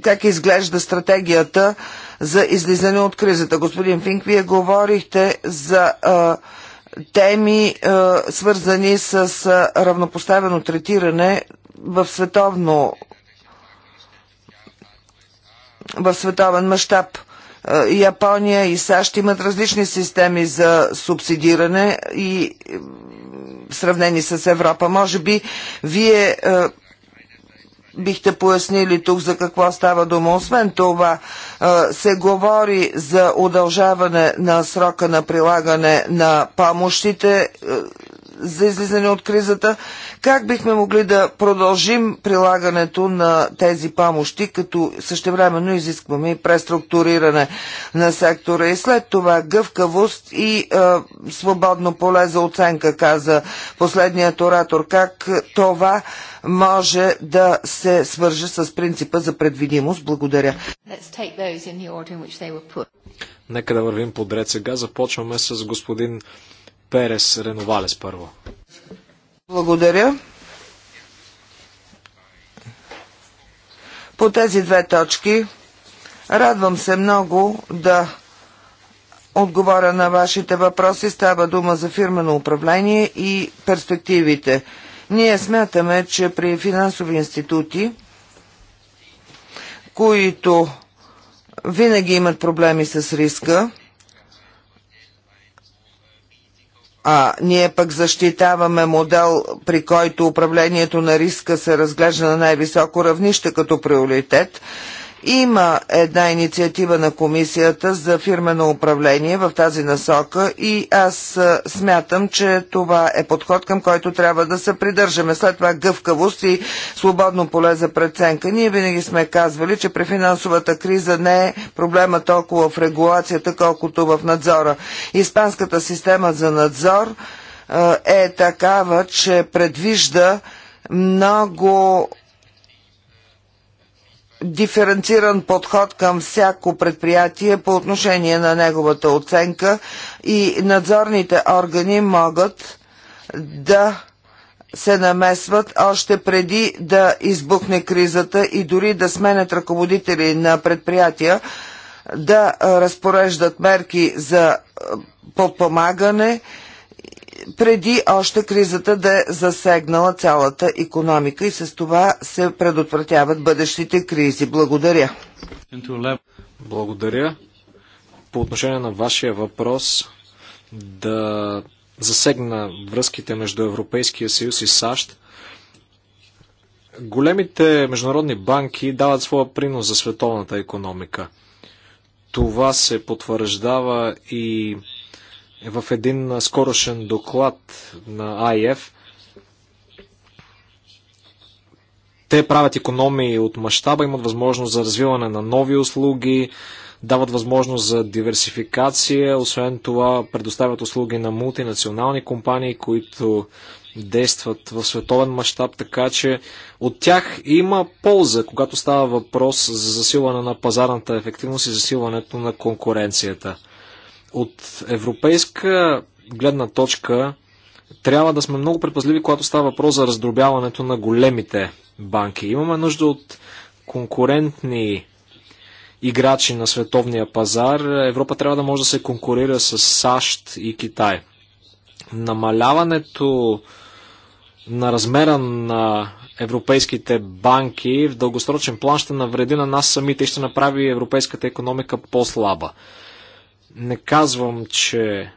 как изглежда стратегията за излизане от кризата. Господин Финк, вие говорихте за а, теми, а, свързани с а, равнопоставено третиране в световно в световен мащаб. Япония и САЩ имат различни системи за субсидиране и сравнени с Европа. Може би вие бихте пояснили тук за какво става дума. Освен това, се говори за удължаване на срока на прилагане на помощите за излизане от кризата. Как бихме могли да продължим прилагането на тези помощи, като същевременно изискваме и преструктуриране на сектора и след това гъвкавост и е, свободно поле за оценка, каза последният оратор. Как това може да се свърже с принципа за предвидимост? Благодаря. Нека да вървим подред сега. Започваме с господин Перес Реновалес първо. Благодаря. По тези две точки радвам се много да отговоря на вашите въпроси. Става дума за фирмено управление и перспективите. Ние смятаме, че при финансови институти, които винаги имат проблеми с риска, а ние пък защитаваме модел, при който управлението на риска се разглежда на най-високо равнище като приоритет – има една инициатива на комисията за фирмено управление в тази насока и аз смятам, че това е подход, към който трябва да се придържаме. След това гъвкавост и свободно поле за преценка. Ние винаги сме казвали, че при финансовата криза не е проблема толкова в регулацията, колкото в надзора. Испанската система за надзор е такава, че предвижда много диференциран подход към всяко предприятие по отношение на неговата оценка и надзорните органи могат да се намесват още преди да избухне кризата и дори да сменят ръководители на предприятия, да разпореждат мерки за подпомагане, преди още кризата да е засегнала цялата економика и с това се предотвратяват бъдещите кризи. Благодаря. Благодаря. По отношение на вашия въпрос да засегна връзките между Европейския съюз и САЩ, големите международни банки дават своя принос за световната економика. Това се потвърждава и е в един скорошен доклад на АИФ. Те правят економии от мащаба, имат възможност за развиване на нови услуги, дават възможност за диверсификация, освен това предоставят услуги на мултинационални компании, които действат в световен мащаб, така че от тях има полза, когато става въпрос за засилване на пазарната ефективност и засилването на конкуренцията. От европейска гледна точка трябва да сме много предпазливи, когато става въпрос за раздробяването на големите банки. Имаме нужда от конкурентни играчи на световния пазар. Европа трябва да може да се конкурира с САЩ и Китай. Намаляването на размера на европейските банки в дългосрочен план ще навреди на нас самите и ще направи европейската економика по-слаба. Не казвам, че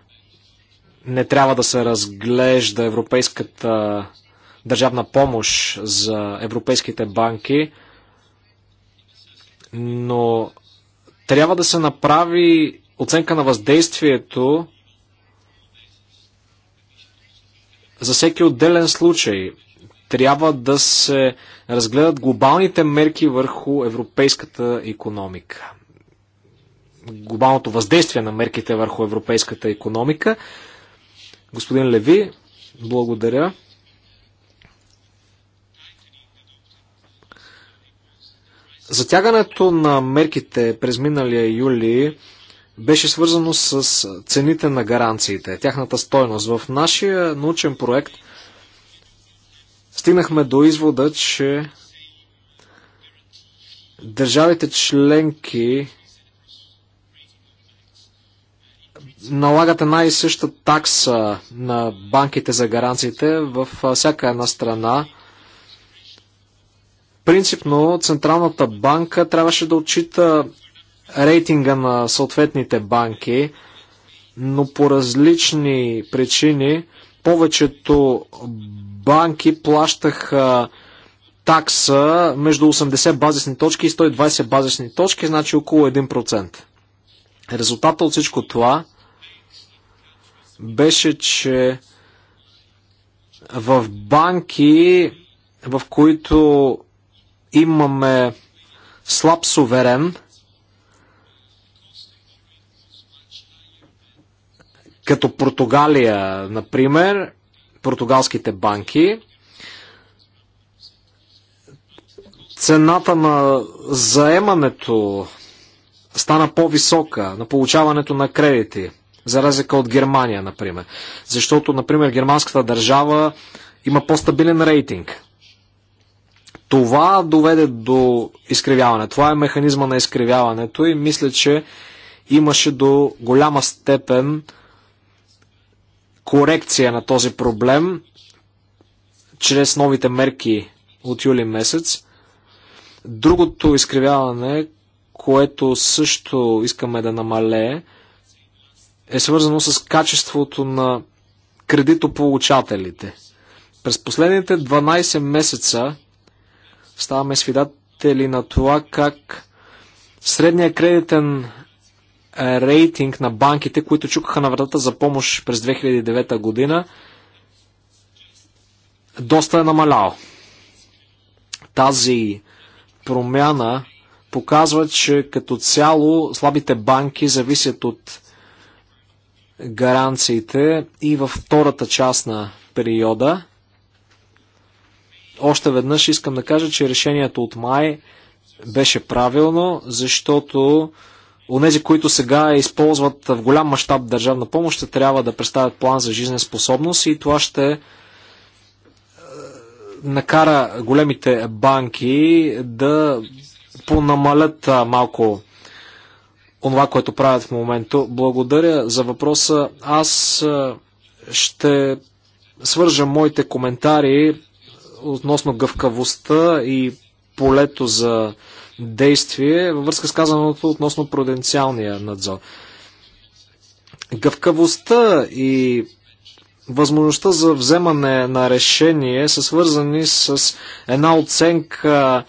не трябва да се разглежда европейската държавна помощ за европейските банки, но трябва да се направи оценка на въздействието за всеки отделен случай. Трябва да се разгледат глобалните мерки върху европейската економика глобалното въздействие на мерките върху европейската економика. Господин Леви, благодаря. Затягането на мерките през миналия юли беше свързано с цените на гаранциите, тяхната стойност. В нашия научен проект стигнахме до извода, че държавите членки налагат една и съща такса на банките за гаранциите в всяка една страна. Принципно Централната банка трябваше да отчита рейтинга на съответните банки, но по различни причини повечето банки плащаха такса между 80 базисни точки и 120 базисни точки, значи около 1%. Резултата от всичко това беше, че в банки, в които имаме слаб суверен, като Португалия, например, португалските банки, цената на заемането стана по-висока, на получаването на кредити – за разлика от Германия, например. Защото, например, германската държава има по-стабилен рейтинг. Това доведе до изкривяване. Това е механизма на изкривяването и мисля, че имаше до голяма степен корекция на този проблем чрез новите мерки от юли месец. Другото изкривяване, което също искаме да намалее, е свързано с качеството на кредитополучателите. През последните 12 месеца ставаме свидатели на това как средният кредитен рейтинг на банките, които чукаха на вратата за помощ през 2009 година, доста е намалял. Тази промяна показва, че като цяло слабите банки зависят от гаранциите и във втората част на периода. Още веднъж искам да кажа, че решението от май беше правилно, защото Онези, които сега използват в голям мащаб държавна помощ, ще трябва да представят план за способност и това ще е, накара големите банки да понамалят малко онова, което правят в момента. Благодаря за въпроса. Аз е, ще свържа моите коментари относно гъвкавостта и полето за действие във връзка с казаното относно пруденциалния надзор. Гъвкавостта и възможността за вземане на решение са свързани с една оценка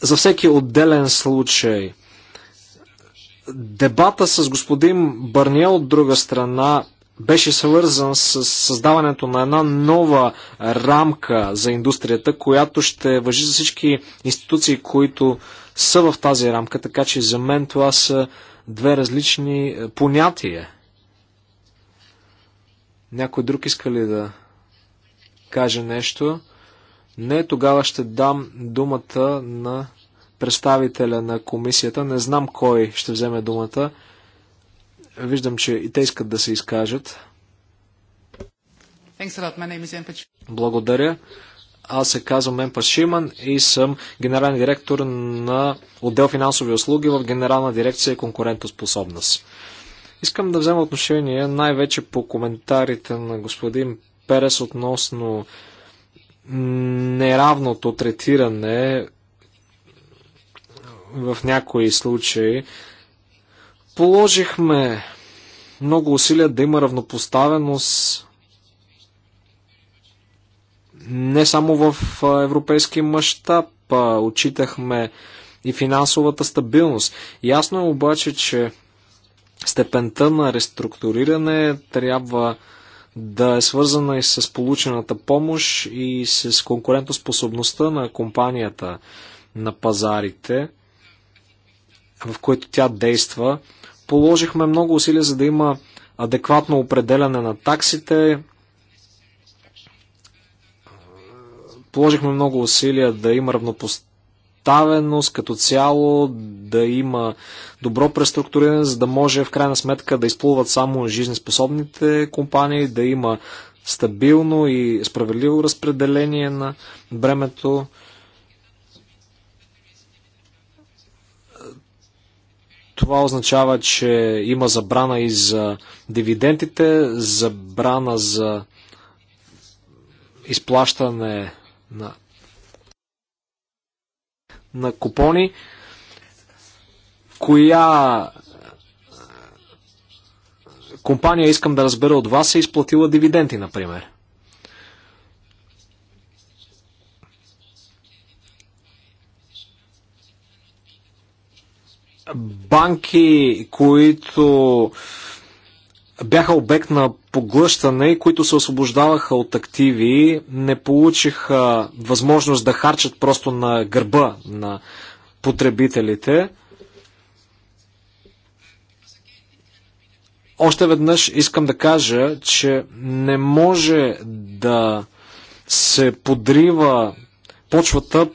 за всеки отделен случай – Дебата с господин Барния от друга страна беше свързан с създаването на една нова рамка за индустрията, която ще въжи за всички институции, които са в тази рамка, така че за мен това са две различни е, понятия. Някой друг иска ли да каже нещо? Не, тогава ще дам думата на представителя на комисията. Не знам кой ще вземе думата. Виждам, че и те искат да се изкажат. Благодаря. Аз се казвам Емпа Шиман и съм генерален директор на отдел финансови услуги в Генерална дирекция конкурентоспособност. Искам да взема отношение най-вече по коментарите на господин Перес относно неравното третиране в някои случаи. Положихме много усилия да има равнопоставеност не само в европейски мащаб, отчитахме и финансовата стабилност. Ясно е обаче, че степента на реструктуриране трябва да е свързана и с получената помощ и с конкурентоспособността на компанията на пазарите в който тя действа. Положихме много усилия, за да има адекватно определяне на таксите. Положихме много усилия да има равнопоставеност като цяло, да има добро преструктуриране, за да може в крайна сметка да изплуват само жизнеспособните компании, да има стабилно и справедливо разпределение на бремето. Това означава, че има забрана и за дивидендите, забрана за изплащане на, на купони, коя компания, искам да разбера от вас, е изплатила дивиденти, например. банки, които бяха обект на поглъщане и които се освобождаваха от активи, не получиха възможност да харчат просто на гърба на потребителите. Още веднъж искам да кажа, че не може да се подрива почвата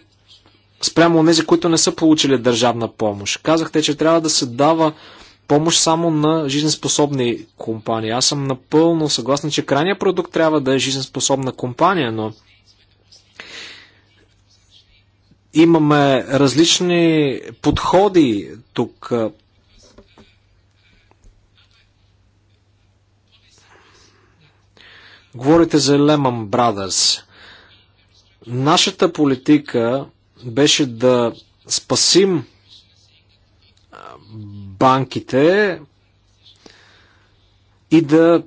спрямо тези, които не са получили държавна помощ. Казахте, че трябва да се дава помощ само на жизнеспособни компании. Аз съм напълно съгласен, че крайният продукт трябва да е жизнеспособна компания, но имаме различни подходи тук. Говорите за Lehman Brothers. Нашата политика беше да спасим банките и да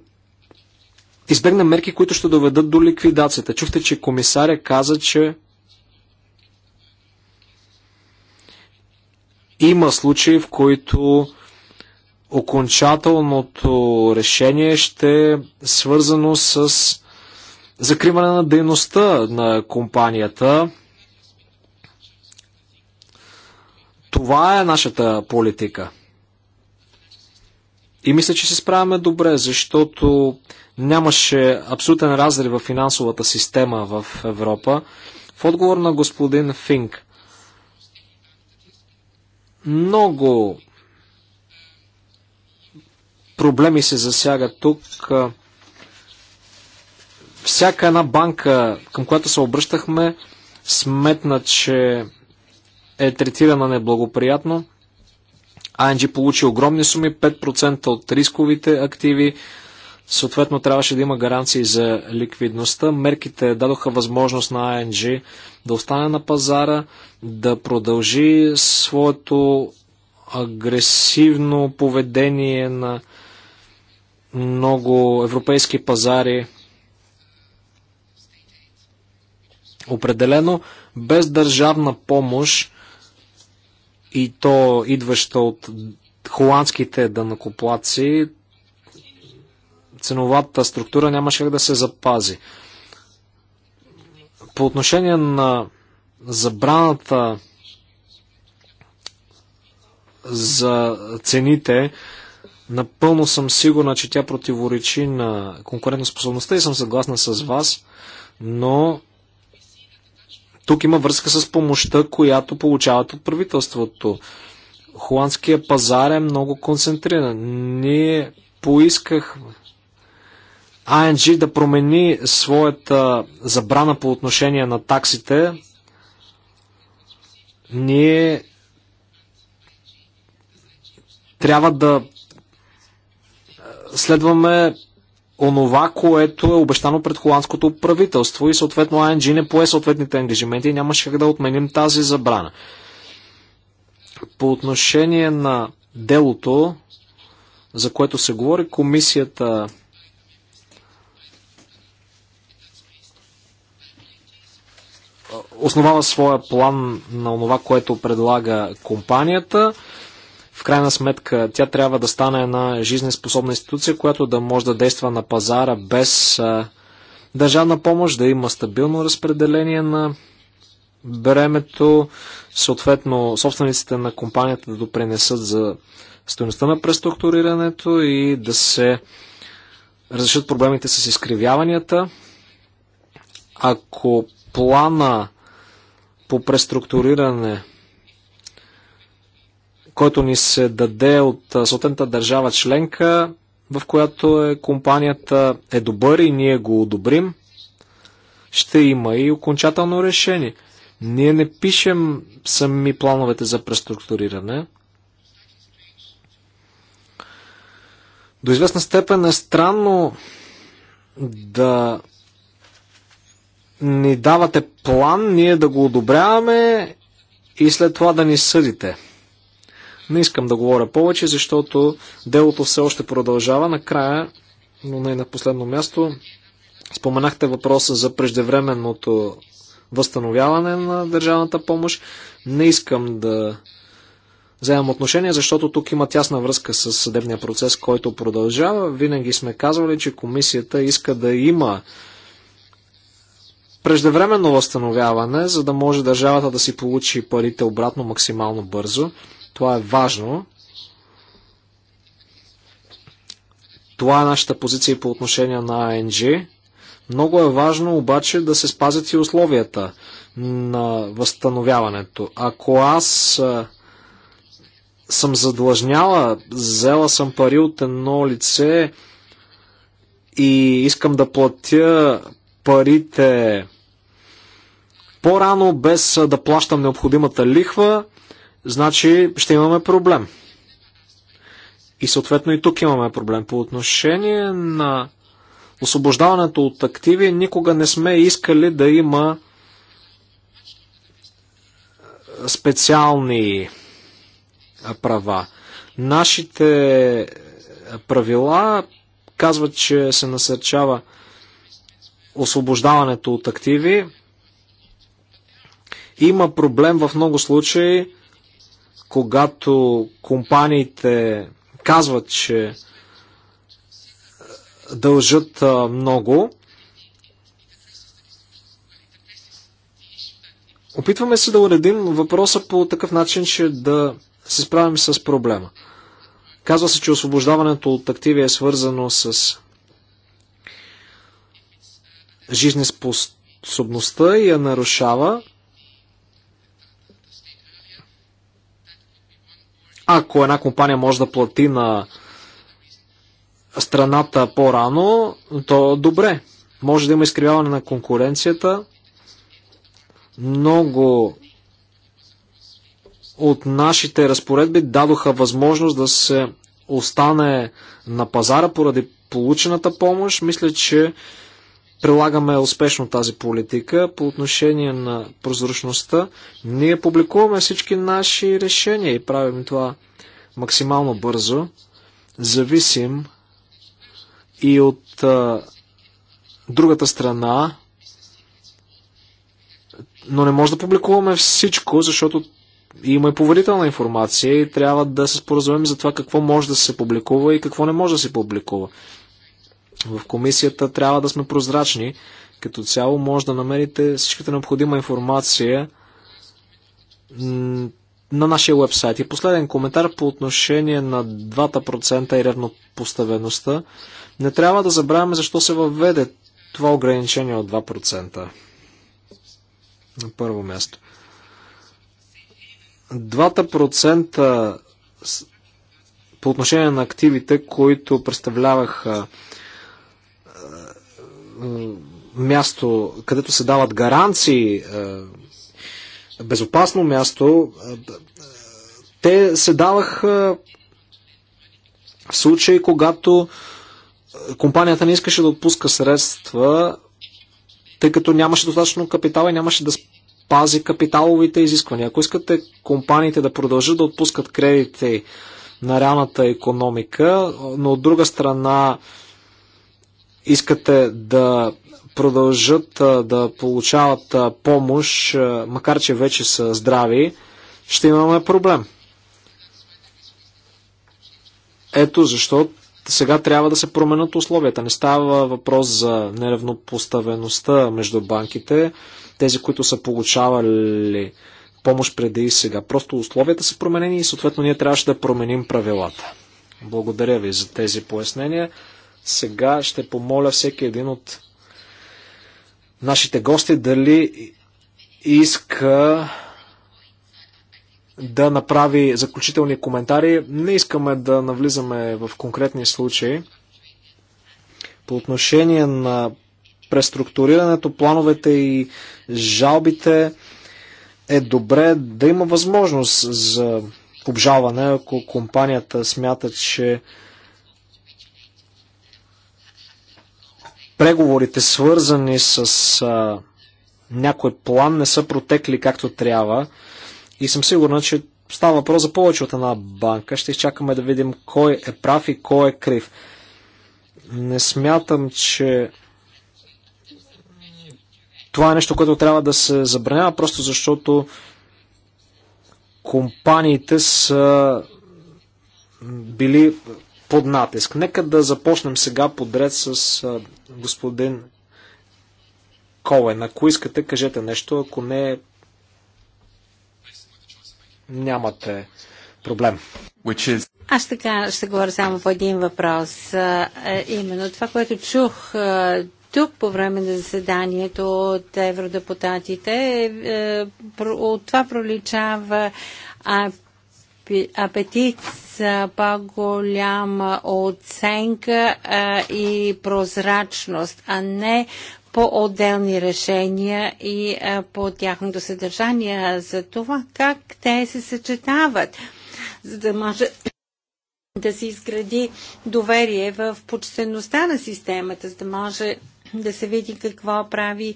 избегнем мерки, които ще доведат до ликвидацията. Чухте, че комисаря каза, че има случаи, в които окончателното решение ще е свързано с закриване на дейността на компанията. Това е нашата политика. И мисля, че се справяме добре, защото нямаше абсолютен разрив в финансовата система в Европа. В отговор на господин Финк, много проблеми се засягат тук. Всяка една банка, към която се обръщахме, сметна, че е третирана неблагоприятно. ING получи огромни суми, 5% от рисковите активи. Съответно, трябваше да има гаранции за ликвидността. Мерките дадоха възможност на ING да остане на пазара, да продължи своето агресивно поведение на много европейски пазари. Определено, без държавна помощ, и то идваща от холандските данакоплаци, ценовата структура нямаше как да се запази. По отношение на забраната за цените, напълно съм сигурна, че тя противоречи на конкурентоспособността и съм съгласна с вас, но тук има връзка с помощта, която получават от правителството. Холандския пазар е много концентриран. Ние поисках ING да промени своята забрана по отношение на таксите. Ние трябва да следваме онова, което е обещано пред холандското правителство и съответно АНГ не пое съответните ангажименти и нямаше как да отменим тази забрана. По отношение на делото, за което се говори, комисията основава своя план на това, което предлага компанията. В крайна сметка, тя трябва да стане една жизнеспособна институция, която да може да действа на пазара без а, държавна помощ, да има стабилно разпределение на бремето, съответно собствениците на компанията да допринесат за стоеността на преструктурирането и да се разрешат проблемите с изкривяванията. Ако плана по преструктуриране който ни се даде от съответната държава членка, в която е компанията е добър и ние го одобрим, ще има и окончателно решение. Ние не пишем сами плановете за преструктуриране. До известна степен е странно да ни давате план, ние да го одобряваме и след това да ни съдите не искам да говоря повече, защото делото все още продължава. Накрая, но не на последно място, споменахте въпроса за преждевременното възстановяване на държавната помощ. Не искам да вземам отношение, защото тук има тясна връзка с съдебния процес, който продължава. Винаги сме казвали, че комисията иска да има преждевременно възстановяване, за да може държавата да си получи парите обратно максимално бързо. Това е важно. Това е нашата позиция по отношение на АНГ. Много е важно обаче да се спазят и условията на възстановяването. Ако аз съм задлъжняла, взела съм пари от едно лице и искам да платя парите по-рано, без да плащам необходимата лихва, значи ще имаме проблем. И съответно и тук имаме проблем. По отношение на освобождаването от активи, никога не сме искали да има специални права. Нашите правила казват, че се насърчава освобождаването от активи. Има проблем в много случаи когато компаниите казват, че дължат много. Опитваме се да уредим въпроса по такъв начин, че да се справим с проблема. Казва се, че освобождаването от активи е свързано с жизнеспособността и я нарушава. Ако една компания може да плати на страната по-рано, то добре. Може да има изкривяване на конкуренцията. Много от нашите разпоредби дадоха възможност да се остане на пазара поради получената помощ. Мисля, че прилагаме успешно тази политика по отношение на прозрачността. Ние публикуваме всички наши решения и правим това максимално бързо. Зависим и от а, другата страна, но не може да публикуваме всичко, защото има и поверителна информация и трябва да се споразумем за това какво може да се публикува и какво не може да се публикува. В комисията трябва да сме прозрачни. Като цяло може да намерите всичката необходима информация на нашия вебсайт. И последен коментар по отношение на 2% и равнопоставеността. Не трябва да забравяме защо се въведе това ограничение от 2%. На първо място. 2% по отношение на активите, които представляваха място, където се дават гаранции, е, безопасно място, е, те се даваха в случай, когато е, компанията не искаше да отпуска средства, тъй като нямаше достатъчно капитал и нямаше да спази капиталовите изисквания. Ако искате компаниите да продължат да отпускат кредити на реалната економика, но от друга страна искате да продължат да получават помощ, макар че вече са здрави, ще имаме проблем. Ето защо сега трябва да се променят условията. Не става въпрос за неравнопоставеността между банките, тези, които са получавали помощ преди и сега. Просто условията са променени и съответно ние трябваше да променим правилата. Благодаря ви за тези пояснения. Сега ще помоля всеки един от нашите гости дали иска да направи заключителни коментари. Не искаме да навлизаме в конкретни случаи. По отношение на преструктурирането, плановете и жалбите е добре да има възможност за обжалване, ако компанията смята, че преговорите, свързани с а, някой план, не са протекли както трябва. И съм сигурна, че става въпрос за повече от една банка. Ще изчакаме да видим кой е прав и кой е крив. Не смятам, че това е нещо, което трябва да се забранява, просто защото компаниите са били под натиск. Нека да започнем сега подред с господин Колен. Ако искате, кажете нещо. Ако не, нямате проблем. Аз така ще говоря само по един въпрос. Именно това, което чух тук по време на заседанието от евродепутатите, е, е, от това проличава апетит за по-голяма оценка а, и прозрачност, а не по отделни решения и а, по тяхното съдържание, за това как те се съчетават, за да може да се изгради доверие в почтеността на системата, за да може да се види какво прави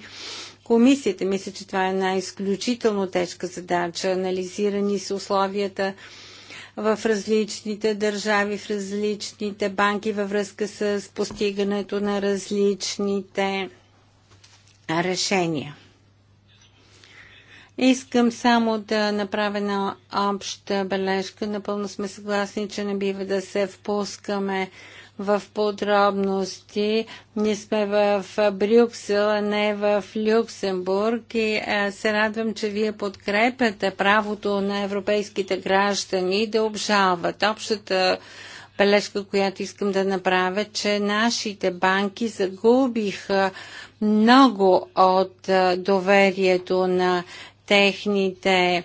комисията. Мисля, че това е една изключително тежка задача. Анализирани са условията в различните държави, в различните банки във връзка с постигането на различните решения. Искам само да направя една обща бележка. Напълно сме съгласни, че не бива да се впускаме в подробности. Ние сме в Брюксел, а не в Люксембург и е, се радвам, че вие подкрепяте правото на европейските граждани да обжалват. Общата бележка, която искам да направя, че нашите банки загубиха много от е, доверието на техните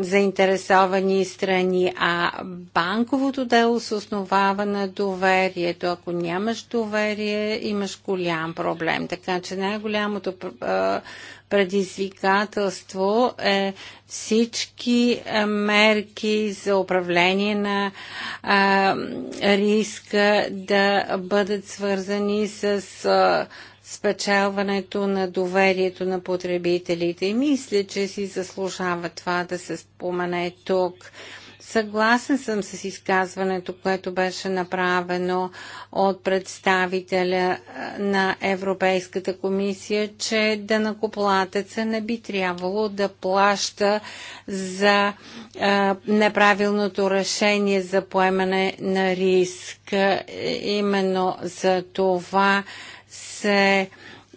заинтересовани страни, а банковото дело се основава на доверието. Ако нямаш доверие, имаш голям проблем. Така че най-голямото предизвикателство е всички мерки за управление на риска да бъдат свързани с спечелването на доверието на потребителите. И мисля, че си заслужава това да се спомене тук. Съгласен съм с изказването, което беше направено от представителя на Европейската комисия, че данакоплатеца не би трябвало да плаща за а, неправилното решение за поемане на риск. Е, именно за това се,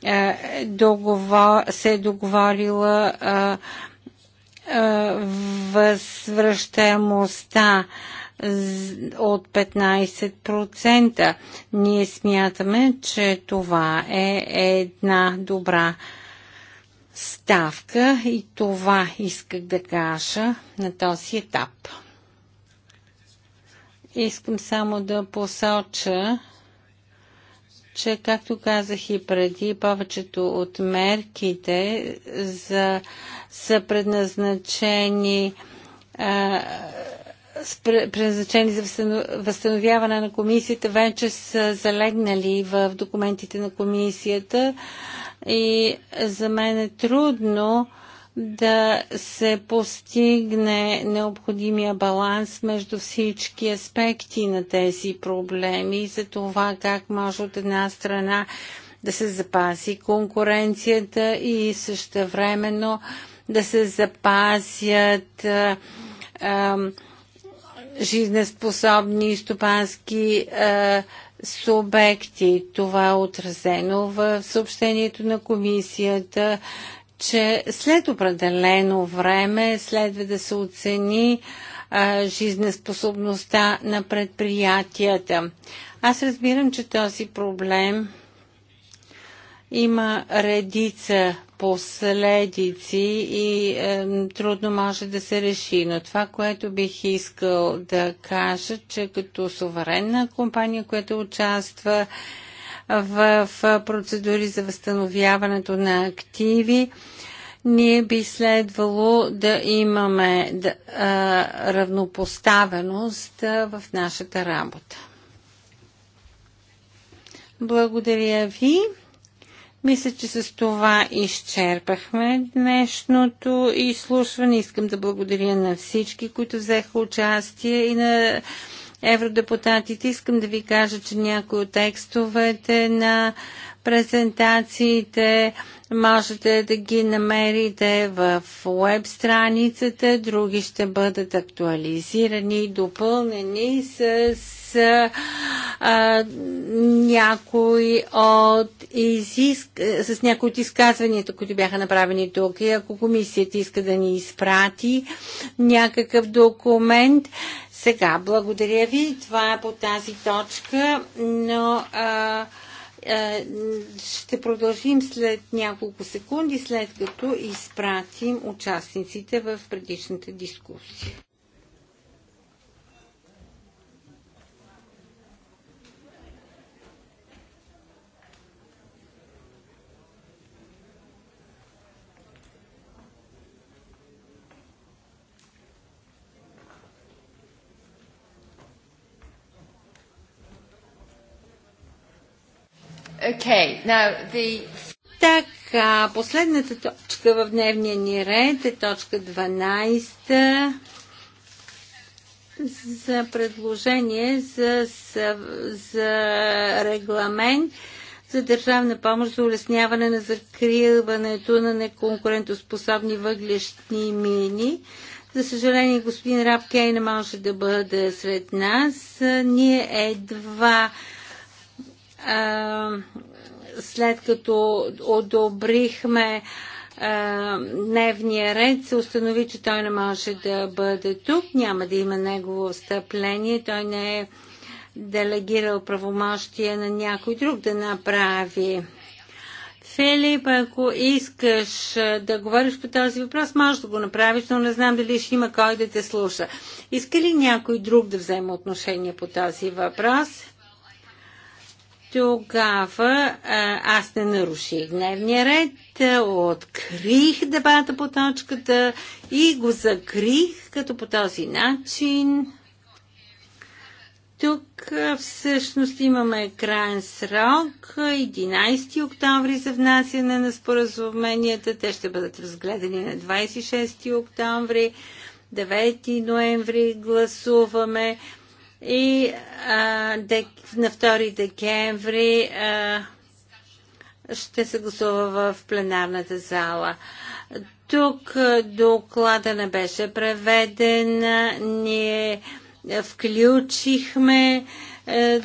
е, договор, се е договорила е, е, възвръщаемостта от 15%. Ние смятаме, че това е една добра ставка и това исках да кажа на този етап. Искам само да посоча, че, както казах и преди, повечето от мерките за, са предназначени а, предназначени за възстановяване на комисията, вече са залегнали в документите на комисията и за мен е трудно да се постигне необходимия баланс между всички аспекти на тези проблеми и за това как може от една страна да се запази конкуренцията и също времено да се запазят жизнеспособни и жизнеспособни стопански а, субекти. Това е отразено в съобщението на комисията че след определено време следва да се оцени а, жизнеспособността на предприятията. Аз разбирам, че този проблем има редица последици и е, трудно може да се реши. Но това, което бих искал да кажа, че като суверенна компания, която участва в процедури за възстановяването на активи ние би следвало да имаме да, а, равнопоставеност а, в нашата работа. Благодаря ви. Мисля, че с това изчерпахме днешното изслушване. Искам да благодаря на всички, които взеха участие и на евродепутатите. Искам да ви кажа, че някои от текстовете на презентациите можете да ги намерите в веб страницата, други ще бъдат актуализирани и допълнени с а, някои от изиск... с някои от изказванията, които бяха направени тук. И ако комисията иска да ни изпрати някакъв документ, сега, благодаря ви. Това е по тази точка, но а, а, ще продължим след няколко секунди, след като изпратим участниците в предишната дискусия. Okay, now the... Така, последната точка в дневния ни ред е точка 12 за предложение за, за, за регламент за държавна помощ за улесняване на закриването на неконкурентоспособни въглешни мини. За съжаление, господин Рабкей не може да бъде сред нас. Ние едва след като одобрихме дневния ред, се установи, че той не може да бъде тук, няма да има негово встъпление, той не е делегирал правомощия на някой друг да направи. Филип, ако искаш да говориш по този въпрос, можеш да го направиш, но не знам дали ще има кой да те слуша. Иска ли някой друг да вземе отношение по този въпрос? Тогава аз не наруших дневния ред, открих дебата по точката и го закрих, като по този начин тук всъщност имаме крайен срок 11 октомври за внасяне на споразуменията. Те ще бъдат разгледани на 26 октомври. 9 ноември гласуваме. И а, дек, на 2 декември а, ще се гласува в пленарната зала. Тук доклада не беше преведен. Ние включихме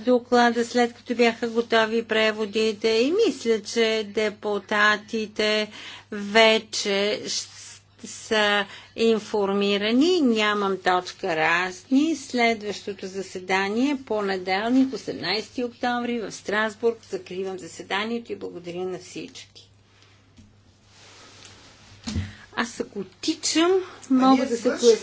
доклада, след като бяха готови преводите и мисля, че депутатите вече ще са информирани. Нямам точка разни. Следващото заседание е понеделник, 18 октомври в Страсбург. Закривам заседанието и благодаря на всички. Аз ако тичам, мога да се